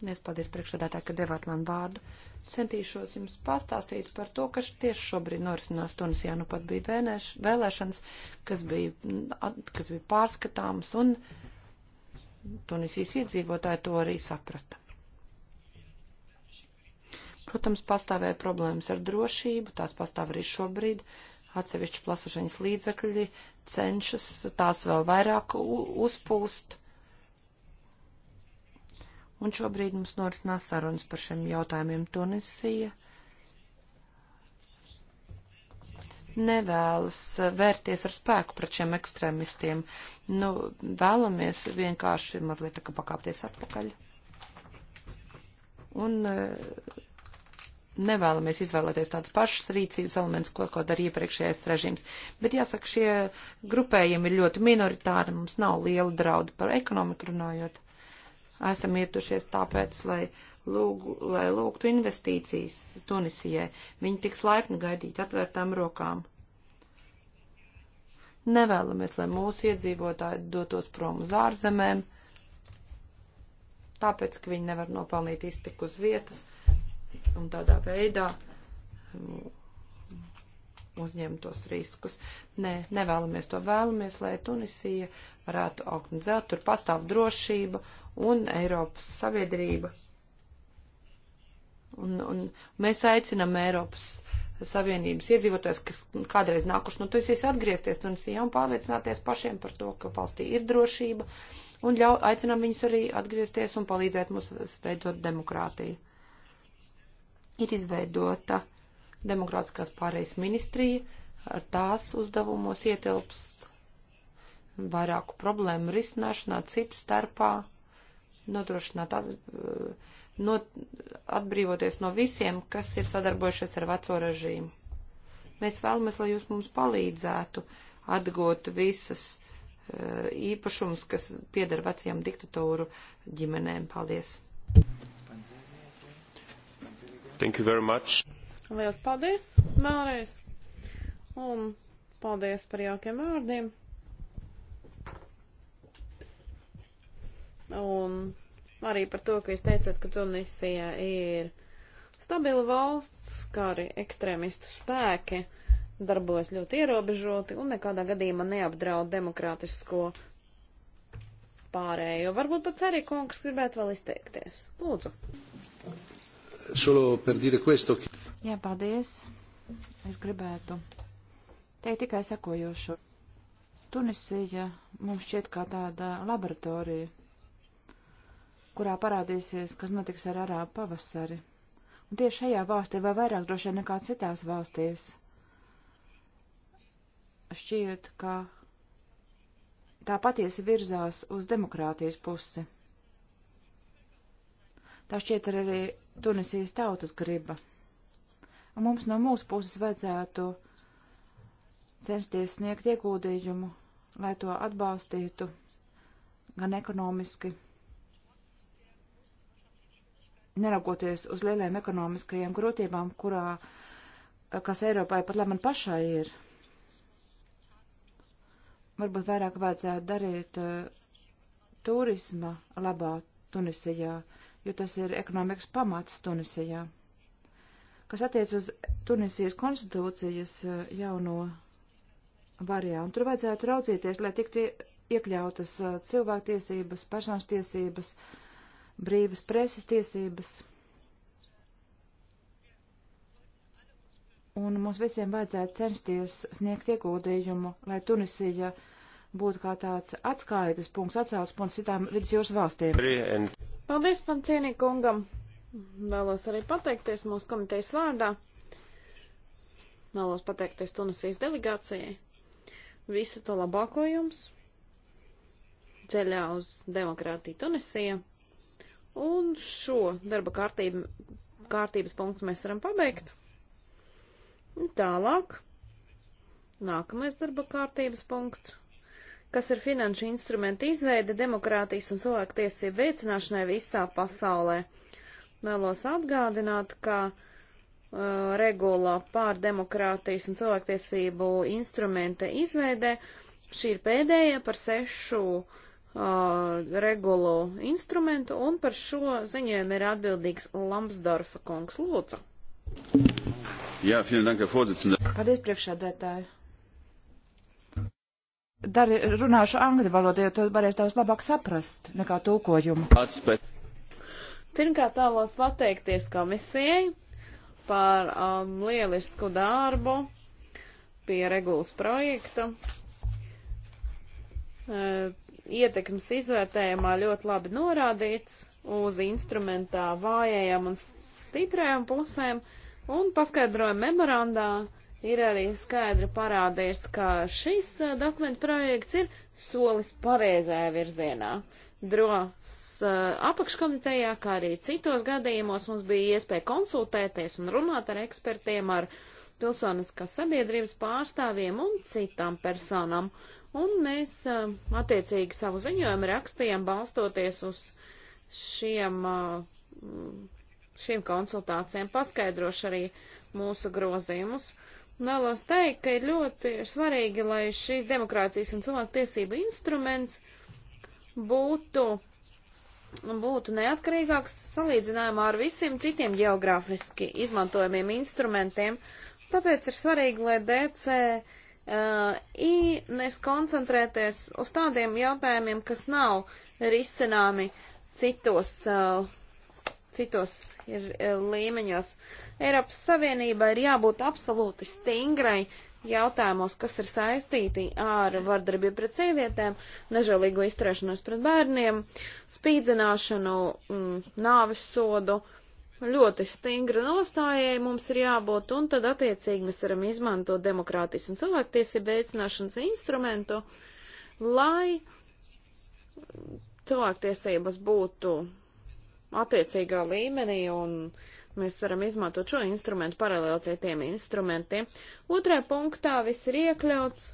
Lielas paldies priekšsēdētāji, ka devāt man vārdu. Centīšos jums pastāstīt par to, kas tieši šobrīd norisinās Tunisijā. Nu pat bija vēnēš, vēlēšanas, kas bija, kas bija pārskatāms un Tunisijas iedzīvotāji to arī saprata. Protams, pastāvēja problēmas ar drošību, tās pastāv arī šobrīd. Atsevišķi plasažiņas līdzekļi cenšas tās vēl vairāk uzpūst. Un šobrīd mums norisinās sarunas par šiem jautājumiem Tunisija. nevēlas vērsties ar spēku pret šiem ekstrēmistiem. Nu, vēlamies vienkārši mazliet tā kā pakāpties atpakaļ. Un eh, nevēlamies izvēlēties tādas pašas rīcības elements, ko, ko dara iepriekšējais režīms. Bet jāsaka, šie grupējumi ir ļoti minoritāri, mums nav liela draudu par ekonomiku runājot. Esam ietušies tāpēc, lai, lūgu, lai lūgtu investīcijas Tunisijai. Viņi tiks laipni gaidīt atvērtām rokām. Nevēlamies, lai mūsu iedzīvotāji dotos prom uz ārzemēm, tāpēc, ka viņi nevar nopelnīt iztiku uz vietas un tādā veidā mm, uzņemtos riskus. Nē, nevēlamies to vēlamies, lai Tunisija varētu augt un zelt. Tur pastāv drošība un Eiropas sabiedrība. Un, un mēs aicinam Eiropas Savienības iedzīvotājs, kas kādreiz nākuši no Tunisijas, atgriezties Tunisijā un pārliecināties pašiem par to, ka valstī ir drošība, un ļau, aicinām viņus arī atgriezties un palīdzēt mums veidot demokrātiju ir izveidota demokrātiskās pārējas ministrija, ar tās uzdevumos ietilpst vairāku problēmu risināšanā, citas starpā, nodrošināt at, eh, no, atbrīvoties no visiem, kas ir sadarbojušies ar veco režīmu. Mēs vēlamies, lai jūs mums palīdzētu atgūt visas eh, īpašums, kas pieder vecajām diktatūru ģimenēm. Paldies! Thank you very much. Lielas paldies vēlreiz. Un paldies par jaukiem vārdiem. Un arī par to, ka jūs teicat, ka Tunisija ir stabila valsts, kā arī ekstrēmistu spēki darbojas ļoti ierobežoti un nekādā gadījumā neapdraud demokrātisko pārējo. Varbūt pats arī kungs gribētu vēl izteikties. Lūdzu solo per dire questo. Jā, paldies. Es gribētu teikt tikai sekojošu. Tunisija mums šķiet kā tāda laboratorija, kurā parādīsies, kas notiks ar arābu pavasari. Un tieši šajā valstī vai vairāk droši vien nekā citās valstīs. Šķiet, ka tā patiesi virzās uz demokrātijas pusi. Tā šķiet arī Tunisijas tautas griba. Un mums no mūsu puses vajadzētu censties sniegt ieguldījumu, lai to atbalstītu gan ekonomiski, neraugoties uz lieliem ekonomiskajiem grūtībām, kurā, kas Eiropai pat lai man pašai ir. Varbūt vairāk vajadzētu darīt uh, turisma labā Tunisijā jo tas ir ekonomikas pamats Tunisijā. Kas attiec uz Tunisijas konstitūcijas eh, jauno variantu, tur vajadzētu raudzīties, lai tiktu iekļautas eh, cilvēktiesības, personas tiesības, brīvas preses tiesības. Un mums visiem vajadzētu censties sniegt ieguldījumu, lai Tunisija būtu kā tāds atskaites punkts, atsauces punkts citām vidusjūras valstīm. Paldies, man cienīgi kungam! Vēlos arī pateikties mūsu komitejas vārdā. Vēlos pateikties Tunisijas delegācijai. Visu to labāko jums ceļā uz demokrātiju Tunisiju. Un šo darba kārtību, kārtības punktu mēs varam pabeigt. Un tālāk. Nākamais darba kārtības punkts kas ir finanšu instrumentu izveide demokrātijas un cilvēktiesību veicināšanai visā pasaulē. Vēlos atgādināt, ka uh, regula pār demokrātijas un cilvēktiesību instrumenta izveidē šī ir pēdējā par sešu uh, regulu instrumentu, un par šo ziņojumu ir atbildīgs Lambsdorfa kungs Lūdzu. Jā, vielen dank, Herr Vorsitzender. Paldies, priekšādētāji dar runāšu angļu valodā, jo to varēs daudz labāk saprast nekā tūkojumu. Atspēt. Pirmkārt, vēlos pateikties komisijai par um, lielisku darbu pie regulas projekta. Uh, ietekmes izvērtējumā ļoti labi norādīts uz instrumentā vājajām un stiprajām pusēm un paskaidroja memorandā, uh, ir arī skaidri parādījis, ka šis uh, dokumentu projekts ir solis pareizajā virzienā. Dros uh, apakškomitejā, kā arī citos gadījumos, mums bija iespēja konsultēties un runāt ar ekspertiem, ar pilsoniskās sabiedrības pārstāvjiem un citām personām. Un mēs uh, attiecīgi savu ziņojumu rakstījām balstoties uz šiem, šiem konsultācijām. Paskaidrošu arī mūsu grozījumus. Uh, vēlos teikt, ka ir ļoti svarīgi, lai šīs demokrātijas un cilvēktiesība instruments būtu, būtu neatkarīgāks salīdzinājumā ar visiem citiem geogrāfiski izmantojamiem instrumentiem. Tāpēc ir svarīgi, lai DC uh, mēs koncentrēties uz tādiem jautājumiem, kas nav risināmi citos uh, citos ir, e, līmeņos. Eiropas Savienība ir jābūt absolūti stingrai jautājumos, kas ir saistīti ar vardarbību pret sievietēm, nežēlīgo izturēšanos pret bērniem, spīdzināšanu, mm, nāves sodu. Ļoti stingra nostājai mums ir jābūt, un tad attiecīgi mēs varam izmantot demokrātijas un cilvēktiesību veicināšanas instrumentu, lai cilvēktiesības būtu attiecīgā līmenī, un mēs varam izmantot šo instrumentu paralēli citiem instrumentiem. Otrajā punktā viss ir iekļauts.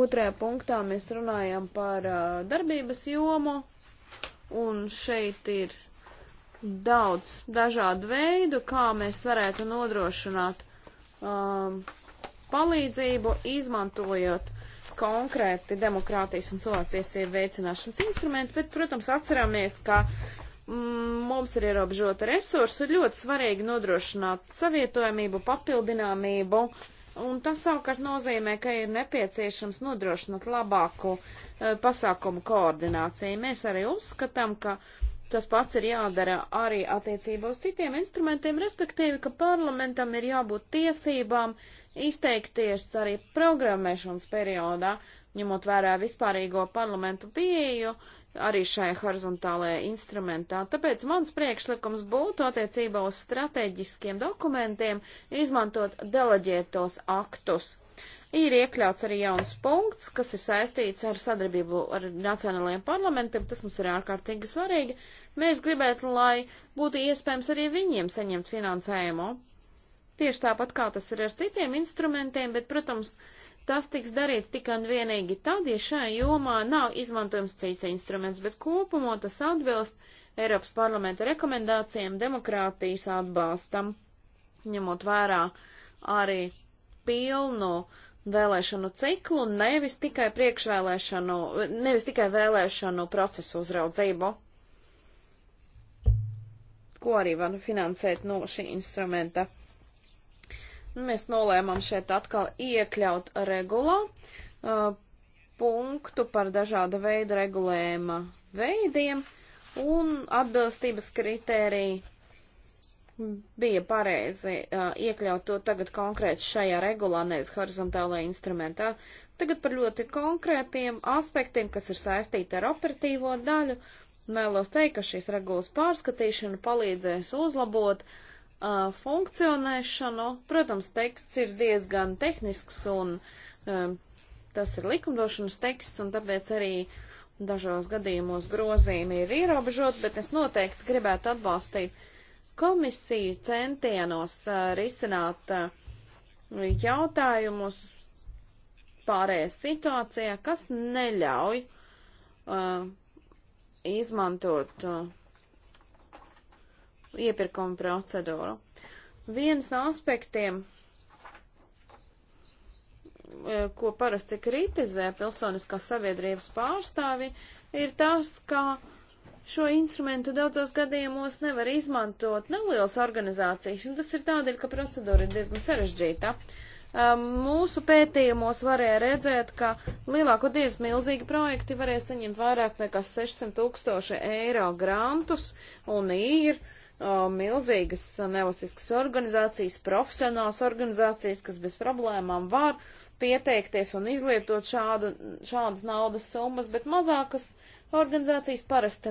Otrajā punktā mēs runājam par uh, darbības jomu, un šeit ir daudz dažādu veidu, kā mēs varētu nodrošināt um, palīdzību, izmantojot konkrēti demokrātijas un cilvēktiesību veicināšanas instrumenti, bet, protams, atceramies, ka Mm, mums ir ierobežota resursa, ir ļoti svarīgi nodrošināt savietojamību, papildināmību, un tas savukārt nozīmē, ka ir nepieciešams nodrošināt labāku e, pasākumu koordināciju. Mēs arī uzskatām, ka tas pats ir jādara arī attiecībā uz citiem instrumentiem, respektīvi, ka parlamentam ir jābūt tiesībām izteikties arī programmēšanas periodā, ņemot vērā vispārīgo parlamentu pieeju, arī šajā horizontālajā instrumentā. Tāpēc mans priekšlikums būtu attiecībā uz strateģiskiem dokumentiem izmantot deleģētos aktus. Ir iekļauts arī jauns punkts, kas ir saistīts ar sadarbību ar nacionālajiem parlamentiem. Tas mums ir ārkārtīgi svarīgi. Mēs gribētu, lai būtu iespējams arī viņiem saņemt finansējumu. Tieši tāpat kā tas ir ar citiem instrumentiem, bet, protams, uh, Tas tiks darīts tikai un vienīgi tad, ja šajā jomā nav izmantojams cits instruments, bet kopumā tas atbilst Eiropas parlamenta rekomendācijām demokrātijas atbalstam, ņemot vērā arī pilnu vēlēšanu ciklu, nevis tikai priekšvēlēšanu, nevis tikai vēlēšanu procesu uzraudzību, ko arī var finansēt no šī instrumenta. Mēs nolēmām šeit atkal iekļaut regulā uh, punktu par dažāda veida regulējuma veidiem un atbilstības kritēriju bija pareizi uh, iekļaut to tagad konkrēti šajā regulā, nevis horizontālajā instrumentā. Tagad par ļoti konkrētiem aspektiem, kas ir saistīti ar operatīvo daļu. Mēlos teikt, ka šīs regulas pārskatīšana palīdzēs uzlabot uh, uh, funkcionēšanu. Protams, teksts ir diezgan tehnisks un um, tas ir likumdošanas teksts, un tāpēc arī dažos gadījumos grozījumi ir ierobežot, bet es noteikti gribētu atbalstīt komisiju centienos uh, risināt uh, jautājumus pārējā situācijā, kas neļauj uh, izmantot uh, iepirkuma procedūru. Viens no aspektiem, e, ko parasti kritizē pilsoniskās sabiedrības pārstāvi, ir tas, ka šo instrumentu daudzos gadījumos nevar izmantot nelielas organizācijas, un tas ir tādēļ, ka procedūra ir diezgan sarežģīta. E, mūsu pētījumos varēja redzēt, ka lielākoties milzīgi projekti varēja saņemt vairāk nekā 600 tūkstoši eiro grantus un ir uh, milzīgas nevalstiskas organizācijas, profesionāls organizācijas, kas bez problēmām var pieteikties un izlietot šādu, šādas naudas summas, bet mazākas organizācijas parasti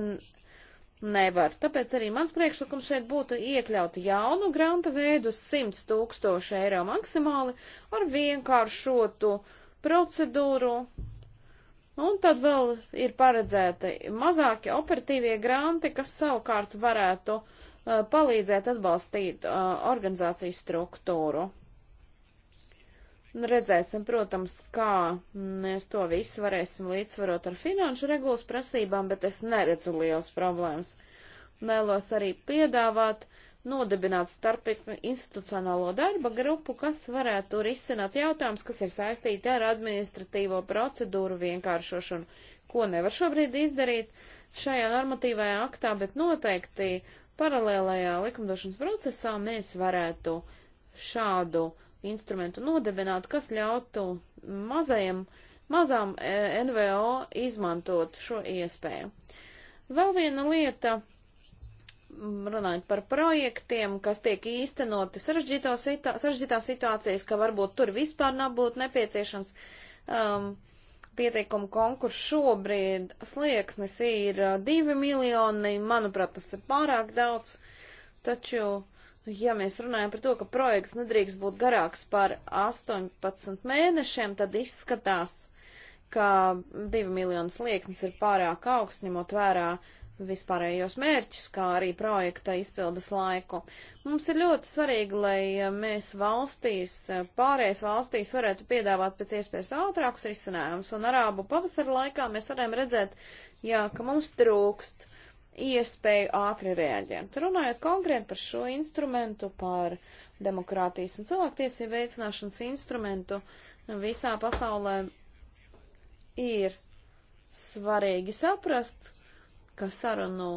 nevar. Tāpēc arī mans priekšlikums šeit būtu iekļaut jaunu granta veidu 100 tūkstoši eiro maksimāli ar vienkāršotu procedūru. Un tad vēl ir paredzēti mazāki operatīvie granti, kas savukārt varētu uh, Uh, palīdzēt atbalstīt uh, organizācijas struktūru. Un redzēsim, protams, kā mēs to visu varēsim līdzsvarot ar finanšu regulas prasībām, bet es neredzu liels problēmas. Mēlos arī piedāvāt nodibināt starp institucionālo darba grupu, kas varētu risināt jautājumus, kas ir saistīti ar administratīvo procedūru vienkāršošanu, ko nevar šobrīd izdarīt šajā normatīvajā aktā, bet noteikti uh, paralēlajā likumdošanas procesā mēs varētu šādu instrumentu nodibināt, kas ļautu mazajiem, mazām e, NVO izmantot šo iespēju. Vēl viena lieta, mm, runājot par projektiem, kas tiek īstenoti sarežģītā situācijas, ka varbūt tur vispār nav būtu nepieciešams um, pieteikumu konkursu šobrīd slieksnis ir 2 uh, miljoni, manuprāt, tas ir pārāk daudz, taču, ja mēs runājam par to, ka projekts nedrīkst būt garāks par 18 mēnešiem, tad izskatās, ka 2 miljonu slieksnis ir pārāk augsts, ņemot vērā uh, vispārējos mērķus, kā arī projekta izpildes laiku. Mums ir ļoti svarīgi, lai eh, mēs valstīs, eh, pārējais valstīs varētu piedāvāt pēc iespējas ātrākus risinājumus, un arābu pavasara laikā mēs varam redzēt, jā, ka mums trūkst iespēju ātri reaģēt. Runājot konkrēti par šo instrumentu, par demokrātijas un cilvēktiesību veicināšanas instrumentu, visā pasaulē ir svarīgi saprast, ka sarunu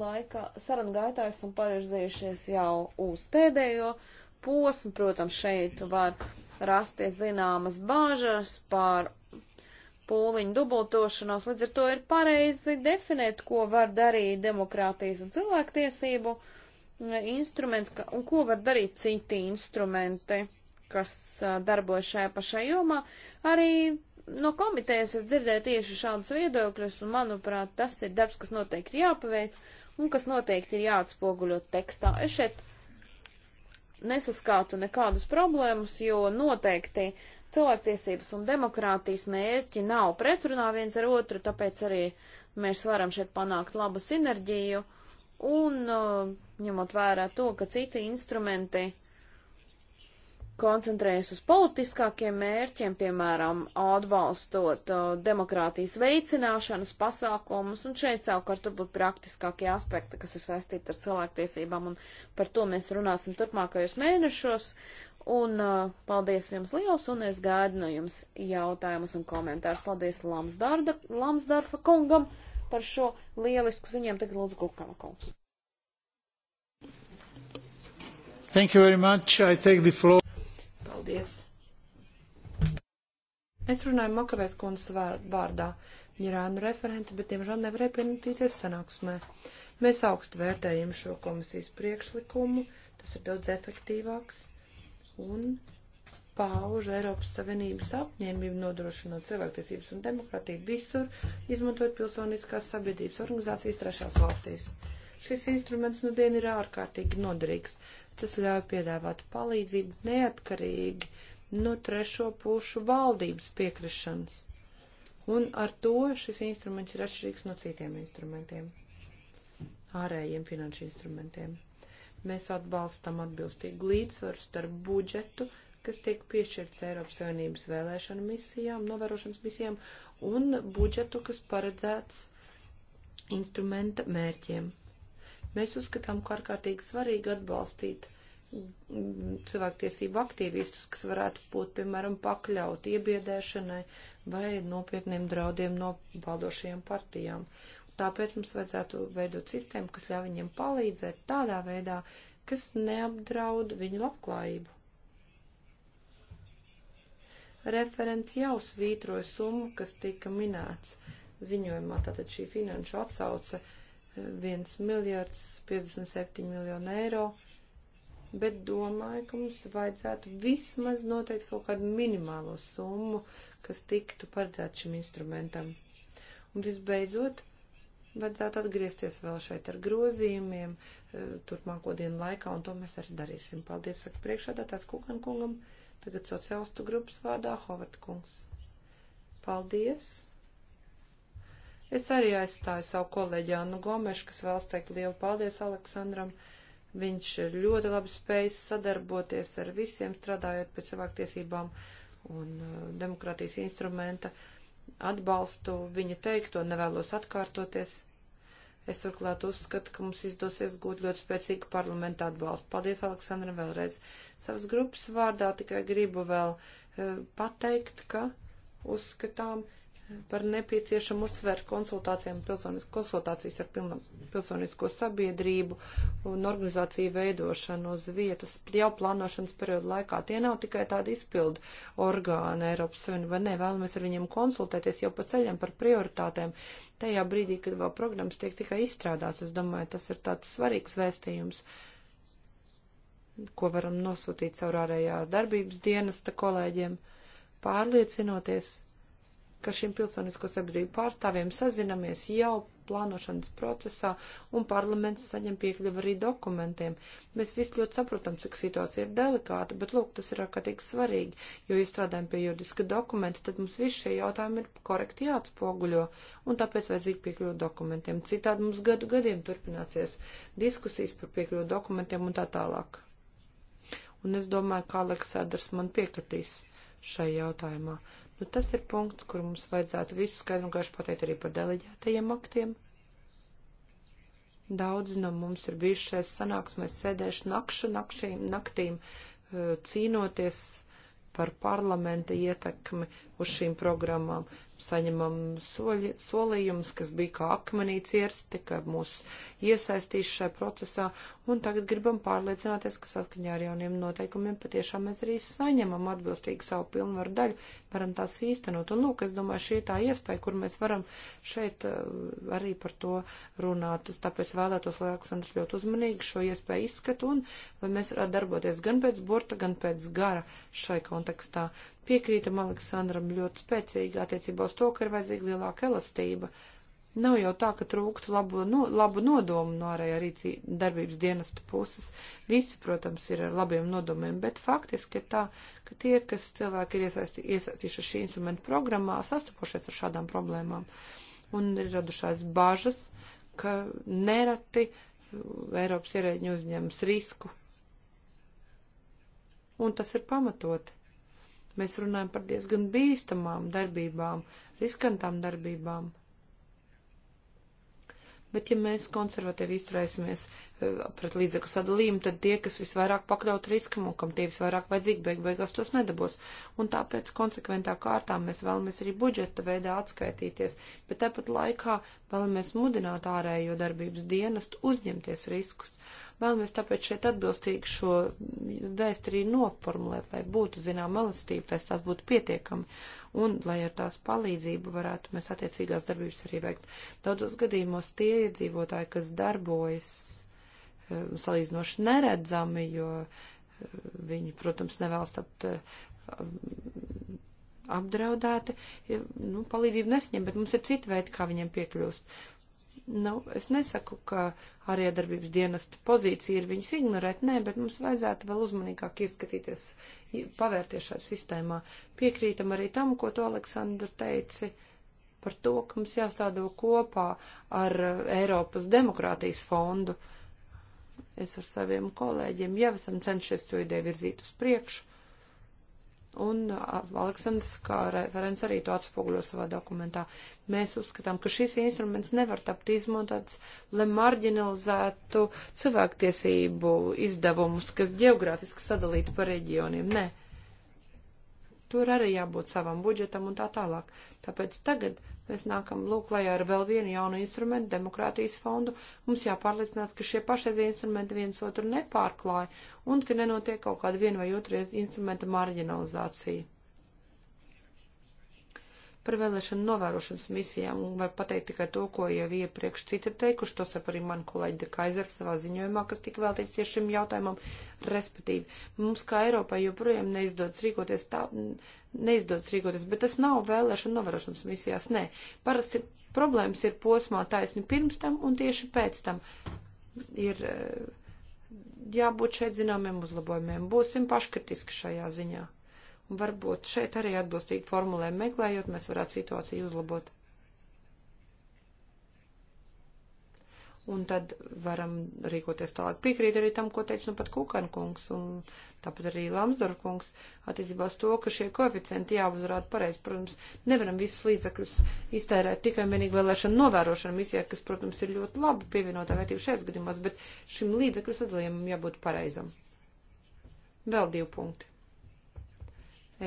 laikā, sarunu gaitā esam pavirzījušies jau uz pēdējo posmu. Protams, šeit var rasties zināmas bāžas par pūliņu dubultošanos, līdz ar to ir pareizi definēt, ko var darīt demokrātijas un cilvēktiesību eh, instruments ka, un ko var darīt citi instrumenti, kas eh, darbojas šajā pašā jomā. Arī no komitejas es dzirdēju tieši šādus viedokļus, un manuprāt, tas ir darbs, kas noteikti ir jāpaveic, un kas noteikti ir jāatspoguļo tekstā. Es šeit nesaskātu nekādas problēmas, jo noteikti cilvēktiesības un demokrātijas mērķi nav pretrunā viens ar otru, tāpēc arī mēs varam šeit panākt labu sinerģiju, un uh, ņemot vērā to, ka citi instrumenti uh, koncentrējas uz politiskākiem mērķiem, piemēram, atbalstot uh, demokrātijas veicināšanas pasākumus, un šeit savukārt turbūt praktiskākie aspekti, kas ir saistīti ar cilvēktiesībām, un par to mēs runāsim turpmākajos mēnešos. Un uh, paldies jums liels, un es gaidu no jums jautājumus un komentārus. Paldies Lamsdarda, Lamsdarfa kungam par šo lielisku ziņām. Tagad lūdzu Gulkama kungs. Thank you very much. I take the floor. Paldies! Es runāju Makavēs kundzes vārdā. Viņa ir ēnu referente, bet, diemžēl, nevarēja pienotīties sanāksmē. Mēs augstu vērtējam šo komisijas priekšlikumu, tas ir daudz efektīvāks un pauž Eiropas Savienības apņēmību nodrošināt cilvēktiesības un demokrātiju visur, izmantojot pilsoniskās sabiedrības organizācijas trešās valstīs. Šis instruments nu dien ir ārkārtīgi noderīgs, Tas ļauj piedāvāt palīdzību neatkarīgi no trešo pušu valdības piekrišanas. Un ar to šis instruments ir atšķirīgs no citiem instrumentiem, ārējiem finanšu instrumentiem. Mēs atbalstam atbilstīgu līdzsvaru starp budžetu, kas tiek piešķirts Eiropas Savienības vēlēšanu misijām, novērošanas misijām, un budžetu, kas paredzēts instrumenta mērķiem. Mēs uzskatām, ka ārkārtīgi svarīgi atbalstīt cilvēktiesību aktīvistus, kas varētu būt, piemēram, pakļauti iebiedēšanai vai nopietniem draudiem no valdošajām partijām. Tāpēc mums vajadzētu veidot sistēmu, kas ļauj viņiem palīdzēt tādā veidā, kas neapdraud viņu labklājību. Referents jau svītroja summu, kas tika minēts ziņojumā, tātad šī finanšu atsauce 1 miljārds 57 miljonu eiro, bet domāju, ka mums vajadzētu vismaz noteikt kaut kādu minimālo summu, kas tiktu paredzēt šim instrumentam. Un visbeidzot, vajadzētu atgriezties vēl šeit ar grozījumiem eh, turpmāko dienu laikā, un to mēs arī darīsim. Paldies, saka priekšādātājs Kukan kungam, tagad sociālistu grupas vārdā Hovard kungs. Paldies! Es arī aizstāju savu kolēģi Annu Gomešu, kas vēlas teikt lielu paldies Aleksandram. Viņš ļoti labi spējas sadarboties ar visiem, strādājot pēc savāktiesībām un uh, demokrātijas instrumenta. Atbalstu viņa teikto, nevēlos atkārtoties. Es turklāt uzskatu, ka mums izdosies gūt ļoti spēcīgu parlamentu atbalstu. Paldies, Aleksandra, vēlreiz. Savas grupas vārdā tikai gribu vēl e, pateikt, ka uzskatām, par nepieciešamu uzsvērt konsultācijām, konsultācijas ar pilna, pilsonisko sabiedrību un organizāciju veidošanu uz vietas jau plānošanas periodu laikā. Tie nav tikai tādi izpildu orgāni Eiropas Savienībā, ne, vēlamies ar viņiem konsultēties jau pa ceļam par prioritātēm. Tajā brīdī, kad vēl programmas tiek tikai izstrādāts, es domāju, tas ir tāds svarīgs vēstījums ko varam nosūtīt caur ārējās darbības dienesta kolēģiem, pārliecinoties, ka šiem pilsonisko sabiedrību pārstāvjiem sazinamies jau plānošanas procesā, un parlaments saņem piekļuvi arī dokumentiem. Mēs visi ļoti saprotam, cik situācija ir delikāta, bet, lūk, tas ir ārkārtīgi svarīgi, jo, ja strādājam pie juridiska dokumenta, tad mums visi šie jautājumi ir korekti jāatspoguļo, un tāpēc vajadzīgi piekļuvi dokumentiem. Citādi mums gadu gadiem turpināsies diskusijas par piekļuvi dokumentiem un tā tālāk. Un es domāju, ka Aleksandrs man piekritīs šai jautājumā. Nu, tas ir punkts, kur mums vajadzētu visu skaidru un gaišu pateikt arī par deleģētajiem aktiem. Daudzi no mums ir bijuši šais sanāksmēs sēdējuši nakšu nakšīm, naktīm, eh, cīnoties par parlamenta ietekmi, uz šīm programmām. Saņemam soļi, solījumus, kas bija kā akmenī cirsti, ka mūs iesaistīs šajā procesā, un tagad gribam pārliecināties, ka saskaņā ar jauniem noteikumiem patiešām mēs arī saņemam atbilstīgi savu pilnvaru daļu, varam tās īstenot. Un lūk, es domāju, šī ir tā iespēja, kur mēs varam šeit eh, arī par to runāt. Es tāpēc vēlētos, lai Aleksandrs ļoti uzmanīgi šo iespēju izskatu un lai mēs varētu darboties gan pēc burta, gan pēc gara šai kontekstā. Piekrītam Aleksandram ļoti spēcīgi attiecībā uz to, ka ir vajadzīga lielāka elastība. Nav jau tā, ka trūktu labu, no, labu nodomu no ārējā rīcī darbības dienesta puses. Visi, protams, ir ar labiem nodomiem, bet faktiski ir tā, ka tie, kas cilvēki ir iesaisti, iesaistījuši šī instrumenta programmā, sastapušies ar šādām problēmām. Un ir radušās bažas, ka nereti Eiropas ierēģi uzņems risku. Un tas ir pamatoti. Mēs runājam par diezgan bīstamām darbībām, riskantām darbībām. Bet, ja mēs konservatīvi izturēsimies eh, pret līdzekļu sadalījumu, tad tie, kas visvairāk pakļaut riskam un kam tie visvairāk vajadzīgi, beig beigās tos nedabūs. Un tāpēc konsekventā kārtā mēs vēlamies arī budžeta veidā atskaitīties, bet tāpat laikā vēlamies mudināt ārējo darbības dienestu uzņemties riskus Vēlamies tāpēc šeit atbilstīgi šo vēstu arī noformulēt, lai būtu zinām elastība, lai tās būtu pietiekami un lai ar tās palīdzību varētu mēs attiecīgās darbības arī veikt. Daudzos gadījumos tie iedzīvotāji, kas darbojas eh, salīdzinoši neredzami, jo eh, viņi, protams, nevēlas tapt eh, apdraudēti, nu, palīdzību nesņem, bet mums ir citi veidi, kā viņiem piekļūst nav, nu, es nesaku, ka ārējādarbības dienesta pozīcija ir viņus ignorēt, nē, bet mums vajadzētu vēl uzmanīgāk ieskatīties, pavērties šajā sistēmā. Piekrītam arī tam, ko tu, Aleksandra, teici par to, ka mums jāsādo kopā ar uh, Eiropas demokrātijas fondu. Es ar saviem kolēģiem jau esam cenšies šo ideju virzīt uz priekšu Un uh, Aleksandrs, kā referents, arī to atspoguļo savā dokumentā. Mēs uzskatām, ka šis instruments nevar tapt izmantots, lai marginalizētu cilvēktiesību izdevumus, kas geogrāfiski sadalītu pa reģioniem. Nē. Tur arī jābūt savam budžetam un tā tālāk. Tāpēc tagad mēs nākam lūk, lai ar vēl vienu jaunu instrumentu, demokrātijas fondu, mums jāpārliecinās, ka šie pašreizie instrumenti viens otru nepārklāja un ka nenotiek kaut kāda viena vai otru instrumenta marginalizācija par vēlēšanu novērošanas misijām un var pateikt tikai to, ko jau iepriekš citi ir teikuši, to sap arī man kolēģi De Kaisers savā ziņojumā, kas tik vēlties tieši šim jautājumam, respektīvi. Mums kā Eiropai joprojām neizdodas rīkoties tā, neizdodas rīkoties, bet tas nav vēlēšana novērošanas misijās, nē. Parasti problēmas ir posmā taisni pirms tam un tieši pēc tam ir eh, jābūt šeit zināmiem uzlabojumiem. Būsim paškritiski šajā ziņā. Varbūt šeit arī atbilstīgi formulēm meklējot, mēs varētu situāciju uzlabot. Un tad varam rīkoties tālāk. Piekrīt arī tam, ko teica nu pat Kukan kungs un tāpat arī Lamsdorf kungs attiecībā uz to, ka šie koeficienti jāuzrāda pareizi. Protams, nevaram visus līdzekļus iztērēt tikai vienīgi vēlēšanu novērošanu misijā, kas, protams, ir ļoti labi pievienotā vērtība šajās gadījumās, bet šim līdzekļu sadalījumam jābūt pareizam. Vēl divi punkti.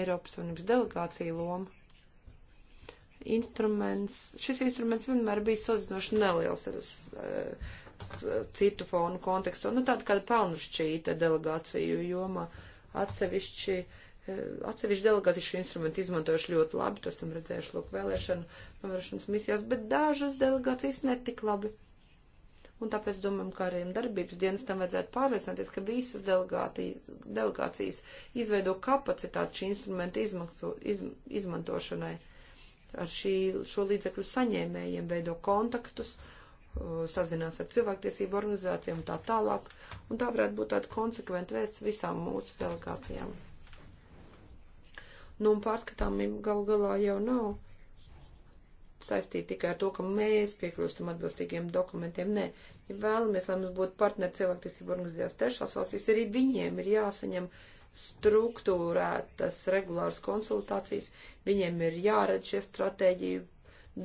Eiropas Savienības delegāciju lomu. Instruments, šis instruments vienmēr bija salīdzinoši neliels ar uh, citu fonu kontekstu, nu tāda kāda pelnušķīta delegāciju jomā atsevišķi uh, atsevišķi delegāti šo instrumentu izmantojuši ļoti labi, to esam redzējuši, lūk, vēlēšanu novērošanas misijās, bet dažas delegācijas netik labi. Un tāpēc domājam, ka arī darbības dienestam vajadzētu pārliecināties, ka visas delegācijas izveido kapacitāti šī instrumenta izmaksu, iz, izmantošanai. Ar šī, šo līdzekļu saņēmējiem veido kontaktus, sazinās ar cilvēktiesību organizācijām un tā tālāk. Un tā varētu būt tāda konsekventa vēsts visām mūsu delegācijām. Nu, un pārskatāmība gal galā jau nav saistīti tikai ar to, ka mēs piekļūstam atbilstīgiem dokumentiem. Nē, ja vēlamies, lai mums būtu partneri cilvēktiesību organizācijās trešās valstīs, arī viņiem ir jāsaņem struktūrētas regulāras konsultācijas, viņiem ir jāredz šie stratēģiju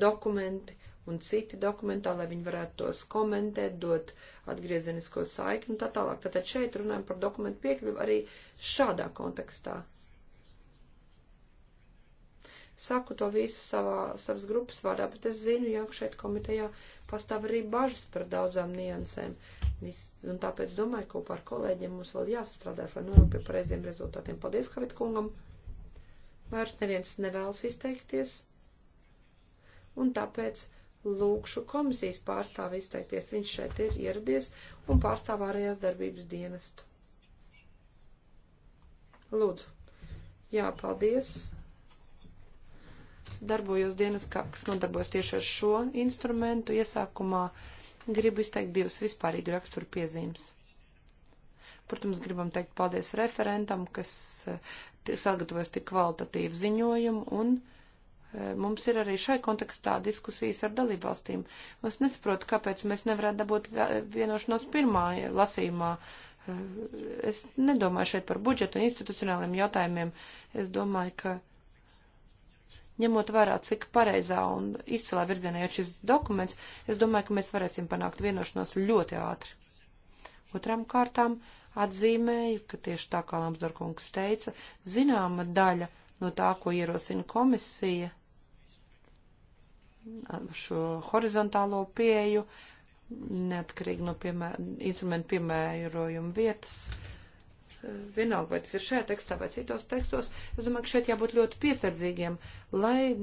dokumenti un citi dokumentā, lai viņi varētu tos komentēt, dot atgriezenisko saikni un tā tālāk. Tātad šeit runājam par dokumentu piekļuvu arī šādā kontekstā. Saku to visu savā, savas grupas vārdā, bet es zinu, jau šeit komitejā pastāv arī bažas par daudzām niansēm. Vis, un tāpēc domāju, ka kopā ar kolēģiem mums vēl jāsastrādās, lai nonāk pie pareiziem rezultātiem. Paldies, Havit kungam! Vairs neviens nevēlas izteikties. Un tāpēc lūkšu komisijas pārstāvi izteikties. Viņš šeit ir ieradies un pārstāv ārējās darbības dienestu. Lūdzu. Jā, paldies darbojos dienas, kas nodarbojas tieši ar šo instrumentu. Iesākumā gribu izteikt divas vispārīgu raksturu piezīmes. Protams, gribam teikt paldies referentam, kas eh, sagatavojas tik kvalitatīvu ziņojumu un eh, mums ir arī šai kontekstā diskusijas ar dalībvalstīm. Es nesaprotu, kāpēc mēs nevarētu dabūt eh, vienošanos pirmā lasījumā. Es nedomāju šeit par budžetu un institucionāliem jautājumiem. Es domāju, ka ņemot vērā, cik pareizā un izcilā virzienā ir šis dokuments, es domāju, ka mēs varēsim panākt vienošanos ļoti ātri. Otram kārtām atzīmēju, ka tieši tā kā Lamsdorkungs teica, zināma daļa no tā, ko ierosina komisija, šo horizontālo pieju, neatkarīgi no piemēra, instrumentu piemērojuma vietas, uh, vienalga, vai tas ir šajā tekstā vai citos tekstos, es domāju, ka šeit jābūt ļoti piesardzīgiem, lai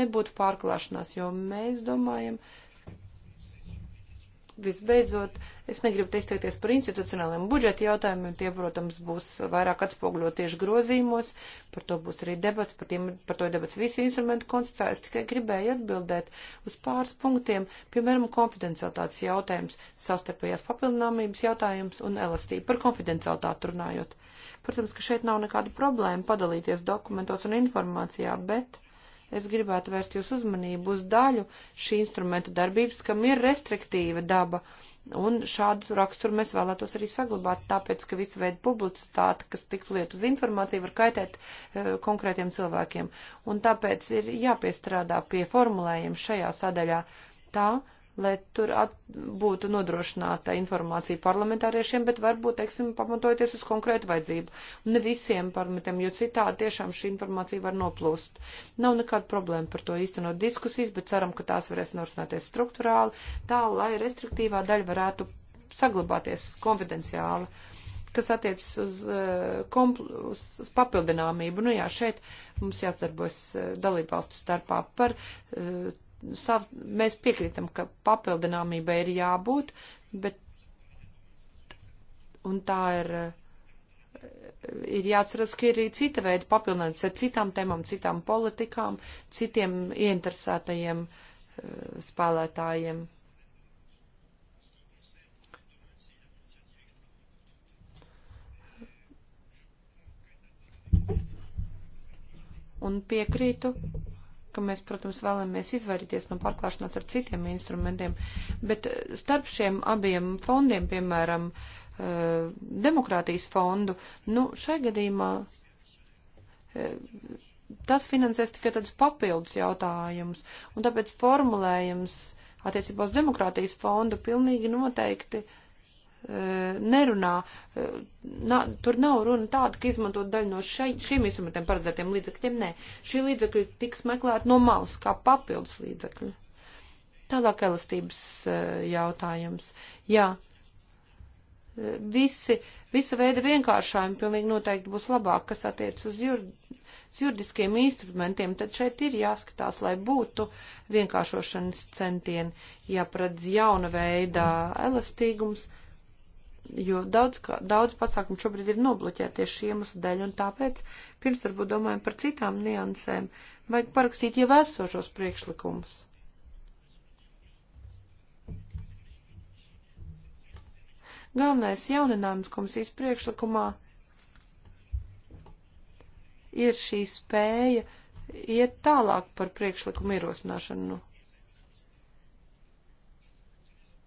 nebūtu pārklāšanās, jo mēs domājam, visbeidzot, Es negribu teistoties par institucionāliem budžeta jautājumiem, tie, protams, būs vairāk atspoguļot tieši grozījumos, par to būs arī debats, par, tiem, par to ir debats visi instrumenti konstatē. Es tikai gribēju atbildēt uz pāris punktiem, piemēram, konfidencialitātes jautājums, savstarpējās papildināmības jautājums un elastība par konfidencialitāti runājot. Protams, ka šeit nav nekāda problēma padalīties dokumentos un informācijā, bet es gribētu vērst jūs uzmanību uz daļu šī instrumenta darbības, kam ir restriktīva daba. Uh, Un šādu raksturu mēs vēlētos arī saglabāt, tāpēc, ka visu veidu publicitāte, kas tiktu liet uz informāciju, var kaitēt e, konkrētiem cilvēkiem. Un tāpēc ir jāpiestrādā pie formulējiem šajā sadaļā tā, lai tur at, būtu nodrošināta informācija parlamentāriešiem, bet varbūt, teiksim, pamatojoties uz konkrētu vajadzību. Ne visiem parlamentiem, jo citādi tiešām šī informācija var noplūst. Nav nekāda problēma par to īstenot diskusijas, bet ceram, ka tās varēs norisināties struktūrāli, tā, lai restriktīvā daļa varētu saglabāties konfidenciāli kas attiecas uz, eh, kompl, uz, uz papildināmību. Nu jā, šeit mums jāsadarbojas eh, dalībvalstu starpā par uh, sav, mēs piekrītam, ka papildināmībai ir jābūt, bet un tā ir. Ir jāatceras, ka ir arī cita veida papildinājums ar citām tēmām, citām politikām, citiem ieinteresētajiem uh, spēlētājiem. un piekrītu ka mēs, protams, vēlamies izvairīties no pārklāšanās ar citiem instrumentiem, bet eh, starp šiem abiem fondiem, piemēram, eh, demokrātijas fondu, nu, šai gadījumā eh, tas finansēs tikai tādus papildus jautājumus, un tāpēc formulējums attiecībā uz demokrātijas fondu pilnīgi noteikti uh, Eh, nerunā, eh, na, tur nav runa tāda, ka izmantot daļu no šai, šiem instrumentiem paredzētiem līdzekļiem. Nē, šī līdzekļa tiks meklēta no malas kā papildus līdzekļi. Tālāk elastības eh, jautājums. Jā, visi, visa veida vienkāršājumi pilnīgi noteikti būs labāk, kas attiec uz jur, juridiskiem instrumentiem, tad šeit ir jāskatās, lai būtu vienkāršošanas centieni, jāpredz jauna veida elastīgums. Mm jo daudz, kā, daudz pasākumu šobrīd ir nobloķēti tieši šiem uzsvēru dēļ, un tāpēc pirms varbūt domājam par citām niansēm, vajag parakstīt jau esošos priekšlikumus. Galvenais jauninājums komisijas priekšlikumā ir šī spēja iet tālāk par priekšlikumu ierosināšanu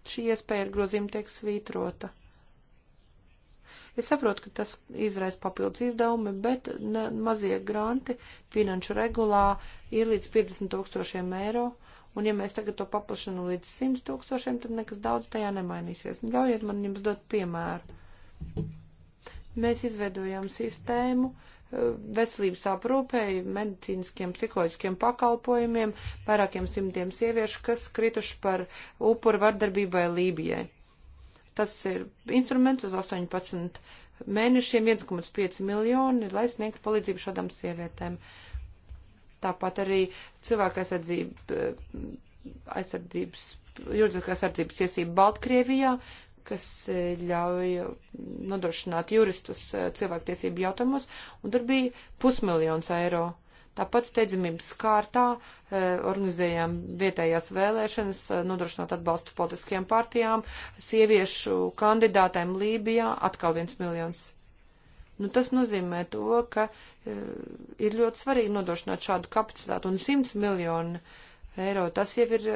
šī iespēja ar grozījumu tiek svītrota. Es saprotu, ka tas izraisa papildus izdevumi, bet ne, mazie granti finanšu regulā ir līdz 50 tūkstošiem eiro. Un ja mēs tagad to paplašinu līdz 100 tūkstošiem, tad nekas daudz tajā nemainīsies. Nu, ļaujiet man jums dot piemēru. Mēs izveidojam sistēmu eh, veselības aprūpēji, medicīniskiem, psiholoģiskiem pakalpojumiem vairākiem simtiem sieviešu, kas krituši par upuru vardarbībai Lībijai. Tas ir instruments uz 18 mēnešiem 1,5 miljoni, lai sniegtu palīdzību šādām sievietēm. Tāpat arī cilvēka aizsardzība, aizsardzības, juridiskā aizsardzības tiesība Baltkrievijā, kas e, ļauj nodrošināt juristus e, cilvēktiesību jautājumos, un tur bija pusmiljons eiro Tāpat steidzamības kārtā eh, organizējām vietējās vēlēšanas, eh, nodrošinot atbalstu politiskajām partijām, sieviešu kandidātēm Lībijā atkal viens miljons. Nu, tas nozīmē to, ka eh, ir ļoti svarīgi nodrošināt šādu kapacitātu un 100 miljonu eiro. Tas jau ir,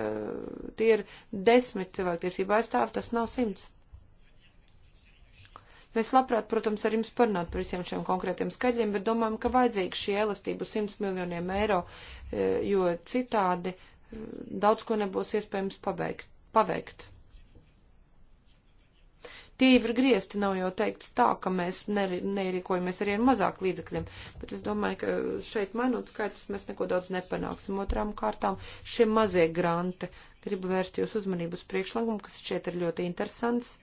tie ir desmit cilvēktiesība aizstāvi, tas nav simts. Mēs labprāt, protams, ar jums parunāt par visiem šiem konkrētiem skaļiem, bet domājam, ka vajadzīga šī elastība 100 miljoniem eiro, e, jo citādi e, daudz ko nebūs iespējams pabeigt, paveikt tie jau ir griezti, nav jau teikts tā, ka mēs neierīkojamies ar vien mazāk līdzekļiem, bet es domāju, ka e, šeit mainot skaitļus mēs neko daudz nepanāksim. Otrām kārtām šie mazie granti. Gribu vērst jūs uzmanību uz priekšlikumu, kas šeit ir ļoti interesants.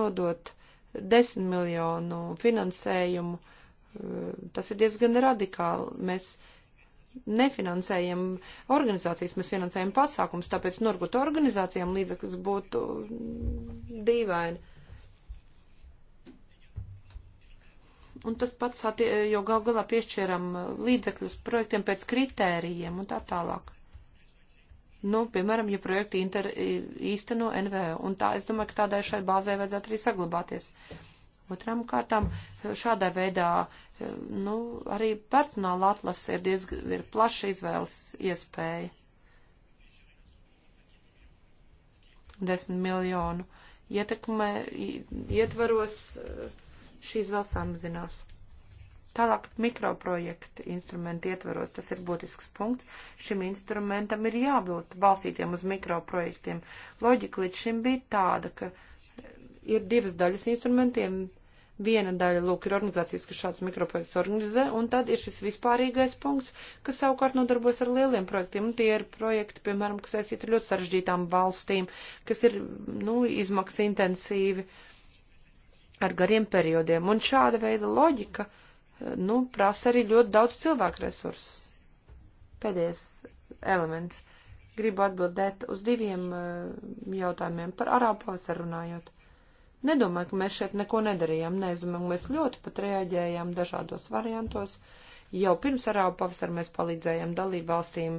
Nodot uh, 10 miljonu finansējumu. Eh, tas ir diezgan radikāli. Mēs nefinansējam organizācijas, mēs finansējam pasākums, tāpēc norgot organizācijām līdzekļus būtu dīvaini. Un tas pats, jo gal galā piešķiram eh, līdzekļus projektiem pēc kritērijiem un tā tālāk nu, piemēram, ja projekti inter, īsteno NVO. Un tā, es domāju, ka tādai šai bāzē vajadzētu arī saglabāties. Otram kārtām šādā veidā, nu, arī personāla atlase ir diezgan, ir plaša izvēles iespēja. 10 miljonu ietekmē, ietvaros šīs vēl samazinās. Tālāk mikroprojekta instrumenta ietvaros, tas ir būtisks punkts, šim instrumentam ir jābūt balstītiem uz mikroprojektiem. Loģika līdz šim bija tāda, ka ir divas daļas instrumentiem. Viena daļa, lūk, ir organizācijas, kas šādus mikroprojektus organizē, un tad ir šis vispārīgais punkts, kas savukārt nodarbojas ar lieliem projektiem, un tie ir projekti, piemēram, kas saistīti ar ļoti sarežģītām valstīm, kas ir, nu, izmaksas intensīvi, ar gariem periodiem, un šāda veida loģika. Uh, nu, prasa arī ļoti daudz cilvēku resursus. Pēdējais elements. Gribu atbildēt uz diviem eh, jautājumiem par arābu pavasaru runājot. Nedomāju, ka mēs šeit neko nedarījām. Nē, es domāju, mēs ļoti pat reaģējām dažādos variantos. Jau pirms arābu pavasara mēs palīdzējām dalībvalstīm,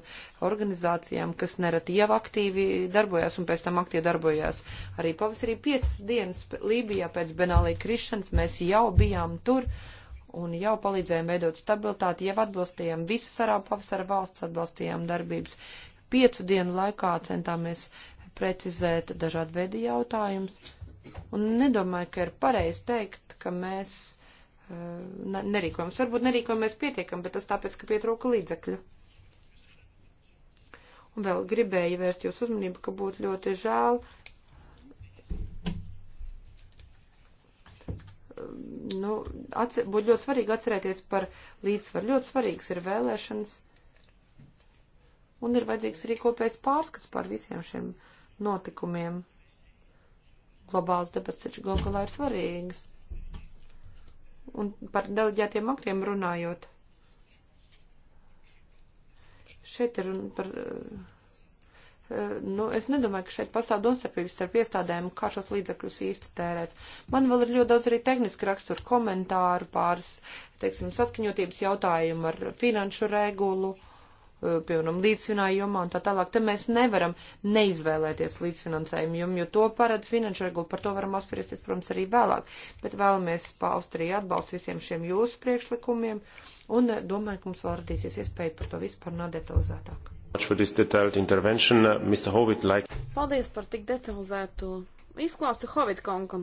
organizācijām, kas nereti jau aktīvi darbojās un pēc tam aktīvi darbojās. Arī pavasarī piecas dienas Lībijā pēc Benālī krišanas mēs jau bijām tur un jau palīdzējām veidot stabilitāti, jau atbalstījām visas arābu pavasara valsts, atbalstījām darbības. Piecu dienu laikā centāmies precizēt dažādu veidu jautājumus, un nedomāju, ka ir pareizi teikt, ka mēs uh, nerīkojamies. Varbūt nerīkojamies pietiekam, bet tas tāpēc, ka pietrūka līdzekļu. Un vēl gribēju vērst jūs uzmanību, ka būtu ļoti žēl, nu, atcer, būtu ļoti svarīgi atcerēties par līdzsvaru. Ļoti svarīgs ir vēlēšanas, un ir vajadzīgs arī kopējs pārskats par visiem šiem notikumiem. Globāls debats taču gal galā ir svarīgs. Un par deleģētiem aktiem runājot. Šeit ir un par. Uh, Eh, nu, es nedomāju, ka šeit pastāv domstarpības starp iestādēm, kā šos līdzekļus īsti tērēt. Man vēl ir ļoti daudz arī tehniski rakstura komentāru, pāris, teiksim, saskaņotības jautājumu ar finanšu regulu, eh, piemēram, līdzfinājumā un tā tālāk. Te mēs nevaram neizvēlēties līdzfinansējumu, jo, jo to paredz finanšu regula, par to varam apspriesties, protams, arī vēlāk. Bet vēlamies paust arī atbalstu visiem šiem jūsu priekšlikumiem un eh, domāju, ka mums vēl radīsies iespēja par to vispār nodetalizētāk. Uh, Paldies par tik detalizētu izklāstu Hovidkonkam.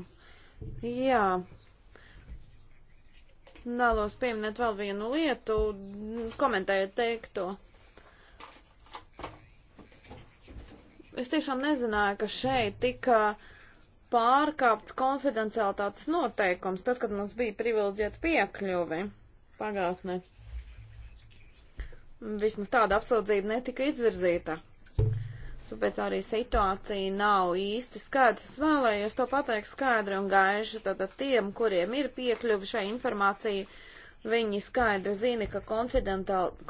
Jā. Vēlos pieminēt vēl vienu lietu, komentējot teikto. Es tiešām nezināju, ka šeit tika pārkāpts konfidencialitātes noteikums, tad, kad mums bija privileģēta piekļuvi pagātnē. Vismaz tāda apsūdzība netika izvirzīta. Tāpēc arī situācija nav īsti skaidrs. Es vēlējos to pateikt skaidri un gaiši. Tātad tiem, kuriem ir piekļuvi šai informācijai, viņi skaidri zina, ka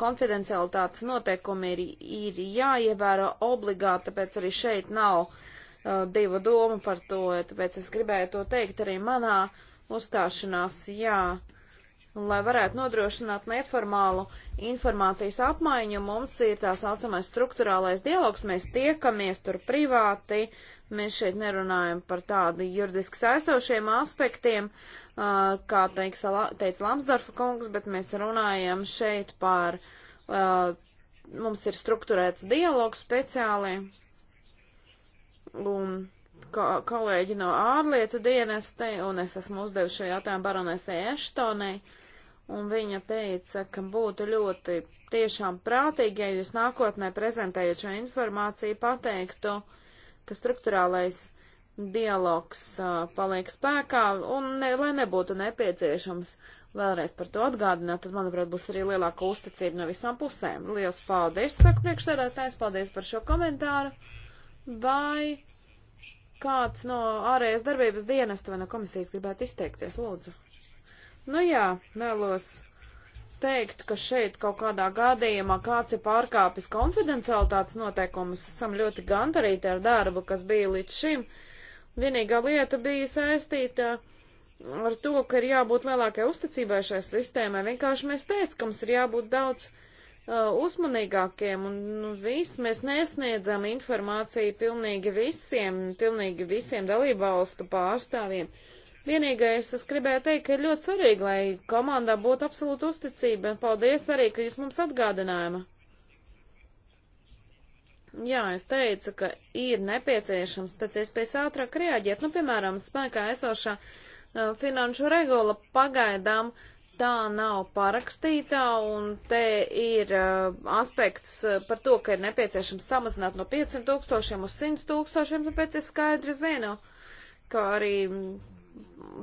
konfidencialitātes noteikumi ir, ir jāievēro obligāti, tāpēc arī šeit nav uh, divu domu par to. Tāpēc es gribēju to teikt arī manā uzstāšanās. Jā. Uh, Un, lai varētu nodrošināt neformālu informācijas apmaiņu, mums ir tā saucamais struktūrālais dialogs, mēs tiekamies tur privāti, mēs šeit nerunājam par tādu juridiski saistošiem aspektiem, kā teiks, teica Lamsdorfa kungs, bet mēs runājam šeit par, mums ir struktūrēts dialogs speciāli, un kolēģi no ārlietu dienesta, un es esmu uzdevuši šo jautājumu baronēsai Eštonai. Uh, un viņa teica, ka būtu ļoti tiešām prātīgi, ja jūs nākotnē prezentējot šo informāciju pateiktu, ka struktūrālais dialogs uh, paliek spēkā un ne, lai nebūtu nepieciešams vēlreiz par to atgādināt, tad, manuprāt, būs arī lielāka uzticība no visām pusēm. Lielas paldies, saka priekšsēdētājs, paldies par šo komentāru. Vai kāds no ārējas darbības dienesta vai no komisijas gribētu izteikties, lūdzu? Nu jā, vēlos teikt, ka šeit kaut kādā gadījumā kāds ir pārkāpis konfidencialitātes noteikumus. Esam ļoti gandarīti ar darbu, kas bija līdz šim. Vienīgā lieta bija saistīta ar to, ka ir jābūt lielākai uzticībai šai sistēmai. Vienkārši mēs teicām, ka mums ir jābūt daudz uh, uzmanīgākiem un nu, viss mēs nesniedzam informāciju pilnīgi visiem, pilnīgi visiem dalībvalstu pārstāvjiem. Uh, Vienīgais, es gribēju teikt, ka ir ļoti svarīgi, lai komandā būtu absolūta uzticība. Paldies arī, ka jūs mums atgādinājuma. Jā, es teicu, ka ir nepieciešams pēc iespējas ātrāk reaģēt. Nu, piemēram, spēkā esošā uh, finanšu regula pagaidām tā nav parakstītā, un te ir uh, aspekts uh, par to, ka ir nepieciešams samazināt no 500 tūkstošiem uz 100 tūkstošiem, tāpēc es skaidri zinu, ka arī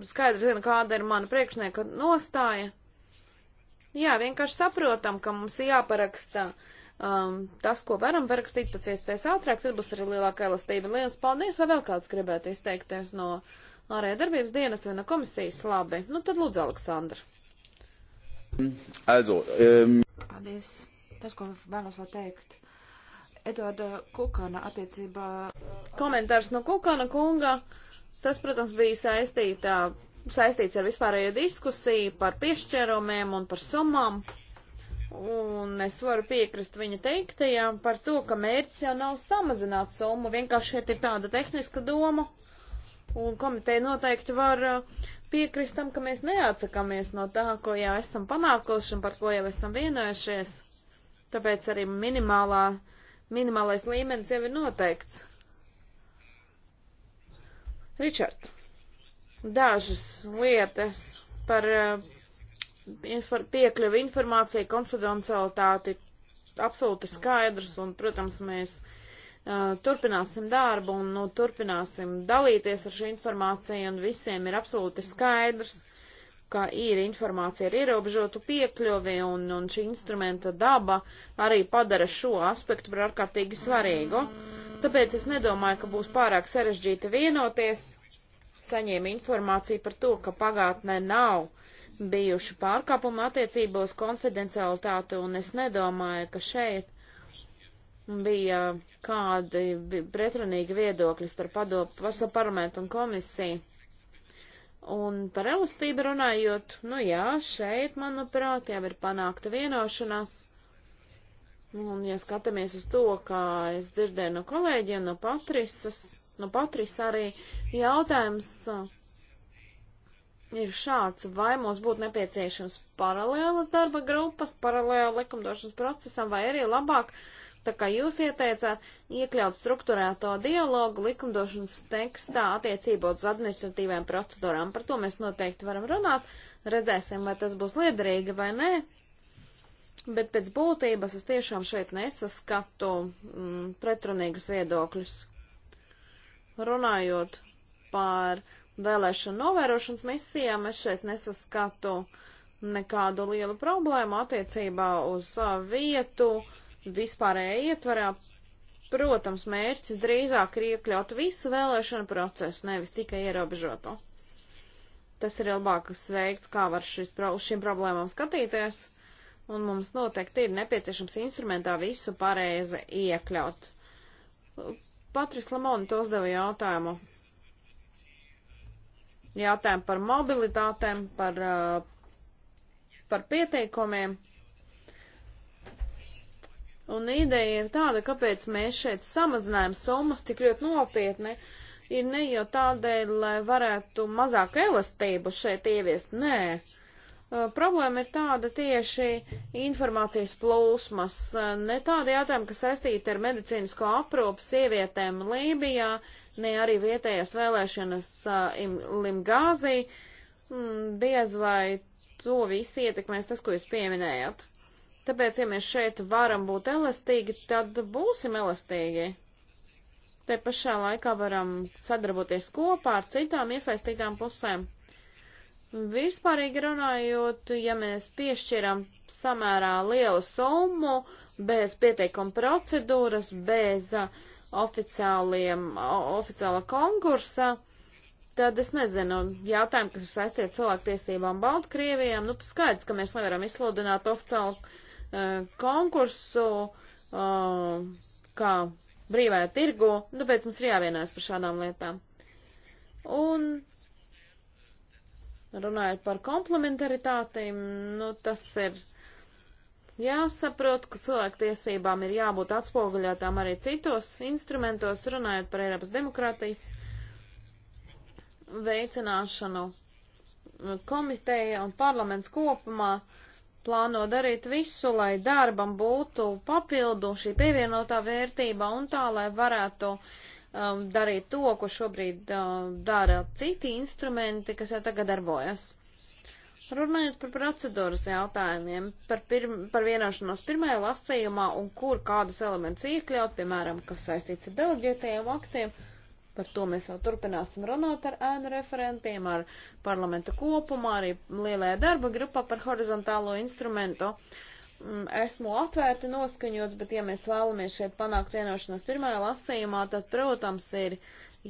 skaidri zinu, kāda ir mana priekšnieka nostāja. Jā, vienkārši saprotam, ka mums ir jāparaksta um, tas, ko varam parakstīt pēc iespējas ātrāk, tad būs arī lielāka elastība. Lielas paldies, vai vēl kāds gribētu izteikties no ārēja darbības dienas vai no komisijas? Labi, nu tad lūdzu, Aleksandra. Also, um... Paldies. Tas, ko vēlos vēl teikt. Eduarda Kukana attiecībā. Komentārs no Kukana kunga. Uh, Tas, protams, bija saistītā, saistīts ar vispārējo diskusiju par piešķērumiem un par summām. Un es varu piekrist viņa teiktajām par to, ka mērķis jau nav samazināt summu, vienkārši šeit ir tāda tehniska doma. Un komiteja noteikti var uh, piekrist tam, ka mēs neatsakāmies no tā, ko jau esam panākuši un par ko jau esam vienojušies. Tāpēc arī minimālā, minimālais līmenis jau ir noteikts. Ričard, dažas lietas par eh, infor piekļuvi informācijai, konfidencialitāti absolūti skaidrs un, protams, mēs uh, turpināsim darbu un nu, turpināsim dalīties ar šo informāciju un visiem ir absolūti skaidrs, ka ir informācija ar ierobežotu piekļuvi un, un šī instrumenta daba arī padara šo aspektu par ārkārtīgi svarīgu. Mm. Tāpēc es nedomāju, ka būs pārāk sarežģīti vienoties. Saņēmu informāciju par to, ka pagātnē nav bijuši pārkāpumi attiecībos konfidencialitāti, un es nedomāju, ka šeit bija kādi pretrunīgi viedokļi starp parlamentu un komisiju. Un par elastību runājot, nu jā, šeit, manuprāt, jau ir panākta vienošanās. Un, ja skatāmies uz to, kā es dzirdēju no kolēģiem, no Patrisas, no Patris arī jautājums uh, ir šāds, vai mums būtu nepieciešams paralēlas darba grupas, paralēli likumdošanas procesam, vai arī labāk, tā kā jūs ieteicāt, iekļaut struktūrēto dialogu likumdošanas tekstā attiecībā uz administratīvajām procedūrām. Par to mēs noteikti varam runāt, redzēsim, vai tas būs liederīgi vai nē bet pēc būtības es tiešām šeit nesaskatu mm, pretrunīgus viedokļus. Runājot par vēlēšanu novērošanas misijām, es šeit nesaskatu nekādu lielu problēmu attiecībā uz vietu vispārējā ietvarā. Protams, mērķis drīzāk ir iekļaut visu vēlēšanu procesu, nevis tikai ierobežoto. Tas ir labākas veikts, kā var šis, uz šīm problēmām skatīties. Uh, un mums noteikti ir nepieciešams instrumentā visu pareizi iekļaut. Patris Lamoni to uzdeva jautājumu. Jautājumu par mobilitātēm, par, uh, par pieteikumiem. Un ideja ir tāda, kāpēc mēs šeit samazinājam summas tik ļoti nopietni, ir ne jau tādēļ, lai varētu mazāk elastību šeit ieviest, nē. Uh, Uh, problēma ir tāda tieši informācijas plūsmas, uh, ne tāda jautājuma, kas saistīta ar medicīnisko aprūpu sievietēm Lībijā, ne arī vietējās vēlēšanas uh, Limgāzī, mm, diez vai to visi ietekmēs tas, ko jūs pieminējat. Tāpēc, ja mēs šeit varam būt elastīgi, tad būsim elastīgi. Te pašā laikā varam sadarboties kopā ar citām iesaistītām pusēm. Vispārīgi runājot, ja mēs piešķiram samērā lielu summu bez pieteikuma procedūras, bez uh, oficiāliem, oficiāla konkursa, tad es nezinu, jautājumi, kas ir saistīti cilvēktiesībām Baltkrievijām, nu, skaidrs, ka mēs nevaram izsludināt oficiālu uh, konkursu, uh, kā brīvajā tirgu, nu, tāpēc mums ir jāvienojas par šādām lietām. Un Runājot par komplementaritātēm, nu, tas ir jāsaprot, ka cilvēktiesībām ir jābūt atspoguļotām arī citos instrumentos, runājot par Eiropas demokrātijas veicināšanu komiteja un parlaments kopumā plāno darīt visu, lai darbam būtu papildu šī pievienotā vērtība un tā, lai varētu um, darīt to, ko šobrīd uh, dara citi instrumenti, kas jau tagad darbojas. Runājot par procedūras jautājumiem, par, pirm, par vienošanos pirmajā lasījumā un kur kādus elementus iekļaut, piemēram, kas saistīts ar deleģētajiem aktiem, par to mēs vēl turpināsim runāt ar ēnu referentiem, ar parlamentu kopumā, arī lielajā darba grupā par horizontālo instrumentu. Uh, Mm, esmu atvērti noskaņots, bet ja mēs vēlamies šeit panākt vienošanos pirmajā lasījumā, tad, protams, ir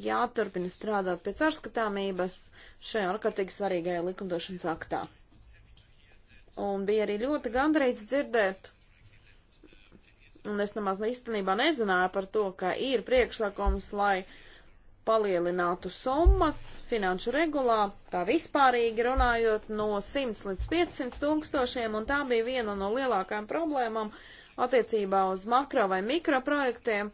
jāturpina strādāt pie cārskatāmības šajā ārkārtīgi svarīgajā likumdošanas aktā. Un bija arī ļoti gandrīz dzirdēt, un es nemaz īstenībā nezināju par to, ka ir priekšlikums, lai uh, palielinātu summas finanšu regulā, tā vispārīgi runājot, no 100 līdz 500 tūkstošiem, un tā bija viena no lielākajām problēmām attiecībā uz makro vai mikroprojektiem,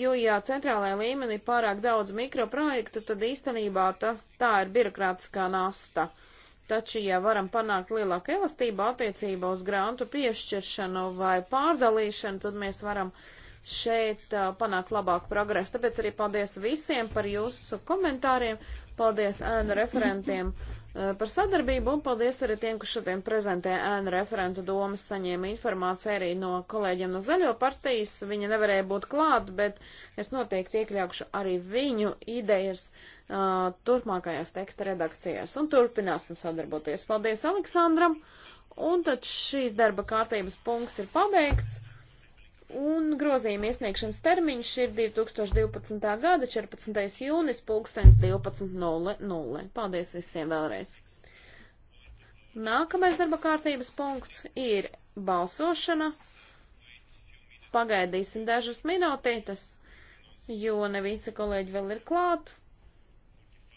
jo, ja centrālajā līmenī pārāk daudz mikroprojektu, tad īstenībā tas, tā ir birokrātiskā nasta. Taču, ja varam panākt lielāku elastību attiecībā uz grantu piešķiršanu vai pārdalīšanu, tad mēs varam uh, šeit uh, panākt labāku progresu. Tāpēc arī paldies visiem par jūsu komentāriem, paldies ēnu referentiem uh, par sadarbību un paldies arī tiem, kas šodien prezentē ēnu referentu domas, saņēma informāciju arī no kolēģiem no Zaļo partijas. Viņa nevarēja būt klāt, bet es noteikti iekļaukšu arī viņu idejas uh, turpmākajās teksta redakcijās un turpināsim sadarboties. Paldies Aleksandram! Un tad šīs darba kārtības punkts ir pabeigts un grozījuma iesniegšanas termiņš ir 2012. gada 14. jūnijas pulkstens 12.00. Paldies visiem vēlreiz! Nākamais darba kārtības punkts ir balsošana. Pagaidīsim dažas minūtītes, jo ne visi kolēģi vēl ir klāt.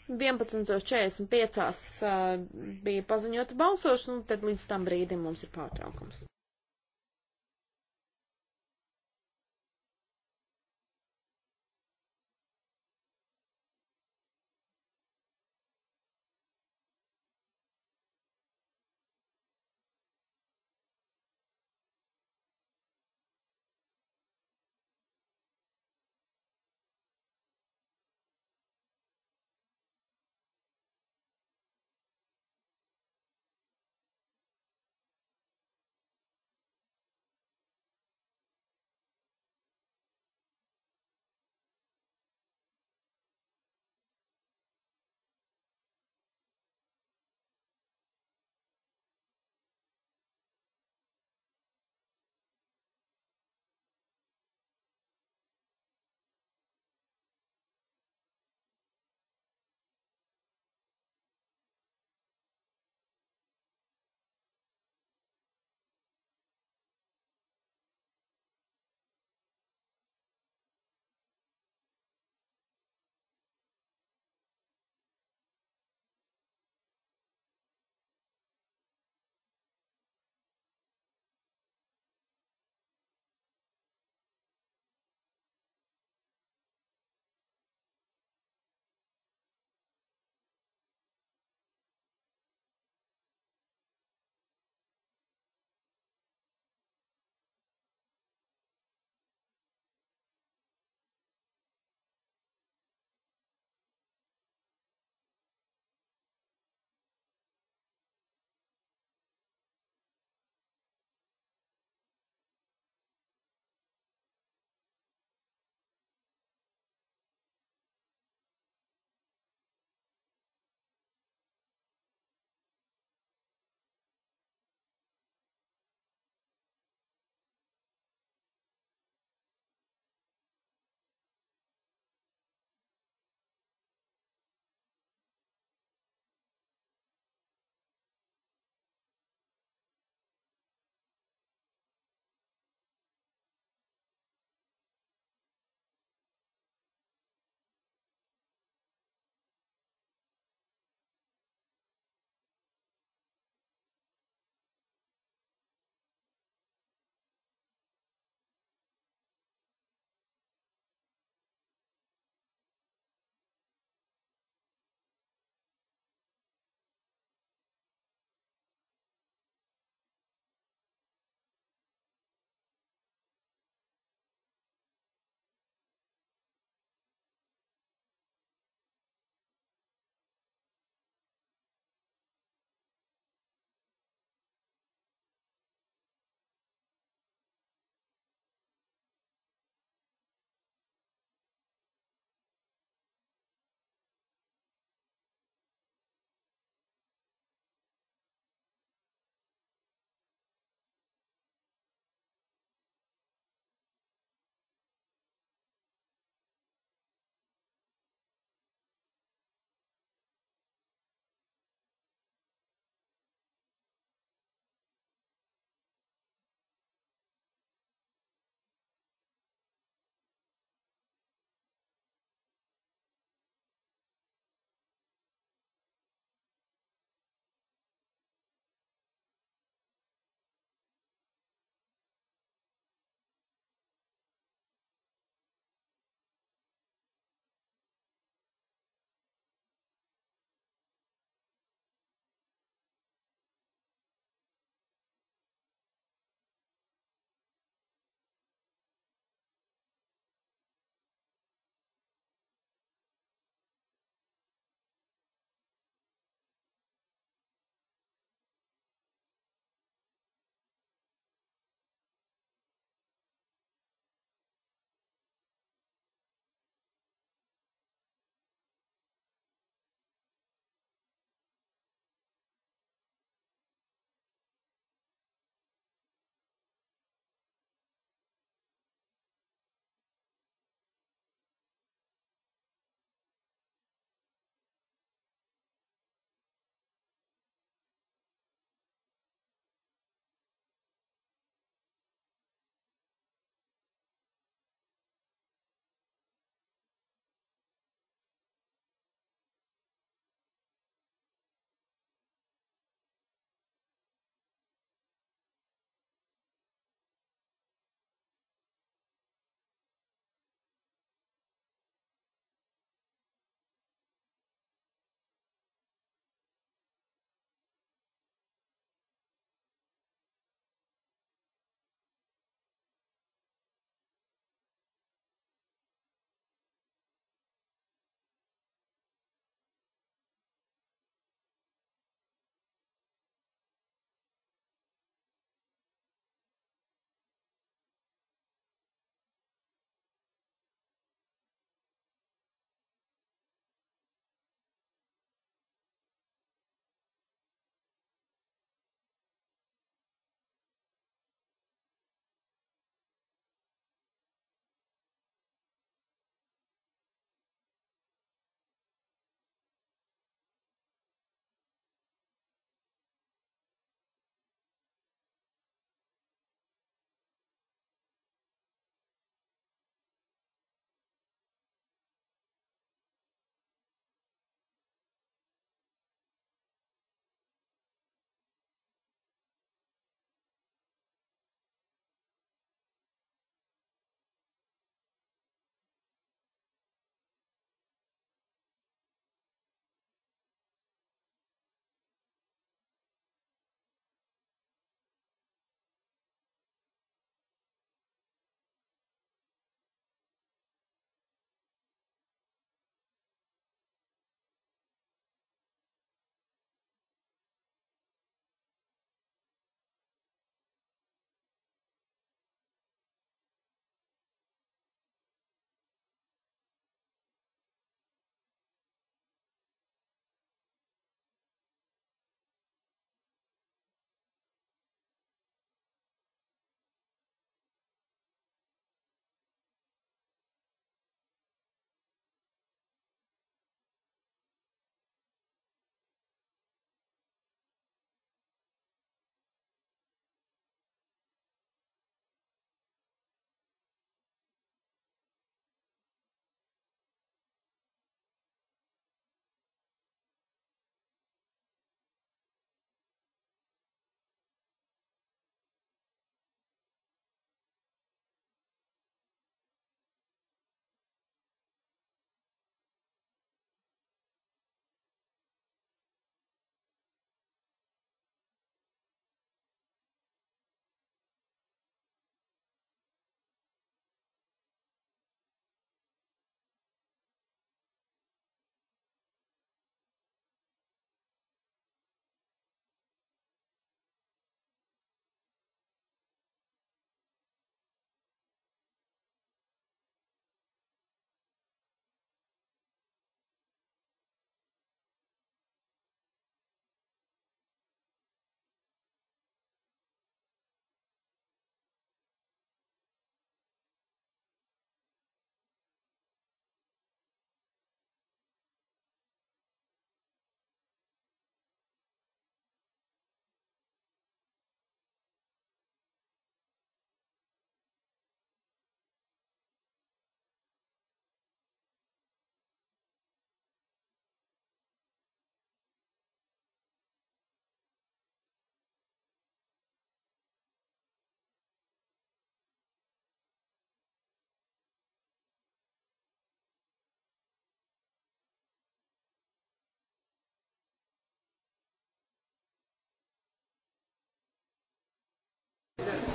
11.45 uh, bija paziņota balsošana, un tad līdz tam brīdim mums ir pārtraukums.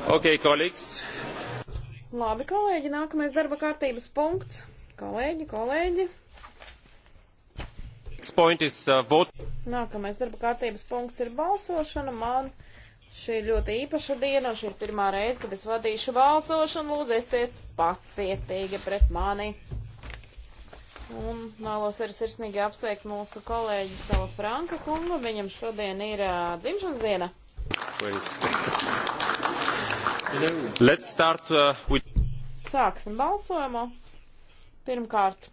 Ok, kolēģis. Labi, kolēģi, nākamais darba kārtības punkts. Kolēģi, kolēģi. Is, uh, vote. Nākamais darba kārtības punkts ir balsošana. Man šī ir ļoti īpaša diena, un šī ir pirmā reize, kad es vadīšu balsošanu. Lūdzu, esiet pacietīgi pret mani. Un vēlos arī sirsnīgi apsveikt mūsu kolēģi Sava Franka kungu. Viņam šodien ir uh, dzimšanas diena. Please. Let's start uh, with. Sāksim balsojumu. Pirmkārt,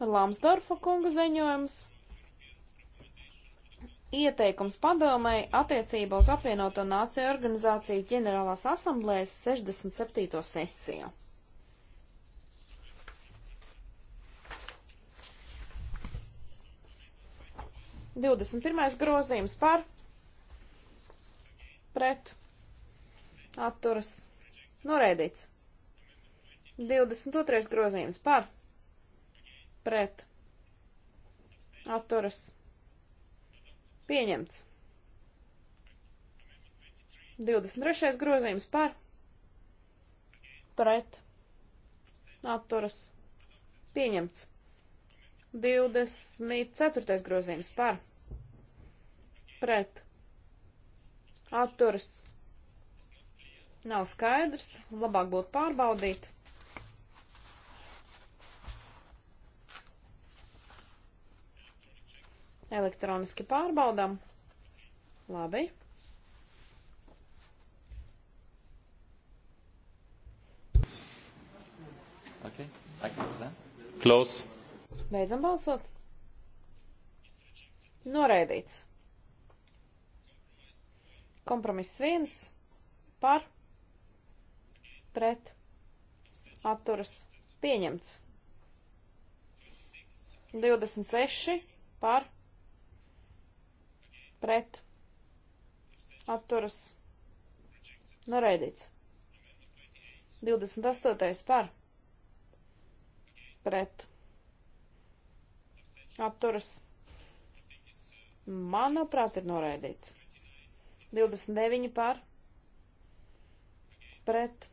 Lamsdorfa kunga ziņojums. Ieteikums padomai attiecībā uz apvienoto nāciju organizāciju ģenerālās asamblējas 67. sesiju. Divdesmit pirmais grozījums par pret atturas noraidīts. 22. grozījums par pret atturas pieņemts. 23. grozījums par pret atturas pieņemts. 24. grozījums par pret atturas pieņemts nav skaidrs, labāk būtu pārbaudīt. Elektroniski pārbaudam. Labi. Okay. Close. Beidzam balsot. Noraidīts. Kompromiss viens par pret atturas pieņemts. 26 par pret atturas noraidīts. 28 par pret atturas manuprāt ir noraidīts. 29 par pret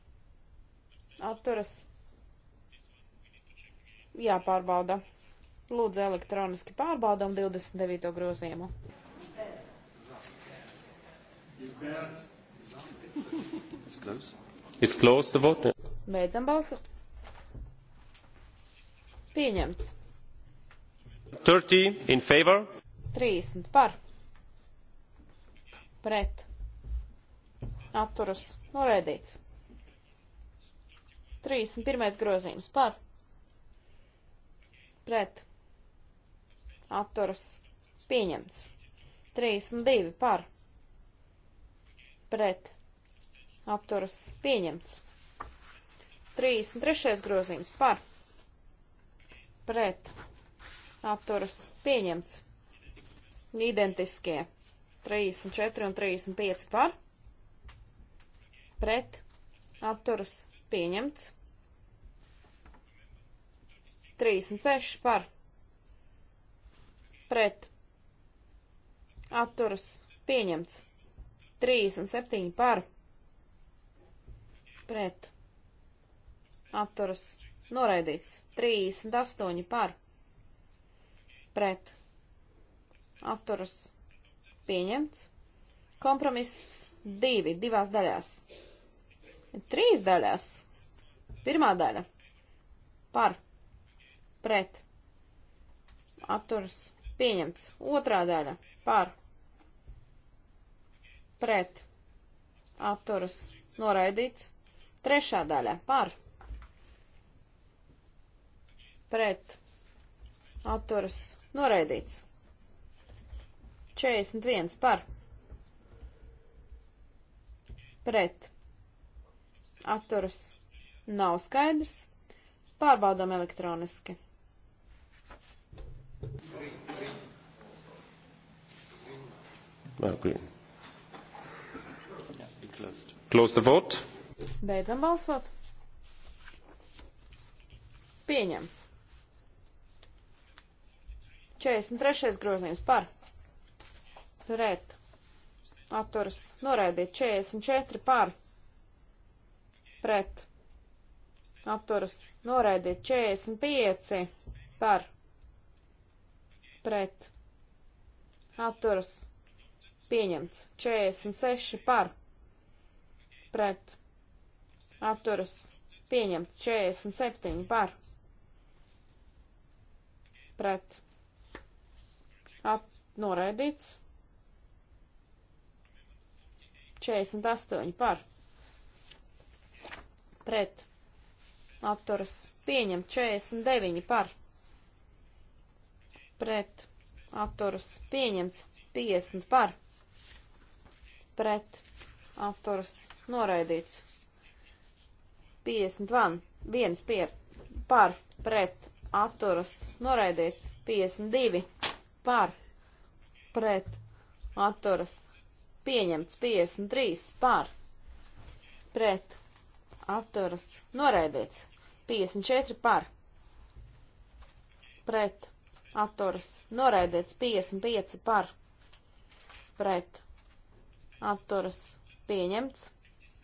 atturas jāpārbauda. Lūdzu, elektroniski pārbaudām 29. grozījumu. It's closed the vote. Beidzam balsu. Pieņemts. 30 in favor. 30 par. Pret. Atturas. Noraidīts. 31. grozījums par pret atturas pieņemts. 32 par pret atturas pieņemts. 33. grozījums par pret atturas pieņemts. Identiskie 34 un 35 par pret atturas pieņemts Pieņemts. 36 par. Pret. Atturas. Pieņemts. 37 par. Pret. Atturas. Noraidīts. 38 par. Pret. Atturas. Pieņemts. Kompromiss 2. Div, divās daļās. Trīs daļās. Pirmā daļa. Par. Pret. Atturas. Pieņemts. Otrā daļa. Par. Pret. Atturas. Noraidīts. Trešā daļa. Par. Pret. Atturas. Noraidīts. 41 par. Pret atturas nav skaidrs. Pārbaudām elektroniski. Okay. Close the vote. Beidzam balsot. Pieņemts. 43. grozījums par. Pret. Atturas. Noraidīt 44 par pret apturas noraidīt 45 par pret apturas pieņemts 46 par pret apturas pieņemts 47 par pret ap noraidīts 48 par pret pret atturas pieņem 49 par pret atturas pieņemts 50 par pret atturas noraidīts 51 viens pier par pret atturas noraidīts 52 par pret atturas pieņemts 53 par pret apturas noraidīts. 54 par pret apturas noraidīts. 55 par pret apturas pieņemts.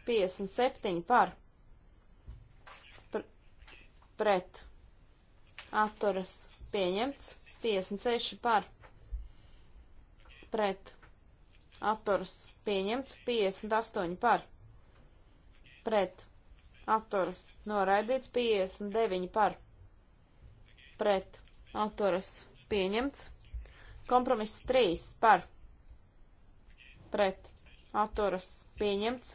57 par pr pret apturas pieņemts. 56 par pret apturas pieņemts. 58 par pret atturas noraidīts, 59 par pret atturas pieņemts, kompromiss 3 par pret atturas pieņemts,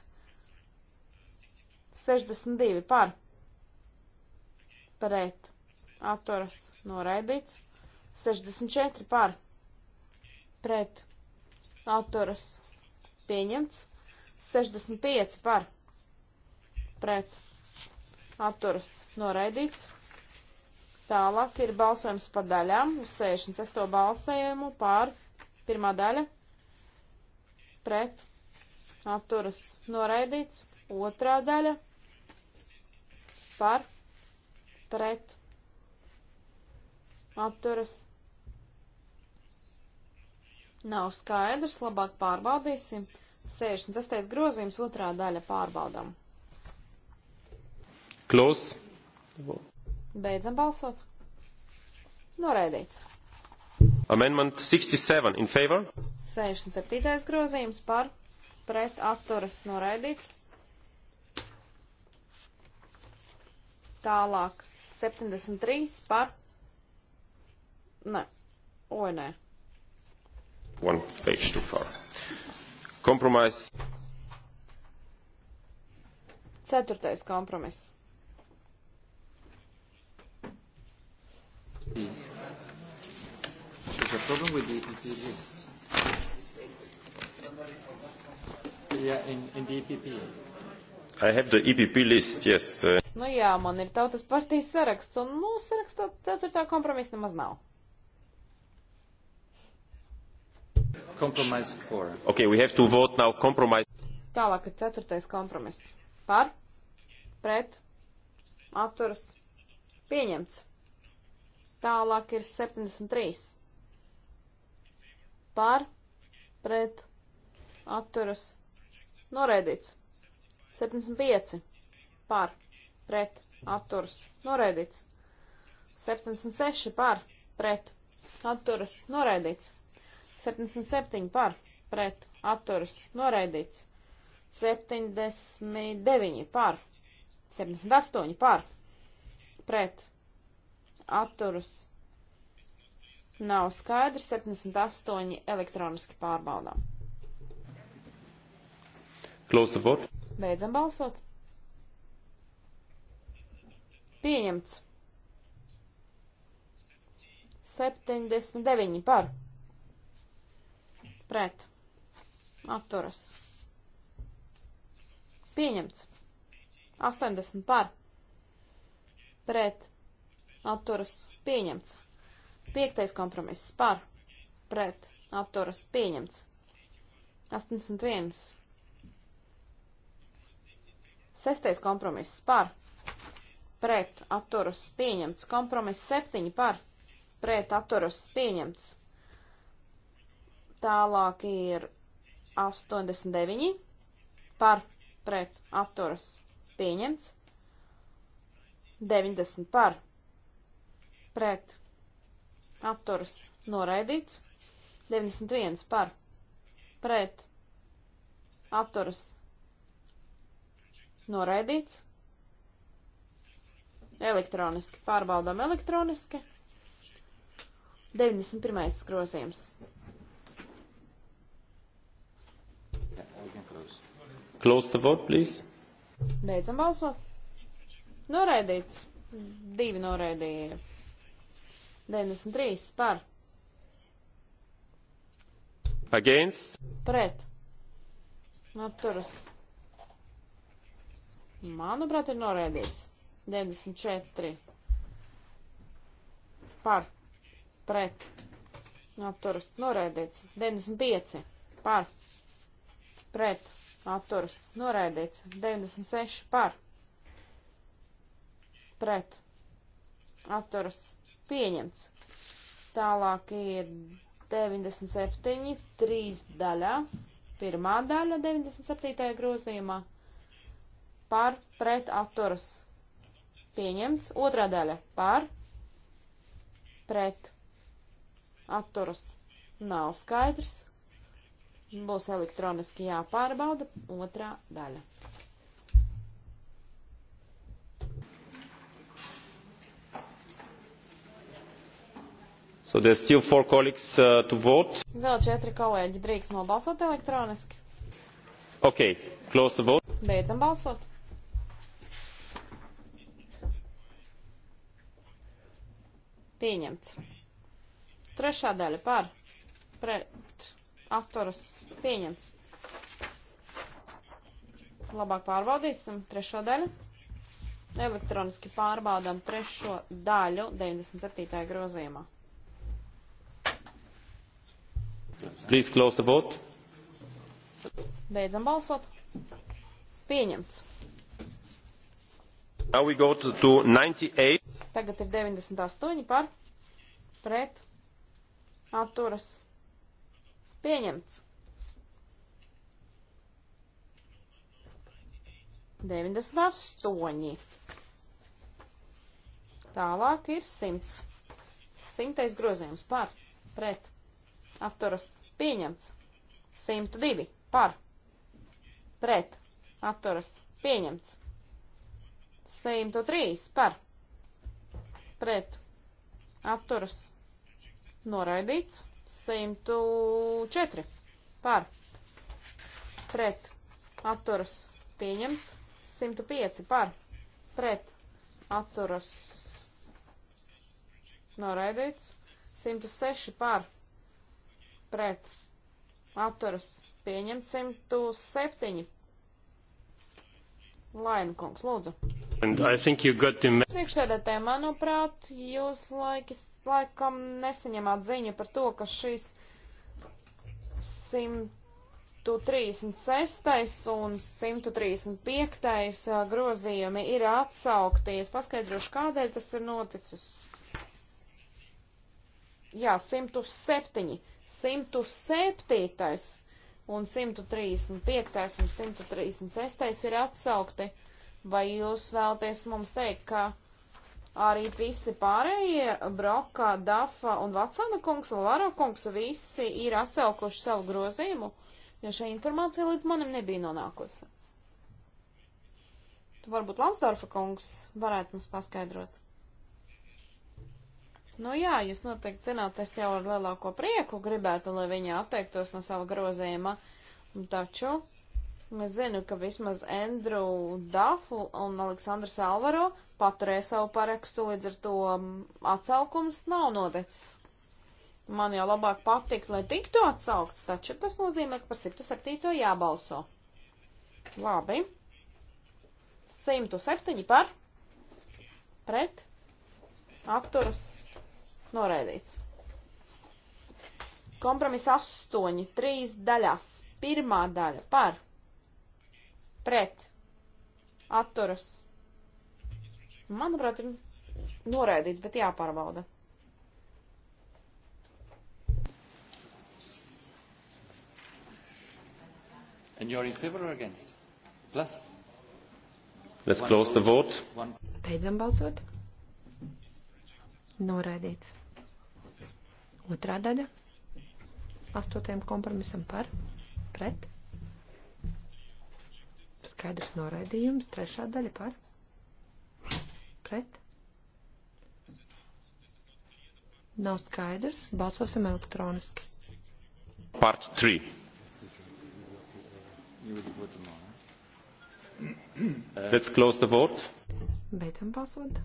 62 par pret atturas noraidīts, 64 par pret atturas pieņemts, 65 par pret pret atturas noraidīts. Tālāk ir balsojums pa daļām uz 66. balsējumu pār pirmā daļa pret atturas noraidīts. Otrā daļa par pret atturas nav skaidrs, labāk pārbaudīsim. 68. grozījums otrā daļa pārbaudām. Close. Beidzam balsot. Noraidīts. Amendment 67 in favor. 67. grozījums par pret atturas noraidīts. Tālāk 73 par. Nē, oi nē. One page too far. Kompromiss. Ceturtais kompromiss. There's a problem with the EPP list. Yeah, in, in the EPP. I have the EPP list, yes. Uh. Nu jā, man ir tautas partijas saraksts, un mūsu nu, sarakstā ceturtā kompromisa nemaz nav. Compromise for. Okay, we have to vote now compromise. Tālāk ir ceturtais kompromiss. Par, pret, apturas, pieņemts. Tālāk ir 73. Par, pret, atturas, noraidīts. 75. Par, pret, atturas, noraidīts. 76. Par, pret, atturas, noraidīts. 77. Par, pret, atturas, noraidīts. 79. Par, 78. Par, pret, atturas nav skaidrs, 78 elektroniski pārbaudām. Close the vote. Beidzam balsot. Pieņemts. 79 par. Pret. Atturas. Pieņemts. 80 par. Pret apturas pieņemts. Piektais kompromiss par, pret, apturas pieņemts. 81. Sestais kompromiss par, pret, apturas pieņemts. Kompromiss 7 par, pret, apturas pieņemts. Tālāk ir 89 par, pret, apturas pieņemts. 90 par, pret atturas noraidīts, 91 par pret atturas noraidīts, elektroniski pārbaudām elektroniski, 91. grozījums. Close the vote, please. Beidzam balsot. Noraidīts. Divi noraidīja 93 par. Against. Pret. Atturas. Manuprāt, ir norēdīts. 94 par. Pret. Atturas. Norēdīts. 95 par. Pret. Atturas. Norēdīts. 96 par. Pret. Atturas Pieņemts. Tālāk ir 97, 3 daļā. Pirmā daļa 97. grozījumā par pret atturas pieņemts. Otrā daļa par pret atturas nav skaidrs. Būs elektroniski jāpārbauda otrā daļa. So there are still four colleagues uh, to vote. Vēl četri kolēģi drīkst nobalsot elektroniski. Okay, close the vote. Beidzam balsot. Pieņemts. Trešā daļa par pret apturus. Pieņemts. Labāk pārbaudīsim trešo daļu. Elektroniski pārbaudām trešo daļu 97. grozījumā. Please close the vote. Beidzam balsot. Pieņemts. Now we go to, to 98. Tagad ir 98 par pret atturas. Pieņemts. 98. Tālāk ir 100. 100. grozījums par pret atturas pieņemts. 102 par pret atturas pieņemts. 103 par pret atturas noraidīts. 104 par pret atturas pieņemts. 105 par pret atturas noraidīts. 106 par pret pret apturas pieņemt 107. Lainu kungs, lūdzu. Him... Priekšsēdētāji, manuprāt, jūs laikis, laikam nesaņemāt ziņu par to, ka šis 136. un 135. Uh, grozījumi ir atsaukties. Paskaidrošu, kādēļ tas ir noticis. Jā, 107. 107. un 135. un 136. ir atsaukti. Vai jūs vēlaties mums teikt, ka arī visi pārējie, Broka, Dafa un Vatsana kungs, Lavaro kungs, visi ir atsaukuši savu grozījumu, jo šī informācija līdz manim nebija nonākusi? Tu varbūt Lamsdorfa kungs varētu mums paskaidrot. Nu jā, jūs noteikti zināt, es jau ar lielāko prieku gribētu, lai viņa atteiktos no sava grozījuma, taču es zinu, ka vismaz Andrew Dafu un Aleksandrs Alvaro paturēja savu parakstu, līdz ar to mm, atsaukums nav noticis. Man jau labāk patikt, lai tiktu atsaukts, taču tas nozīmē, ka par 107. jābalso. Labi. 107 par. Pret. Apturus Noraidīts. Kompromiss 8, 3 daļās. Pirmā daļa par, pret, atturas. Manuprāt, ir noraidīts, bet jāpārbauda. And you're in favor or against? Plus? Let's close the vote. Beidzam balsot. Noraidīts. Otrā daļa. Astotajam kompromisam par. Pret. Skaidrs noraidījums. Trešā daļa par. Pret. Nav skaidrs. Balsosim elektroniski. Part 3. Let's close the vote. Beidzam balsot.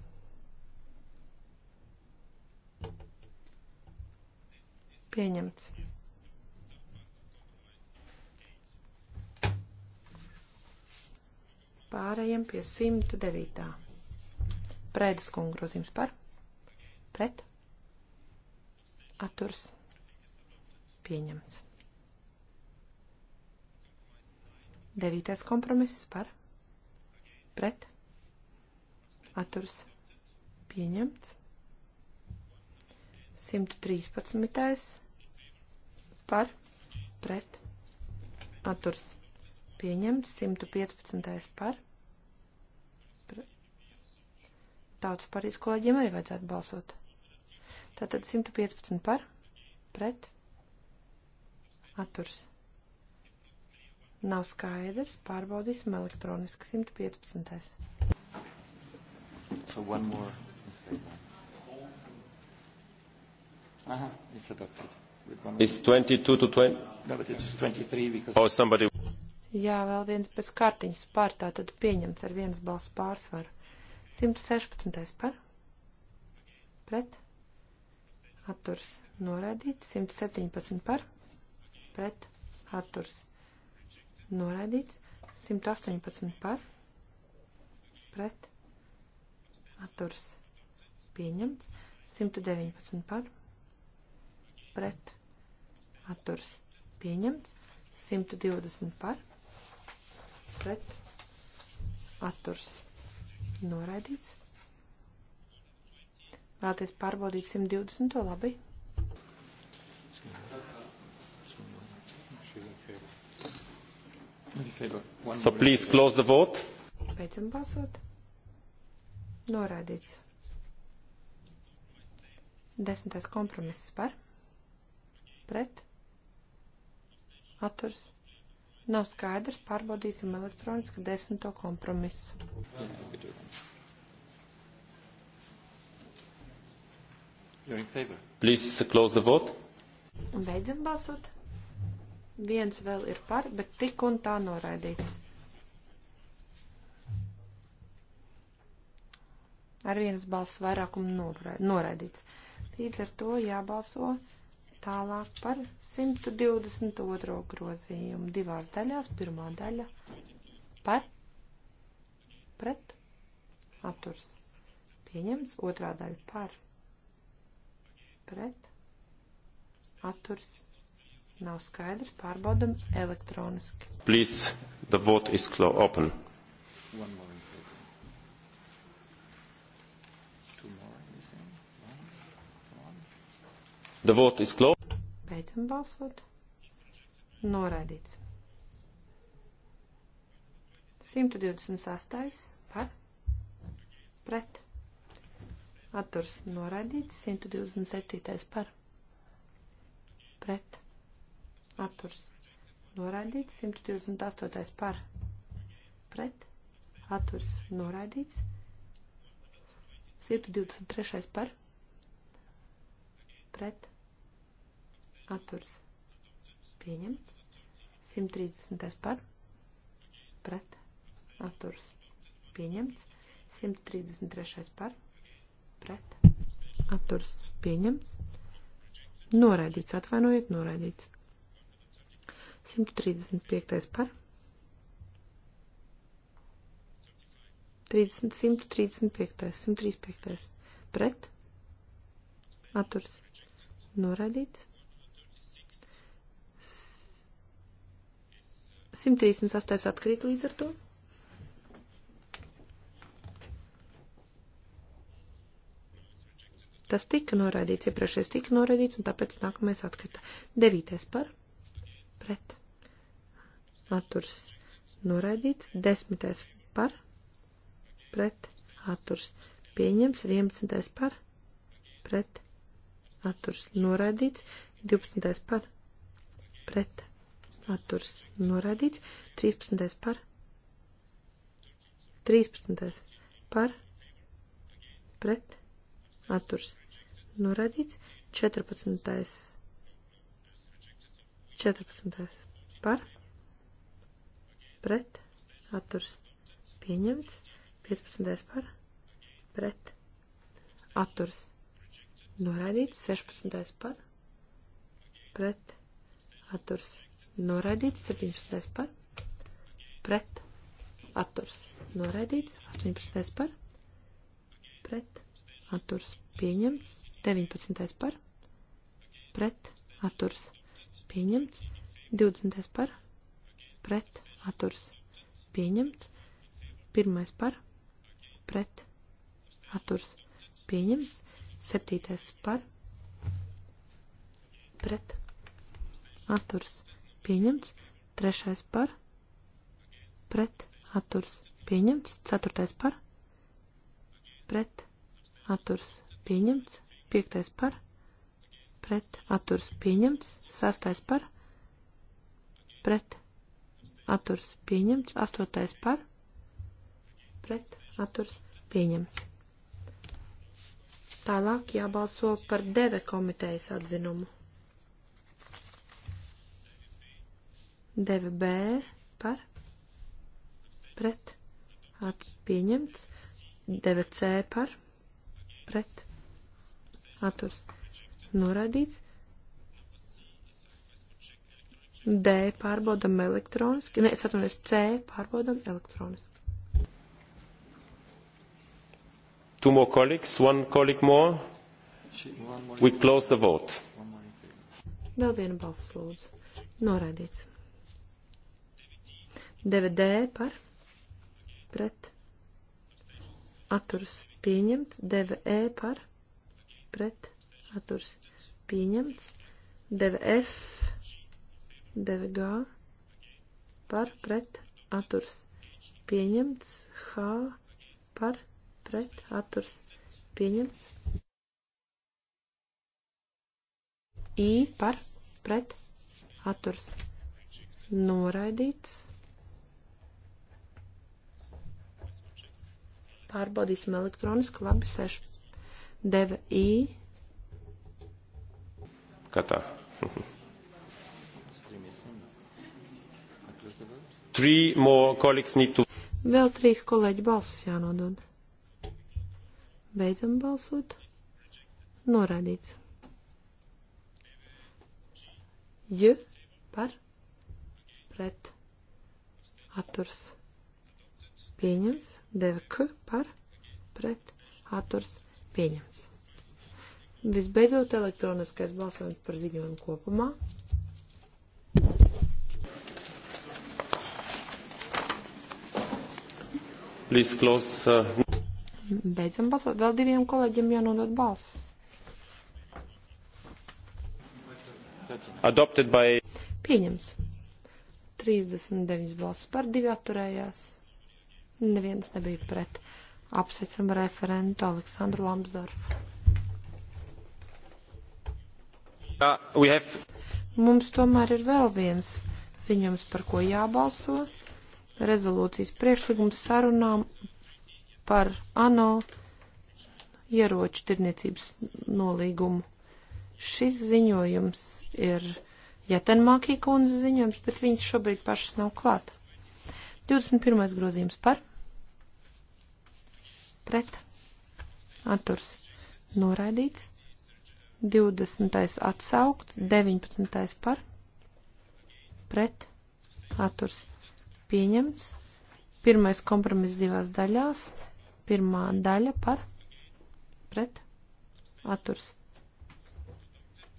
Pieņemts. Pārējiem pie 109. Prēdas kungu grozījums par. Pret. Atturs. Pieņemts. Devītais kompromiss par. Pret. Atturs. Pieņemts. 113 par pret atturs pieņemts. 115. par. Tautas partijas kolēģiem arī vajadzētu balsot. Tātad 115 par pret atturs. Nav skaidrs, pārbaudīsim elektroniski 115. So one more. Aha, it's adopted. It's 22 to 20. No, but it's 23 because... Oh, somebody... Jā, vēl viens pēc kārtiņas pār, tā tad pieņemts ar vienas balss pārsvaru. 116. par. Pret. Atturs noraidīts. 117 par. Pret. Atturs noraidīts. 118 par. Pret. Atturs pieņemts. 119 par pret atturs pieņemts, 120 par pret atturs noraidīts. Vēlties pārbaudīt 120. labi. So please close the vote. Beidzam balsot. Norādīts. Desmitais kompromiss par pret, atturs. Nav skaidrs, pārbaudīsim elektroniski desmito kompromisu. Please close the vote. Un beidzam balsot. Viens vēl ir par, bet tik un tā noraidīts. Ar vienas balss vairākumu noraidīts. Līdz ar to jābalso Tālāk par 122. grozījumu divās daļās. Pirmā daļa par pret atturs pieņems. Otrā daļa par pret atturs nav skaidrs. Pārbaudam elektroniski. Please, the vote is open. One more. The vote is closed. Beidzam balsot. Noraidīts. 128. par pret. Atturs noraidīts. 127. par pret. Atturs noraidīts. 128. par pret. Atturs noraidīts. 123. par pret atturs pieņemts. 130. par pret atturs pieņemts. 133. par pret atturs pieņemts. Noraidīts, atvainojiet, noraidīts. 135. par 30, 135. 135. pret atturs noraidīts. 138 atkrīt līdz ar to. Tas tika noraidīts, iepriekšējais tika noraidīts, un tāpēc nākamais atkrita. Devītais par, pret, atturs, noraidīts, desmitais par, pret, atturs, pieņems, vienpadsmitais par, pret, atturs, noraidīts, divpadsmitais par, pret, atturs noraidīts, 13. par, 13. par, pret, atturs noraidīts, 14. 14. par, pret, atturs pieņemts, 15. par, pret, atturs noraidīts, 16. par, pret, atturs noraidīts, 17. par, pret, atturs, noraidīts, 18. par, pret, atturs, pieņemts, 19. par, pret, atturs, pieņemts, 20. par, pret, atturs, pieņemts, 1. par, pret, atturs, pieņemts, 7. par, pret, atturs, pieņemts pieņemts, trešais par, pret, atturs, pieņemts, ceturtais par, pret, atturs, pieņemts, piektais par, pret, atturs, pieņemts, sastais par, pret, atturs, pieņemts, astotais par, pret, atturs, pieņemts. Tālāk jābalso par deve komitejas atzinumu. DVB par pret at pieņemts, DVC par pret atturs norādīts, D pārbaudam elektroniski, ne, es atvainojos, C pārbaudam elektroniski. Two more colleagues, one colleague more. We close the vote. Vēl viena balss lūdzu. Norādīts. 9D par pret atturs pieņemts, 9E par pret atturs pieņemts, 9F, 9G par pret atturs pieņemts, H par pret atturs pieņemts, I par pret atturs noraidīts. Pārbaudīsim elektroniski, labi, 6 deva I. Katā. 3 more colleagues need to. Vēl trīs kolēģi balsis jānodod. Beidzam balsot. Norādīts. J par pret atturs pieņems, DVK par pret atturs pieņems. Visbeidzot, elektroniskais balsojums par ziņojumu kopumā. Please close. Uh... Beidzam balsot. Vēl diviem kolēģiem jānodot balsas. Adopted by... Pieņems. 39 balsas par divi atturējās. Neviens nebija pret. Apsveicam referentu Aleksandru Lamsdorfu. Uh, have... Mums tomēr ir vēl viens ziņojums, par ko jābalso. Rezolūcijas priekšlikums sarunām par ANO ieroču tirniecības nolīgumu. Šis ziņojums ir Jatenmākī kundze ziņojums, bet viņas šobrīd pašas nav klāta. 21. grozījums par, pret, atturs noraidīts, 20. atsaukts, 19. par, pret, atturs pieņemts, 1. kompromiss divās daļās, 1. daļa par, pret, atturs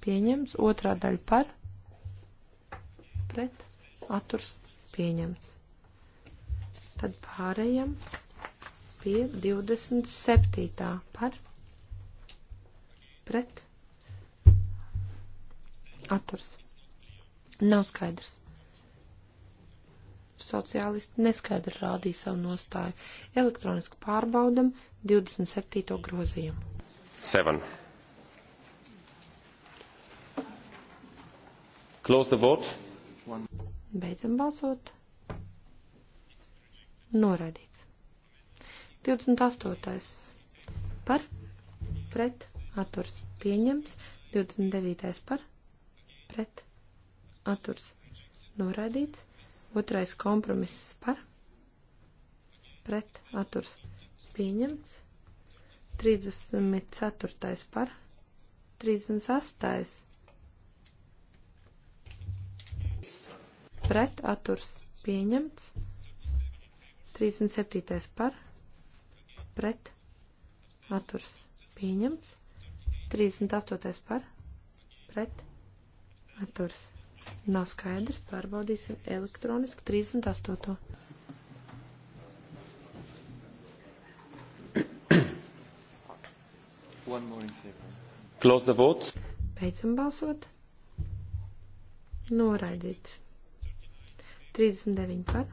pieņemts, 2. daļa par, pret, atturs pieņemts. Tad pārējam pie 27. par pret atturs. Nav skaidrs. Sociālisti neskaidri rādīja savu nostāju. Elektroniski pārbaudam 27. grozījumu. 7. Close the vote. Beidzam balsot. Noraidīts. 28. par, pret, atturs pieņems. 29. par, pret, atturs noraidīts. Otrais kompromiss par, pret, atturs pieņemts. 34. par, 38. pret, atturs pieņemts. 37. par pret atturs pieņemts. 38. par pret atturs. Nav skaidrs, pārbaudīsim elektroniski 38. One more in favor. Close the vote. Beidzam balsot. Noraidīts. 39 par,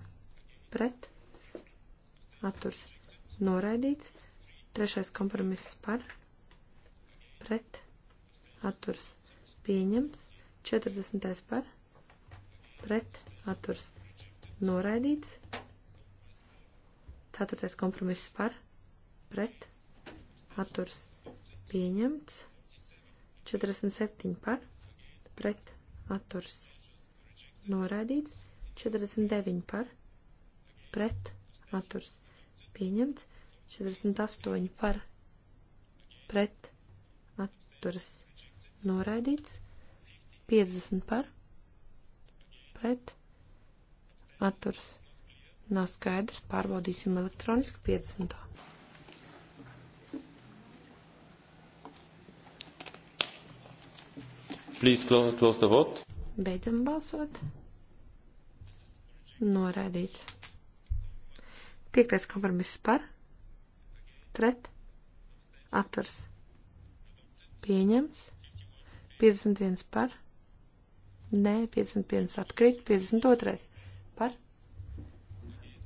pret, atturs noraidīts. Trešais kompromiss par, pret, atturs pieņems. 40. par, pret, atturs noraidīts. Ceturtais kompromiss par, pret, atturs pieņemts. 47 par, pret, atturs noraidīts. 49 par, pret, atturs pieņemts, 48 par pret atturas noraidīts, 50 par pret atturas nav skaidrs, pārbaudīsim elektroniski 50. Please close the vote. Beidzam balsot. Noraidīts. Piektais kompromiss par, pret, atturs, pieņems, 51 par, nē, 51 atkrīt, 52 par,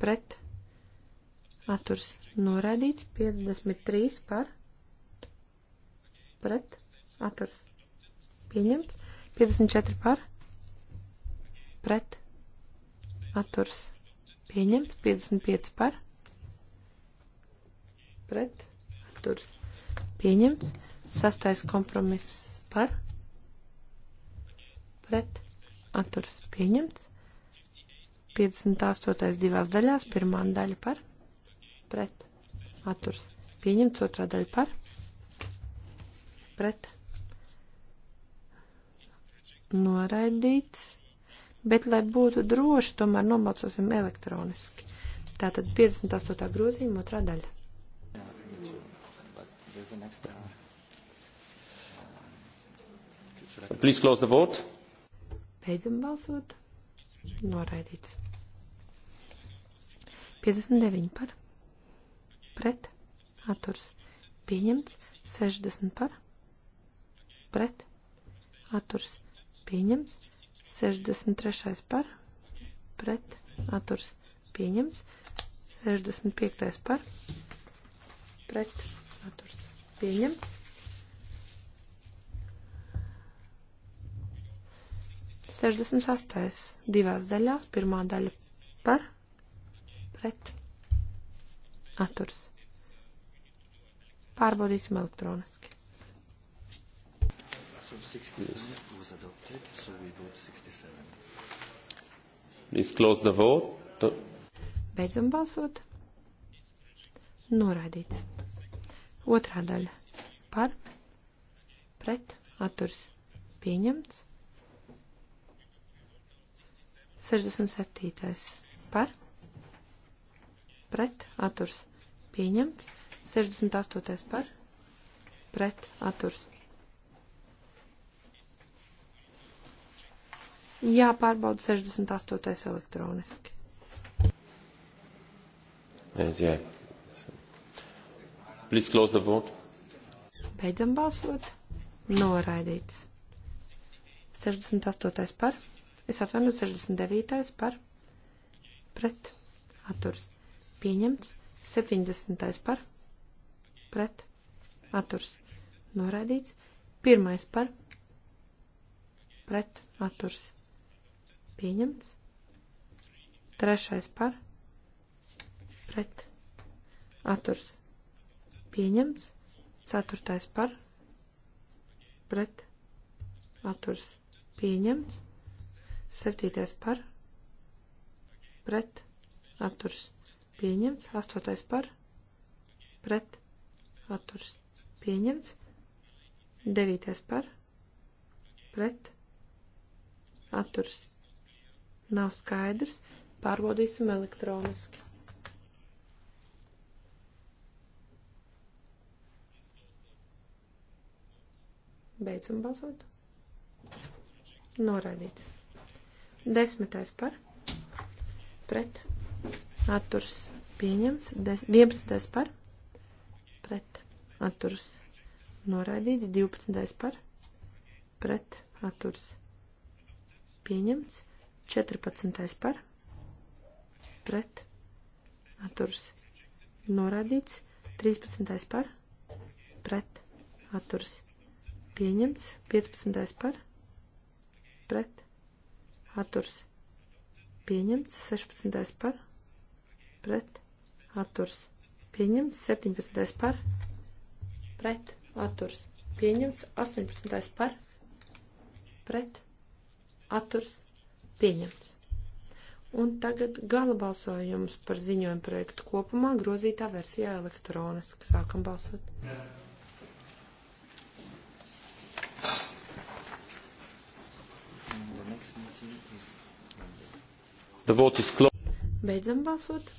pret, atturs, noraidīts, 53 par, pret, atturs, pieņemts, 54 par, pret, atturs, pieņemts Pieņemts 55 par. Pret. Atturs. Pieņemts. Sastais kompromiss par. Pret. Atturs. Pieņemts. 58. divās daļās. Pirmā daļa par. Pret. Atturs. Pieņemts otrā daļa par. Pret. Noraidīts bet, lai būtu droši, tomēr nobalsosim elektroniski. Tātad 58. grozījuma otrā daļa. Please close the vote. Beidzam balsot. Noraidīts. 59 par. Pret. Atturs. Pieņemts. 60 par. Pret. Atturs. Pieņemts. 63. par pret atturs pieņems. 65. par pret atturs pieņems. 68. divās daļās, pirmā daļa par pret atturs. Pārbaudīsim elektroniski. 60 was adopted so we vote 67. Please close the vote. Beidzam balsot. Noraidīts. Otrā daļa. Par. Pret. Atturs. Pieņemts. 67. Par. Pret. Atturs. Pieņemts. 68. Par. Pret. Atturs. Jāpārbauda 68. elektroniski. Yes, yeah. Please close the vote. Beidzam balsot. Noraidīts. 68. par. Es atvainu 69. par. Pret. Atturs. Pieņemts. 70. par. Pret. Atturs. Noraidīts. 1. par. Pret. Atturs. Pieņemts. Trešais par. Pret. Atturs. Pieņemts. Ceturtais par. Pret. Atturs. Pieņemts. Septītais par. Pret. Atturs. Pieņemts. Astotais par. Pret. Atturs. Pieņemts. Devītais par. Pret. Atturs Nav skaidrs. Pārbaudīsim elektroniski. Beidzam balsot. Noraidīts. Desmitais par. Pret. Atturs pieņems. Des, 11. par. Pret. Atturs noraidīts. 12. par. Pret. Atturs pieņemts. 14. par pret atturs norādīts. 13. par pret atturs pieņemts. 15. par pret atturs pieņemts. 16. par pret atturs pieņemts. 17. par pret atturs pieņemts. 18. par pret atturs pieņemts atturs Pieņemts. Un tagad gala balsojums par ziņojumu projektu kopumā grozītā versijā elektroniski. Sākam balsot. Beidzam balsot.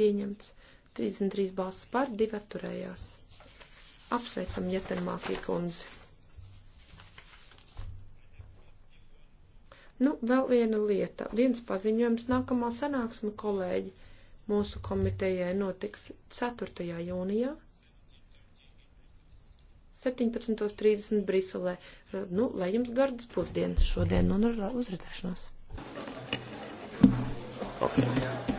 Pieņemts. 33 balsas par, 2 atturējās. Apsveicam Jetermākī kundzi. Nu, vēl viena lieta. Viens paziņojums nākamā sanāksme, kolēģi, mūsu komitejai notiks 4. jūnijā. 17.30 Briselē. Nu, lai jums gardas pusdienas šodien un uz redzēšanos. Okay.